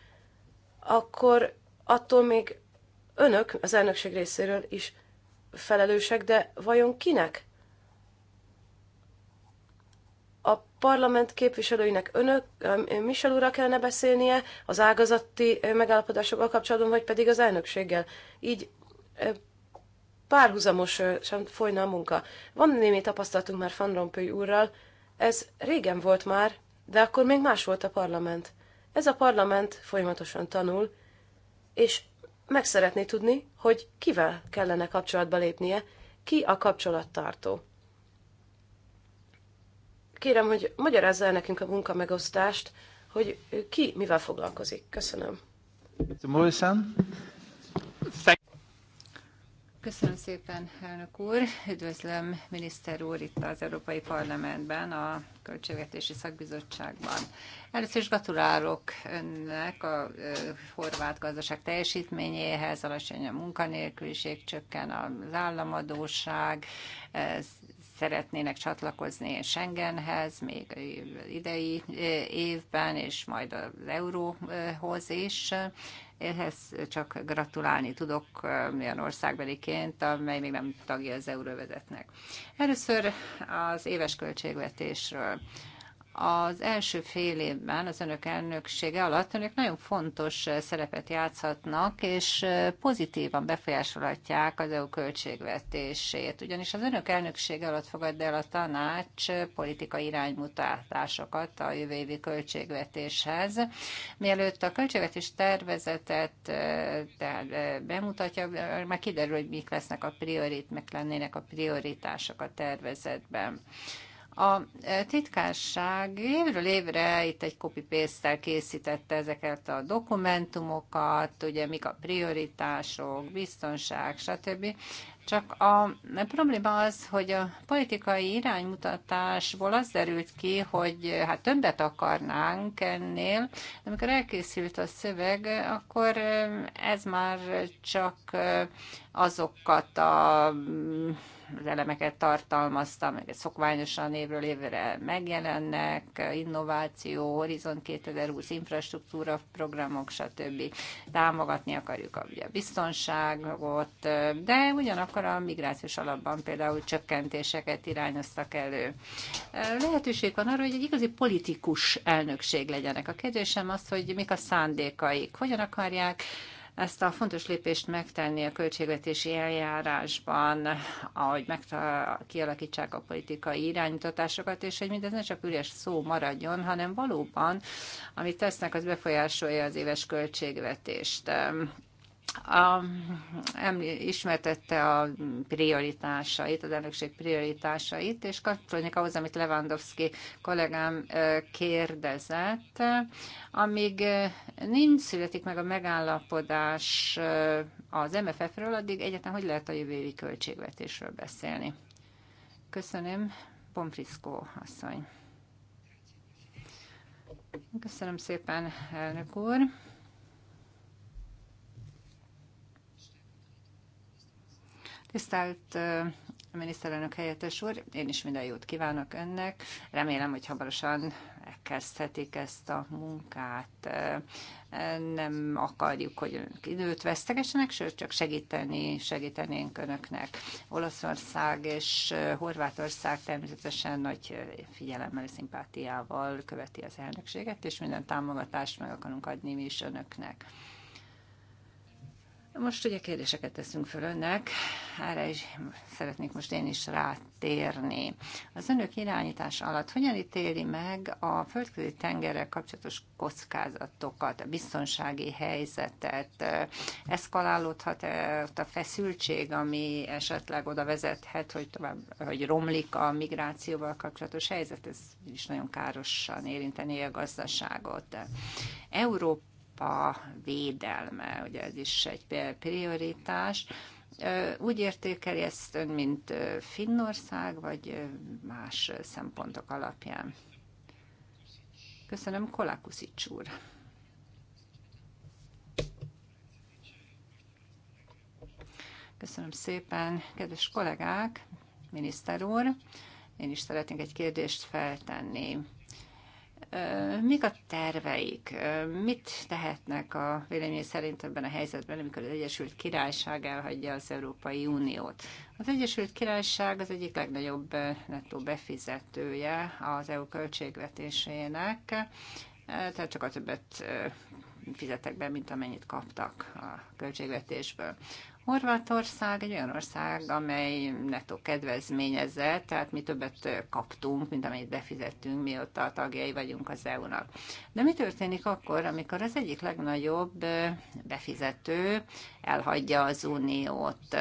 akkor attól még önök az elnökség részéről is felelősek, de vajon kinek? parlament képviselőinek önök, Michel úrra kellene beszélnie az ágazati eh, megállapodásokkal kapcsolatban, vagy pedig az elnökséggel. Így eh, párhuzamosan eh, folyna a munka. Van némi tapasztalatunk már Van Rompuy úrral, ez régen volt már, de akkor még más volt a parlament. Ez a parlament folyamatosan tanul, és meg szeretné tudni, hogy kivel kellene kapcsolatba lépnie, ki a kapcsolattartó kérem, hogy magyarázza el nekünk a munkamegosztást, hogy ki mivel foglalkozik. Köszönöm. Köszönöm szépen, elnök úr. Üdvözlöm, miniszter úr, itt az Európai Parlamentben, a Költségvetési Szakbizottságban. Először is gratulálok önnek a horvát gazdaság teljesítményéhez, alacsony a munkanélküliség, csökken az államadóság, szeretnének csatlakozni Schengenhez, még idei évben, és majd az euróhoz is. Ehhez csak gratulálni tudok olyan országbeliként, amely még nem tagja az euróvezetnek. Először az éves költségvetésről. Az első fél évben az önök elnöksége alatt önök nagyon fontos eh, szerepet játszhatnak, és eh, pozitívan befolyásolhatják az EU költségvetését. Ugyanis az önök elnöksége alatt fogad el a tanács eh, politikai iránymutatásokat a jövő évi költségvetéshez. Mielőtt a költségvetés tervezetet tehát bemutatja, már kiderül, hogy mik lesznek a priorit, meg lennének a prioritások a tervezetben. A e, titkárság évről évre itt egy copy paste készítette ezeket a dokumentumokat, ugye mik a prioritások, biztonság, stb. Csak a probléma az, hogy a politikai iránymutatásból az derült ki, hogy hát többet akarnánk ennél, de amikor elkészült a szöveg, akkor e, ez már csak e, azokat a elemeket tartalmazta, meg szokványosan évről évre megjelennek, innováció, Horizon 2020, infrastruktúra programok, stb. Támogatni akarjuk a biztonságot, de ugyanakkor a migrációs alapban például csökkentéseket irányoztak elő. Lehetőség van arra, hogy egy igazi politikus elnökség legyenek. A kérdésem az, hogy mik a szándékaik, hogyan akarják ezt a fontos lépést megtenni a költségvetési eljárásban, ahogy meg kialakítsák a politikai iránymutatásokat, és hogy mindez ne csak üres szó maradjon, hanem valóban, amit tesznek, az befolyásolja az éves költségvetést a, eml- ismertette a prioritásait, az elnökség prioritásait, és kapcsolódik ahhoz, amit Lewandowski kollégám kérdezett. Amíg nincs születik meg a megállapodás az MFF-ről, addig egyetem, hogy lehet a jövő évi költségvetésről beszélni? Köszönöm, Pomfriszkó asszony. Köszönöm szépen, elnök úr. Tisztelt miniszterelnök helyettes úr, én is minden jót kívánok önnek. Remélem, hogy hamarosan elkezdhetik ezt a munkát. Nem akarjuk, hogy önök időt vesztegessenek, sőt, csak segíteni, segítenénk önöknek. Olaszország és Horvátország természetesen nagy figyelemmel, szimpátiával követi az elnökséget, és minden támogatást meg akarunk adni mi is önöknek. Most ugye kérdéseket teszünk föl önnek, erre is szeretnék most én is rátérni. Az önök irányítás alatt hogyan ítéli meg a földközi tengerrel kapcsolatos kockázatokat, a biztonsági helyzetet? Eszkalálódhat -e ott a feszültség, ami esetleg oda vezethet, hogy, tovább, hogy romlik a migrációval kapcsolatos helyzet? Ez is nagyon károsan érinteni a gazdaságot. Európa Európa védelme, ugye ez is egy prioritás. Úgy értékeli ezt ön, mint Finnország, vagy más szempontok alapján? Köszönöm, Kolákuszics úr. Köszönöm szépen, kedves kollégák, miniszter úr. Én is szeretnék egy kérdést feltenni. Mik a terveik? Mit tehetnek a vélemény szerint ebben a helyzetben, amikor az Egyesült Királyság elhagyja az Európai Uniót? Az Egyesült Királyság az egyik legnagyobb nettó befizetője az EU költségvetésének, tehát csak a többet fizetek be, mint amennyit kaptak a költségvetésből. Horvátország egy olyan ország, amely netto kedvezményezett, tehát mi többet kaptunk, mint amennyit befizettünk, mióta tagjai vagyunk az EU-nak. De mi történik akkor, amikor az egyik legnagyobb befizető elhagyja az uniót,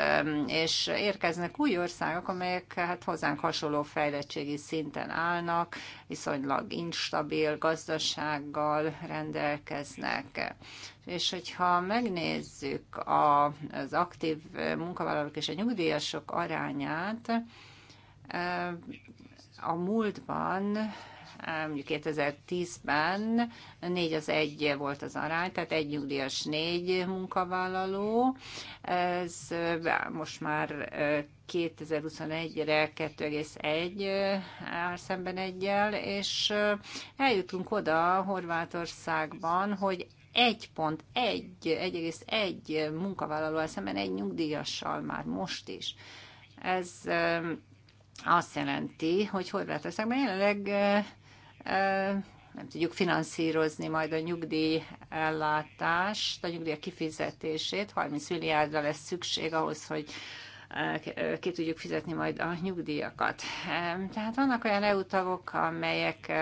és érkeznek új országok, amelyek hát hozzánk hasonló fejlettségi szinten állnak, viszonylag instabil gazdasággal rendelkeznek. És hogyha megnézzük a, az aktív munkavállalók és a nyugdíjasok arányát, eh, a múltban eh, mondjuk 2010-ben 4 az 1 volt az arány, tehát egy nyugdíjas négy munkavállaló. Ez eh, most már 2021-re 2,1 áll szemben egyel, és eljutunk oda Horvátországban, hogy 1.1, 1,1 munkavállalóval szemben egy nyugdíjassal már most is. Ez azt jelenti, hogy Horvátországban jelenleg nem tudjuk finanszírozni majd a nyugdíj ellátást, a nyugdíj kifizetését, 30 milliárdra lesz szükség ahhoz, hogy ki tudjuk fizetni majd a nyugdíjakat. Tehát vannak olyan EU tagok, amelyek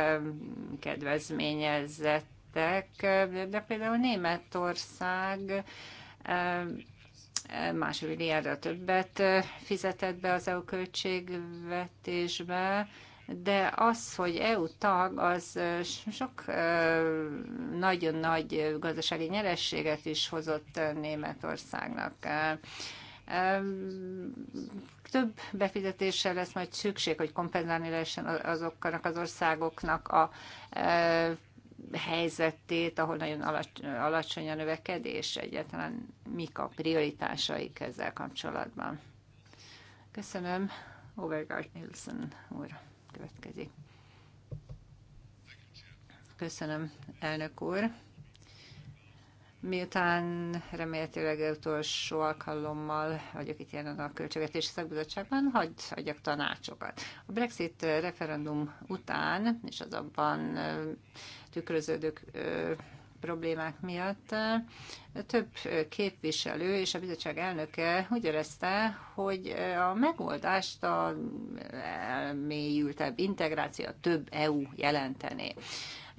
kedvezményezett lettek, de például Németország másfél milliárdra többet fizetett be az EU költségvetésbe, de az, hogy EU tag, az sok nagyon nagy gazdasági nyerességet is hozott Németországnak. Több befizetéssel lesz majd szükség, hogy kompenzálni lehessen azoknak az országoknak a helyzetét, ahol nagyon alacsony a növekedés, egyáltalán mik a prioritásaik ezzel kapcsolatban. Köszönöm. Overgaard Nielsen úr következik. Köszönöm, elnök úr. Miután remélhetőleg utolsó alkalommal vagyok itt jelen a Költségvetési Szakbizottságban, hagyd adjak tanácsokat. A Brexit referendum után, és az abban tükröződők problémák miatt több képviselő és a bizottság elnöke úgy érezte, hogy a megoldást a mélyültebb integráció, a több EU jelentené.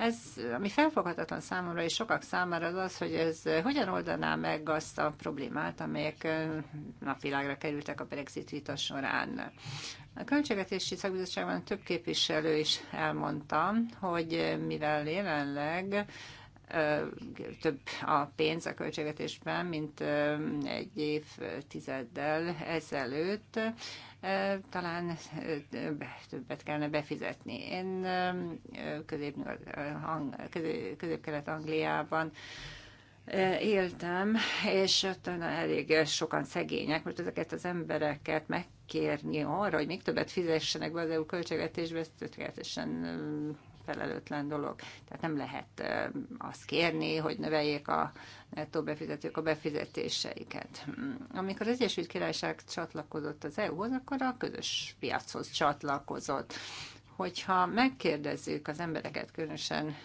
Ez, ami felfoghatatlan számomra és sokak számára az az, hogy ez eh, hogyan oldaná meg azt a problémát, amelyek eh, napvilágra kerültek a Brexit vita során. A Költségvetési Szakbizottságban több képviselő is elmondta, hogy mivel jelenleg több a pénz a költségvetésben, mint egy évtizeddel ezelőtt. Talán többet kellene befizetni. Én közép-kelet-angliában éltem, és ott elég sokan szegények, mert ezeket az embereket megkérni arra, hogy még többet fizessenek be az EU költségvetésbe, ez tökéletesen felelőtlen dolog. Tehát nem lehet azt kérni, hogy növeljék a nettó befizetők a befizetéseiket. Amikor az Egyesült Királyság csatlakozott az EU-hoz, akkor a közös piachoz csatlakozott hogyha megkérdezzük az embereket, különösen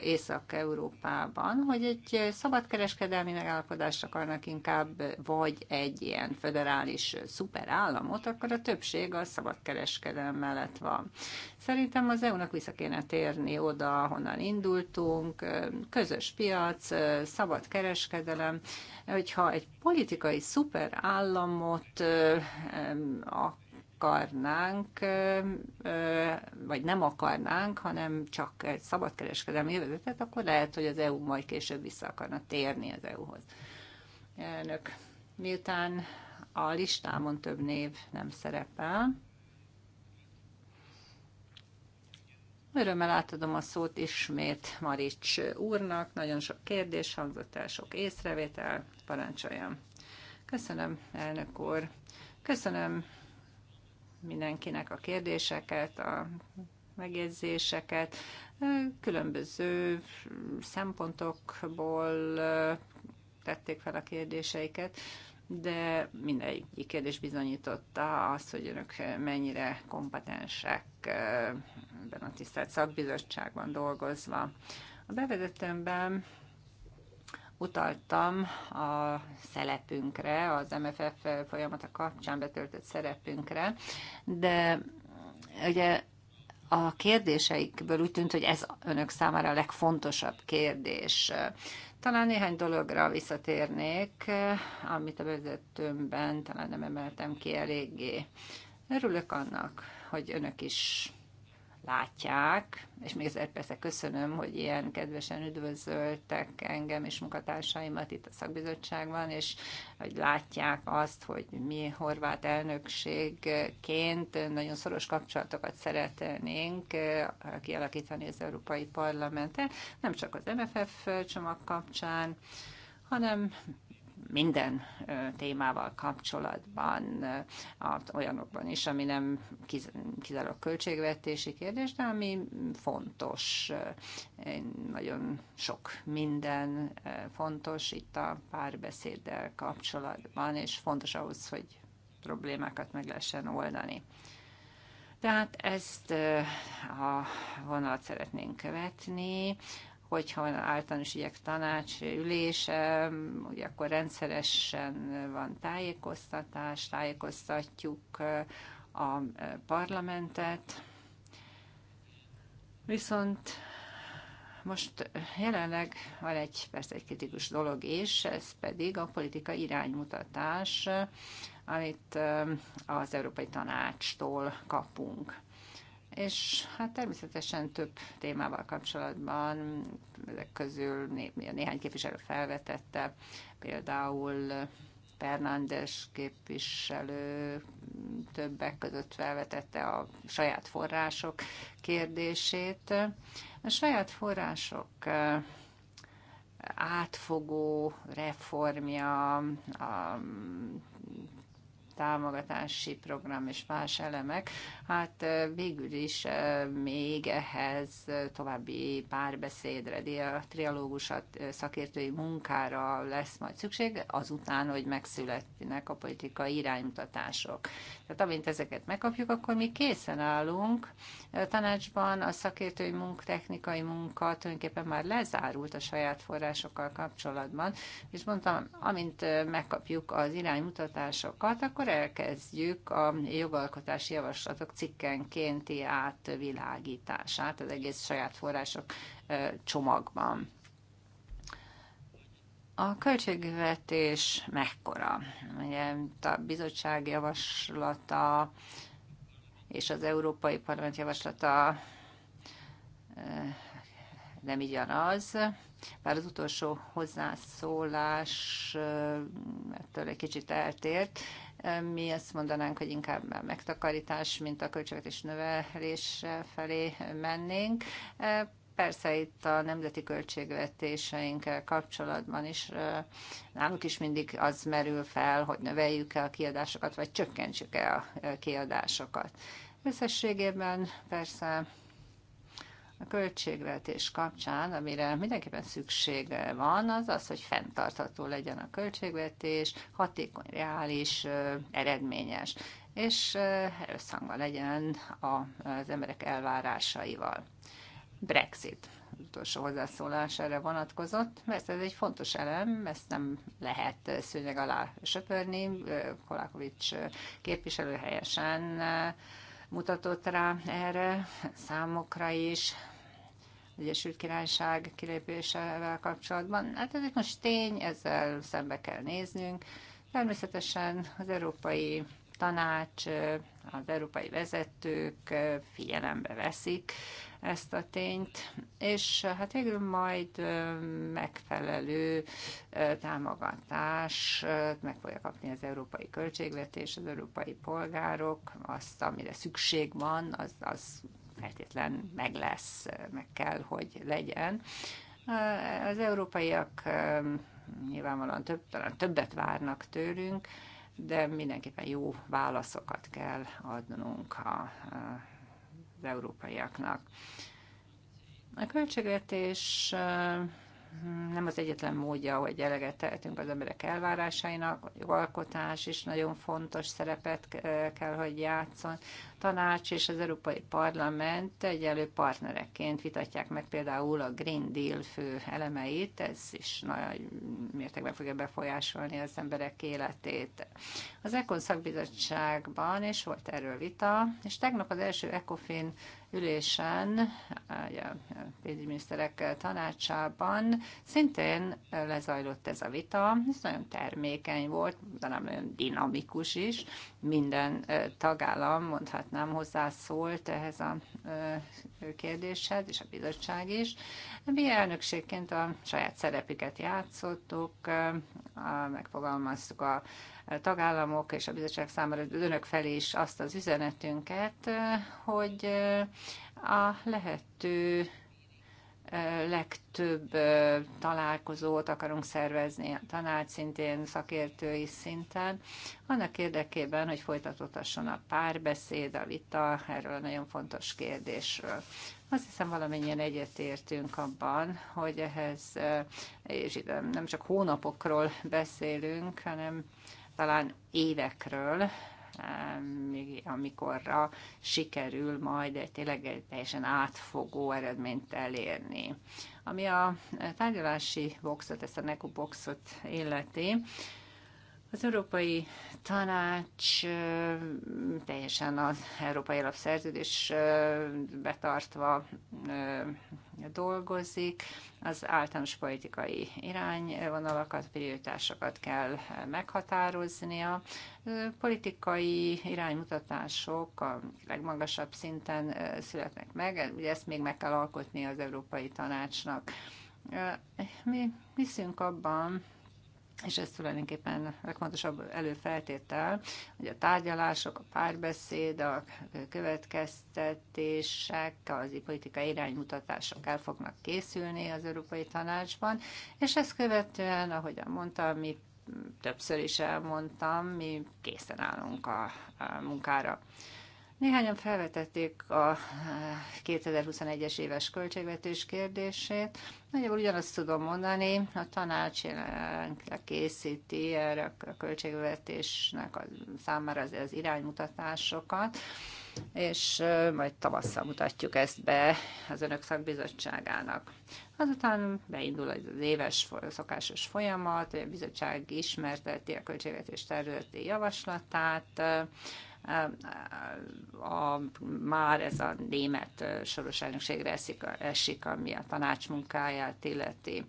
Észak-Európában, hogy egy szabadkereskedelmi megállapodást akarnak inkább, vagy egy ilyen föderális szuperállamot, akkor a többség a szabadkereskedelem mellett van. Szerintem az EU-nak vissza kéne térni oda, honnan indultunk, közös piac, szabad kereskedelem. Hogyha egy politikai szuperállamot, akkor akarnánk, vagy nem akarnánk, hanem csak egy szabadkereskedelmi jövőzetet, akkor lehet, hogy az EU majd később vissza akarna térni az EU-hoz. Elnök, miután a listámon több név nem szerepel, Örömmel átadom a szót ismét Marics úrnak. Nagyon sok kérdés hangzott el, sok észrevétel. Parancsoljam. Köszönöm, elnök úr. Köszönöm mindenkinek a kérdéseket, a megjegyzéseket. Különböző szempontokból tették fel a kérdéseiket, de mindegyik kérdés bizonyította azt, hogy önök mennyire kompetensek ebben a tisztelt szakbizottságban dolgozva. A bevezetőmben utaltam a szerepünkre, az MFF folyamata kapcsán betöltött szerepünkre, de ugye a kérdéseikből úgy tűnt, hogy ez önök számára a legfontosabb kérdés. Talán néhány dologra visszatérnék, amit a vezetőmben talán nem emeltem ki eléggé. Örülök annak, hogy önök is látják, és még ezért persze köszönöm, hogy ilyen kedvesen üdvözöltek engem és munkatársaimat itt a szakbizottságban, és hogy látják azt, hogy mi horvát elnökségként nagyon szoros kapcsolatokat szeretnénk eh, kialakítani az Európai Parlamentet nem csak az MFF csomag kapcsán, hanem minden témával kapcsolatban, olyanokban is, ami nem kizárólag költségvetési kérdés, de ami fontos. Nagyon sok minden fontos itt a párbeszéddel kapcsolatban, és fontos ahhoz, hogy problémákat meg lehessen oldani. Tehát ezt a vonalat szeretnénk követni hogyha van általános ügyek tanács ülése, ugye akkor rendszeresen van tájékoztatás, tájékoztatjuk a parlamentet. Viszont most jelenleg van egy, persze egy kritikus dolog is, ez pedig a politika iránymutatás, amit az Európai Tanácstól kapunk és hát természetesen több témával kapcsolatban, ezek közül né- néhány képviselő felvetette, például Fernández képviselő többek között felvetette a saját források kérdését. A saját források átfogó reformja, a támogatási program és más elemek, hát végül is még ehhez további párbeszédre, a trialógusat szakértői munkára lesz majd szükség, azután, hogy megszületnek a politikai iránymutatások. Tehát amint ezeket megkapjuk, akkor mi készen állunk. A tanácsban a szakértői munk, technikai munka tulajdonképpen már lezárult a saját forrásokkal kapcsolatban, és mondtam, amint megkapjuk az iránymutatásokat, akkor elkezdjük a jogalkotási javaslatok cikkenkénti átvilágítását az egész saját források csomagban. A költségvetés mekkora? Ugye a bizottság javaslata és az Európai Parlament javaslata nem az. Bár az utolsó hozzászólás ettől egy kicsit eltért, mi azt mondanánk, hogy inkább a megtakarítás, mint a költségvetés növelés felé mennénk. Persze itt a nemzeti költségvetéseinkkel kapcsolatban is nálunk is mindig az merül fel, hogy növeljük-e a kiadásokat, vagy csökkentsük-e a kiadásokat. Összességében persze a költségvetés kapcsán, amire mindenképpen szükség van, az az, hogy fenntartható legyen a költségvetés, hatékony, reális, eredményes, és összhangban legyen az emberek elvárásaival. Brexit utolsó hozzászólás erre vonatkozott. mert ez egy fontos elem, ezt nem lehet szőnyeg alá söpörni. Kolákovics képviselő helyesen mutatott rá erre, számokra is, az Egyesült Királyság kilépésevel kapcsolatban. Hát ez most tény, ezzel szembe kell néznünk. Természetesen az európai tanács, az európai vezetők figyelembe veszik ezt a tényt, és hát végül majd megfelelő támogatás meg fogja kapni az európai költségvetés, az európai polgárok, azt, amire szükség van, az, az feltétlen meg lesz, meg kell, hogy legyen. Az európaiak nyilvánvalóan több, talán többet várnak tőlünk, de mindenképpen jó válaszokat kell adnunk a, a, az európaiaknak. A költségvetés Mhm, nem az egyetlen módja, hogy eleget tehetünk az emberek elvárásainak, a jogalkotás is nagyon fontos szerepet kell, hogy játszon. Tanács és az Európai Parlament egyelő partnerekként vitatják meg például a Green Deal fő elemeit, ez is nagy mértékben fogja befolyásolni az emberek életét. Az Ekon szakbizottságban, és volt erről vita, és tegnap az első Ecofin ülésen, a eh, pénzügyminiszterek tanácsában szintén lezajlott ez a vita, ez nagyon termékeny volt, de nem nagyon dinamikus is. Minden eh, tagállam, mondhatnám, hozzászólt ehhez a eh, kérdéshez, és a bizottság is. Mi elnökségként a saját szerepüket játszottuk, megfogalmaztuk a tagállamok és a bizottság számára önök felé is azt az üzenetünket, hogy eh, a lehető eh, legtöbb eh, találkozót akarunk szervezni a tanács szintén, szakértői szinten, annak érdekében, hogy folytatódhasson a párbeszéd, a vita erről a nagyon fontos kérdésről. Azt hiszem valamennyien egyetértünk abban, hogy ehhez, és itt nem csak hónapokról beszélünk, hanem talán évekről, amikorra sikerül majd tényleg egy teljesen átfogó eredményt elérni. Ami a tárgyalási boxot, ezt a NECU boxot illeti, az Európai Tanács teljesen az Európai Alapszerződés betartva dolgozik, az általános politikai irányvonalakat, prioritásokat kell meghatároznia. Politikai iránymutatások a legmagasabb szinten születnek meg, ugye ezt még meg kell alkotni az Európai Tanácsnak. Mi hiszünk abban, és ez tulajdonképpen a legfontosabb előfeltétel, hogy a tárgyalások, a párbeszéd, a következtetések, az politikai iránymutatások el fognak készülni az Európai Tanácsban, és ezt követően, ahogyan mondtam, mi többször is elmondtam, mi készen állunk a, a munkára. Néhányan felvetették a 2021-es eh, éves költségvetés kérdését. Nagyjából ugyanazt tudom mondani, a tanács készíti erre a költségvetésnek a számára az, az iránymutatásokat, és eh, majd tavasszal mutatjuk ezt be az önök szakbizottságának. Azután beindul az éves szokásos folyamat, a bizottság ismerteti a költségvetés területi javaslatát, eh, a, már ez a német soros elnökségre esik, esik, ami a tanács munkáját illeti.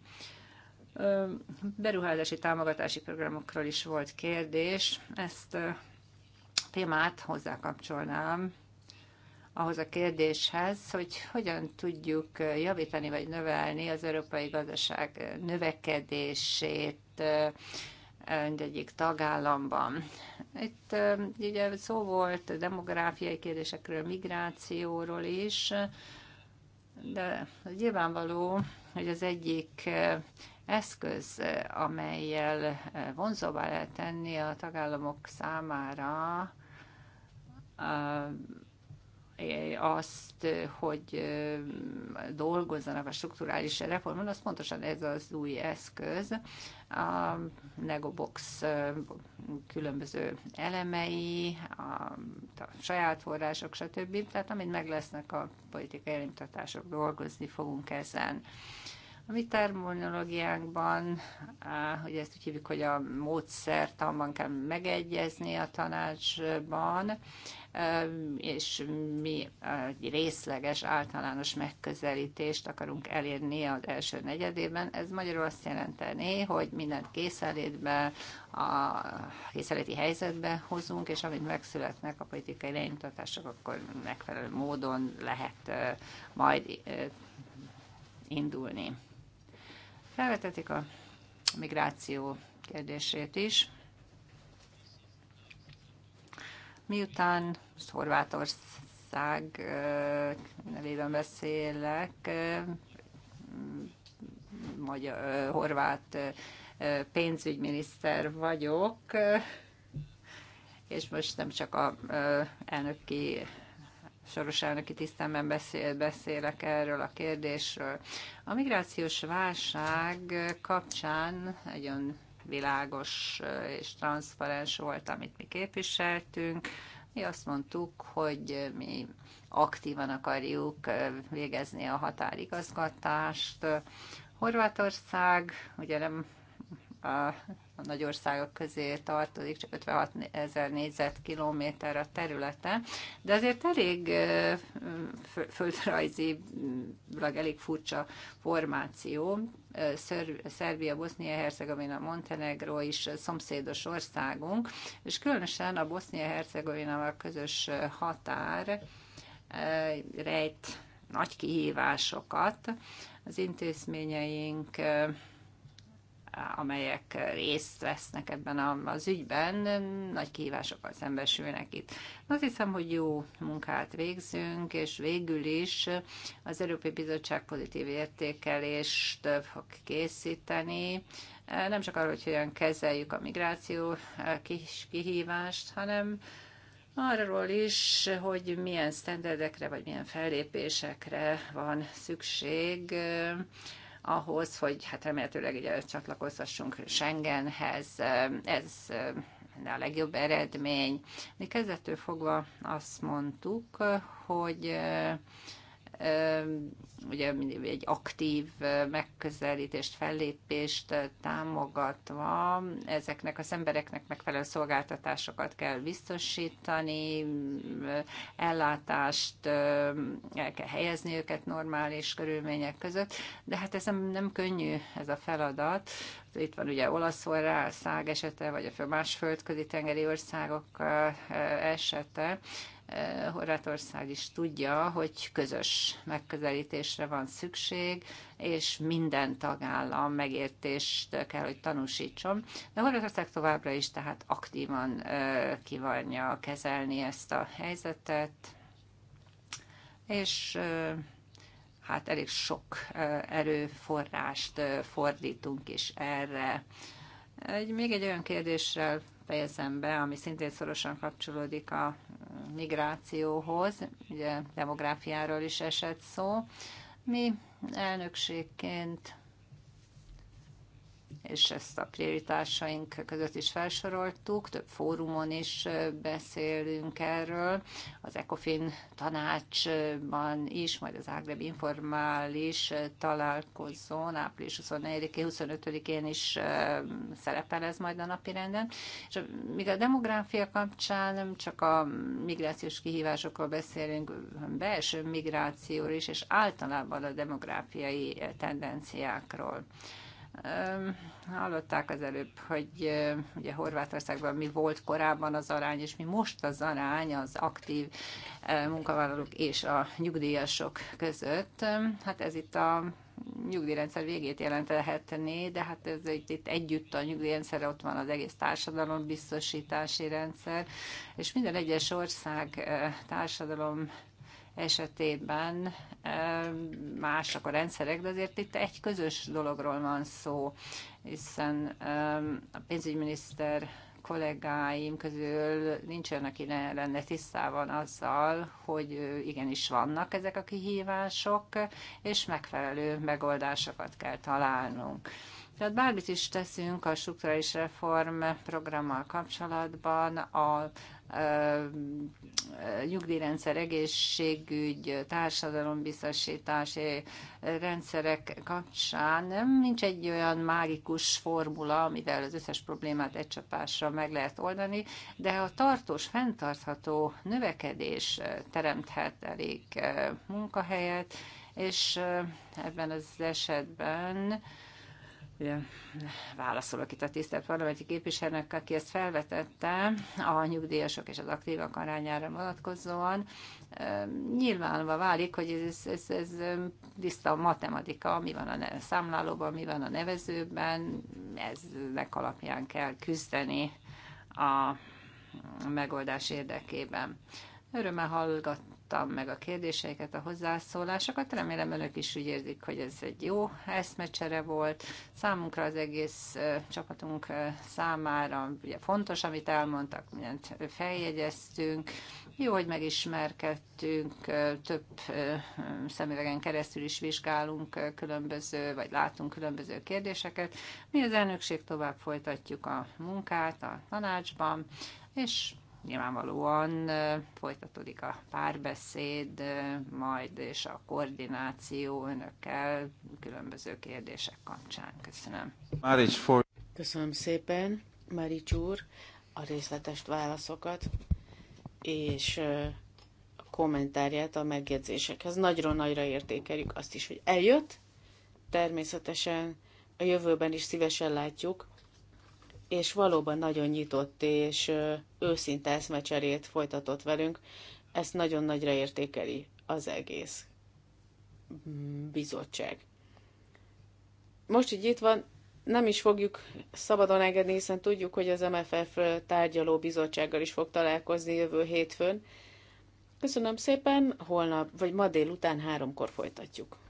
Beruházási támogatási programokról is volt kérdés. Ezt a témát hozzákapcsolnám ahhoz a kérdéshez, hogy hogyan tudjuk javítani vagy növelni az európai gazdaság növekedését, egyik tagállamban. Itt ugye szó volt demográfiai kérdésekről, migrációról is, de nyilvánvaló, hogy az egyik eszköz, amelyel vonzóvá lehet tenni a tagállamok számára azt, hogy dolgozzanak a strukturális reformon, az pontosan ez az új eszköz, a Lego Box különböző elemei, a, a saját források, stb. Tehát amint meg lesznek a politikai elintatások, dolgozni fogunk ezen. A mi terminológiánkban, hogy ezt úgy hívjuk, hogy a módszertanban kell megegyezni a tanácsban, és mi egy részleges általános megközelítést akarunk elérni az első negyedében. Ez magyarul azt jelenteni, hogy mindent készelétbe, a készeléti helyzetbe hozunk, és amint megszületnek a politikai iránymutatások, akkor megfelelő módon lehet majd indulni. Felvetetik a migráció kérdését is. Miután Horvátország nevében beszélek, magyar, horvát pénzügyminiszter vagyok, és most nem csak a elnöki soros elnöki tisztemben beszél, beszélek erről a kérdésről. A migrációs válság kapcsán nagyon világos és transzparens volt, amit mi képviseltünk. Mi azt mondtuk, hogy mi aktívan akarjuk végezni a határigazgatást. Horvátország ugye nem a, a nagy országok közé tartozik, csak 56 ezer négyzetkilométer a területe, de azért elég földrajzilag elég furcsa formáció. Szerbia, Bosznia, Hercegovina, Montenegro is szomszédos országunk, és különösen a bosznia hercegovina a közös határ rejt nagy kihívásokat. Az intézményeink amelyek részt vesznek ebben az ügyben, nagy kihívásokkal szembesülnek itt. Azt hiszem, hogy jó munkát végzünk, és végül is az Európai Bizottság pozitív értékelést fog készíteni, nem csak arról, hogy hogyan kezeljük a migráció kihívást, hanem arról is, hogy milyen sztenderdekre vagy milyen fellépésekre van szükség ahhoz, hogy hát remélhetőleg ugye csatlakozhassunk Schengenhez, ez eh, a legjobb eredmény. Mi kezdettől fogva azt mondtuk, hogy eh, ugye egy aktív megközelítést, fellépést támogatva ezeknek az embereknek megfelelő szolgáltatásokat kell biztosítani, ellátást el kell helyezni őket normális körülmények között, de hát ez nem, nem könnyű ez a feladat. Itt van ugye Olaszország esete, vagy a más földközi tengeri országok esete, Eh, Horvátország is tudja, hogy közös megközelítésre van szükség, és minden tagállam megértést kell, hogy tanúsítson. De Horvátország továbbra is tehát aktívan eh, kívánja kezelni ezt a helyzetet, és eh, hát elég sok erőforrást fordítunk is erre. Egy, még egy olyan kérdéssel fejezem be, ami szintén szorosan kapcsolódik a migrációhoz, ugye demográfiáról is esett szó. Mi elnökségként és ezt a prioritásaink között is felsoroltuk, több fórumon is beszélünk erről, az ECOFIN tanácsban is, majd az Ágreb informális találkozón, április 24-én, 25-én is szerepel ez majd a napi renden. És míg a demográfia kapcsán nem csak a migrációs kihívásokról beszélünk, belső migrációról is, és általában a demográfiai tendenciákról. Hallották az előbb, hogy ugye Horvátországban mi volt korábban az arány, és mi most az arány az aktív munkavállalók és a nyugdíjasok között. Hát ez itt a nyugdíjrendszer végét jelentelhetné, de hát ez itt, itt együtt a nyugdíjrendszer, ott van az egész társadalom biztosítási rendszer, és minden egyes ország társadalom esetében másak a rendszerek, de azért itt egy közös dologról van szó, hiszen a pénzügyminiszter kollégáim közül nincsen, aki ne lenne tisztában azzal, hogy igenis vannak ezek a kihívások, és megfelelő megoldásokat kell találnunk. Tehát bármit is teszünk a strukturális reform programmal kapcsolatban, a nyugdíjrendszer, egészségügy, társadalombiztosítási rendszerek kapcsán nem nincs egy olyan mágikus formula, amivel az összes problémát egy csapásra meg lehet oldani, de a tartós, fenntartható növekedés teremthet elég munkahelyet, és ebben az esetben ugye, válaszolok itt a tisztelt parlamenti képviselőnek, aki ezt felvetette a nyugdíjasok és az aktívak arányára vonatkozóan. Nyilvánva válik, hogy ez, ez, ez tiszta matematika, mi van a számlálóban, mi van a nevezőben, eznek alapján kell küzdeni a megoldás érdekében. Örömmel hallgattam hallgattam meg a kérdéseiket, a hozzászólásokat. Remélem önök is úgy érzik, hogy ez egy jó eszmecsere volt. Számunkra az egész csapatunk számára ugye fontos, amit elmondtak, mindent feljegyeztünk. Jó, hogy megismerkedtünk, több szemüvegen keresztül is vizsgálunk különböző, vagy látunk különböző kérdéseket. Mi az elnökség tovább folytatjuk a munkát a tanácsban, és nyilvánvalóan folytatódik a párbeszéd, majd és a koordináció önökkel különböző kérdések kapcsán. Köszönöm. Köszönöm szépen, Marics úr, a részletes válaszokat és a kommentárját a megjegyzésekhez. Nagyra nagyra értékeljük azt is, hogy eljött. Természetesen a jövőben is szívesen látjuk, és valóban nagyon nyitott és őszinte eszmecserét folytatott velünk. Ezt nagyon nagyra értékeli az egész mm, bizottság. Most így itt van, nem is fogjuk szabadon engedni, hiszen tudjuk, hogy az MFF tárgyaló bizottsággal is fog találkozni jövő hétfőn. Köszönöm szépen, holnap, vagy ma délután háromkor folytatjuk.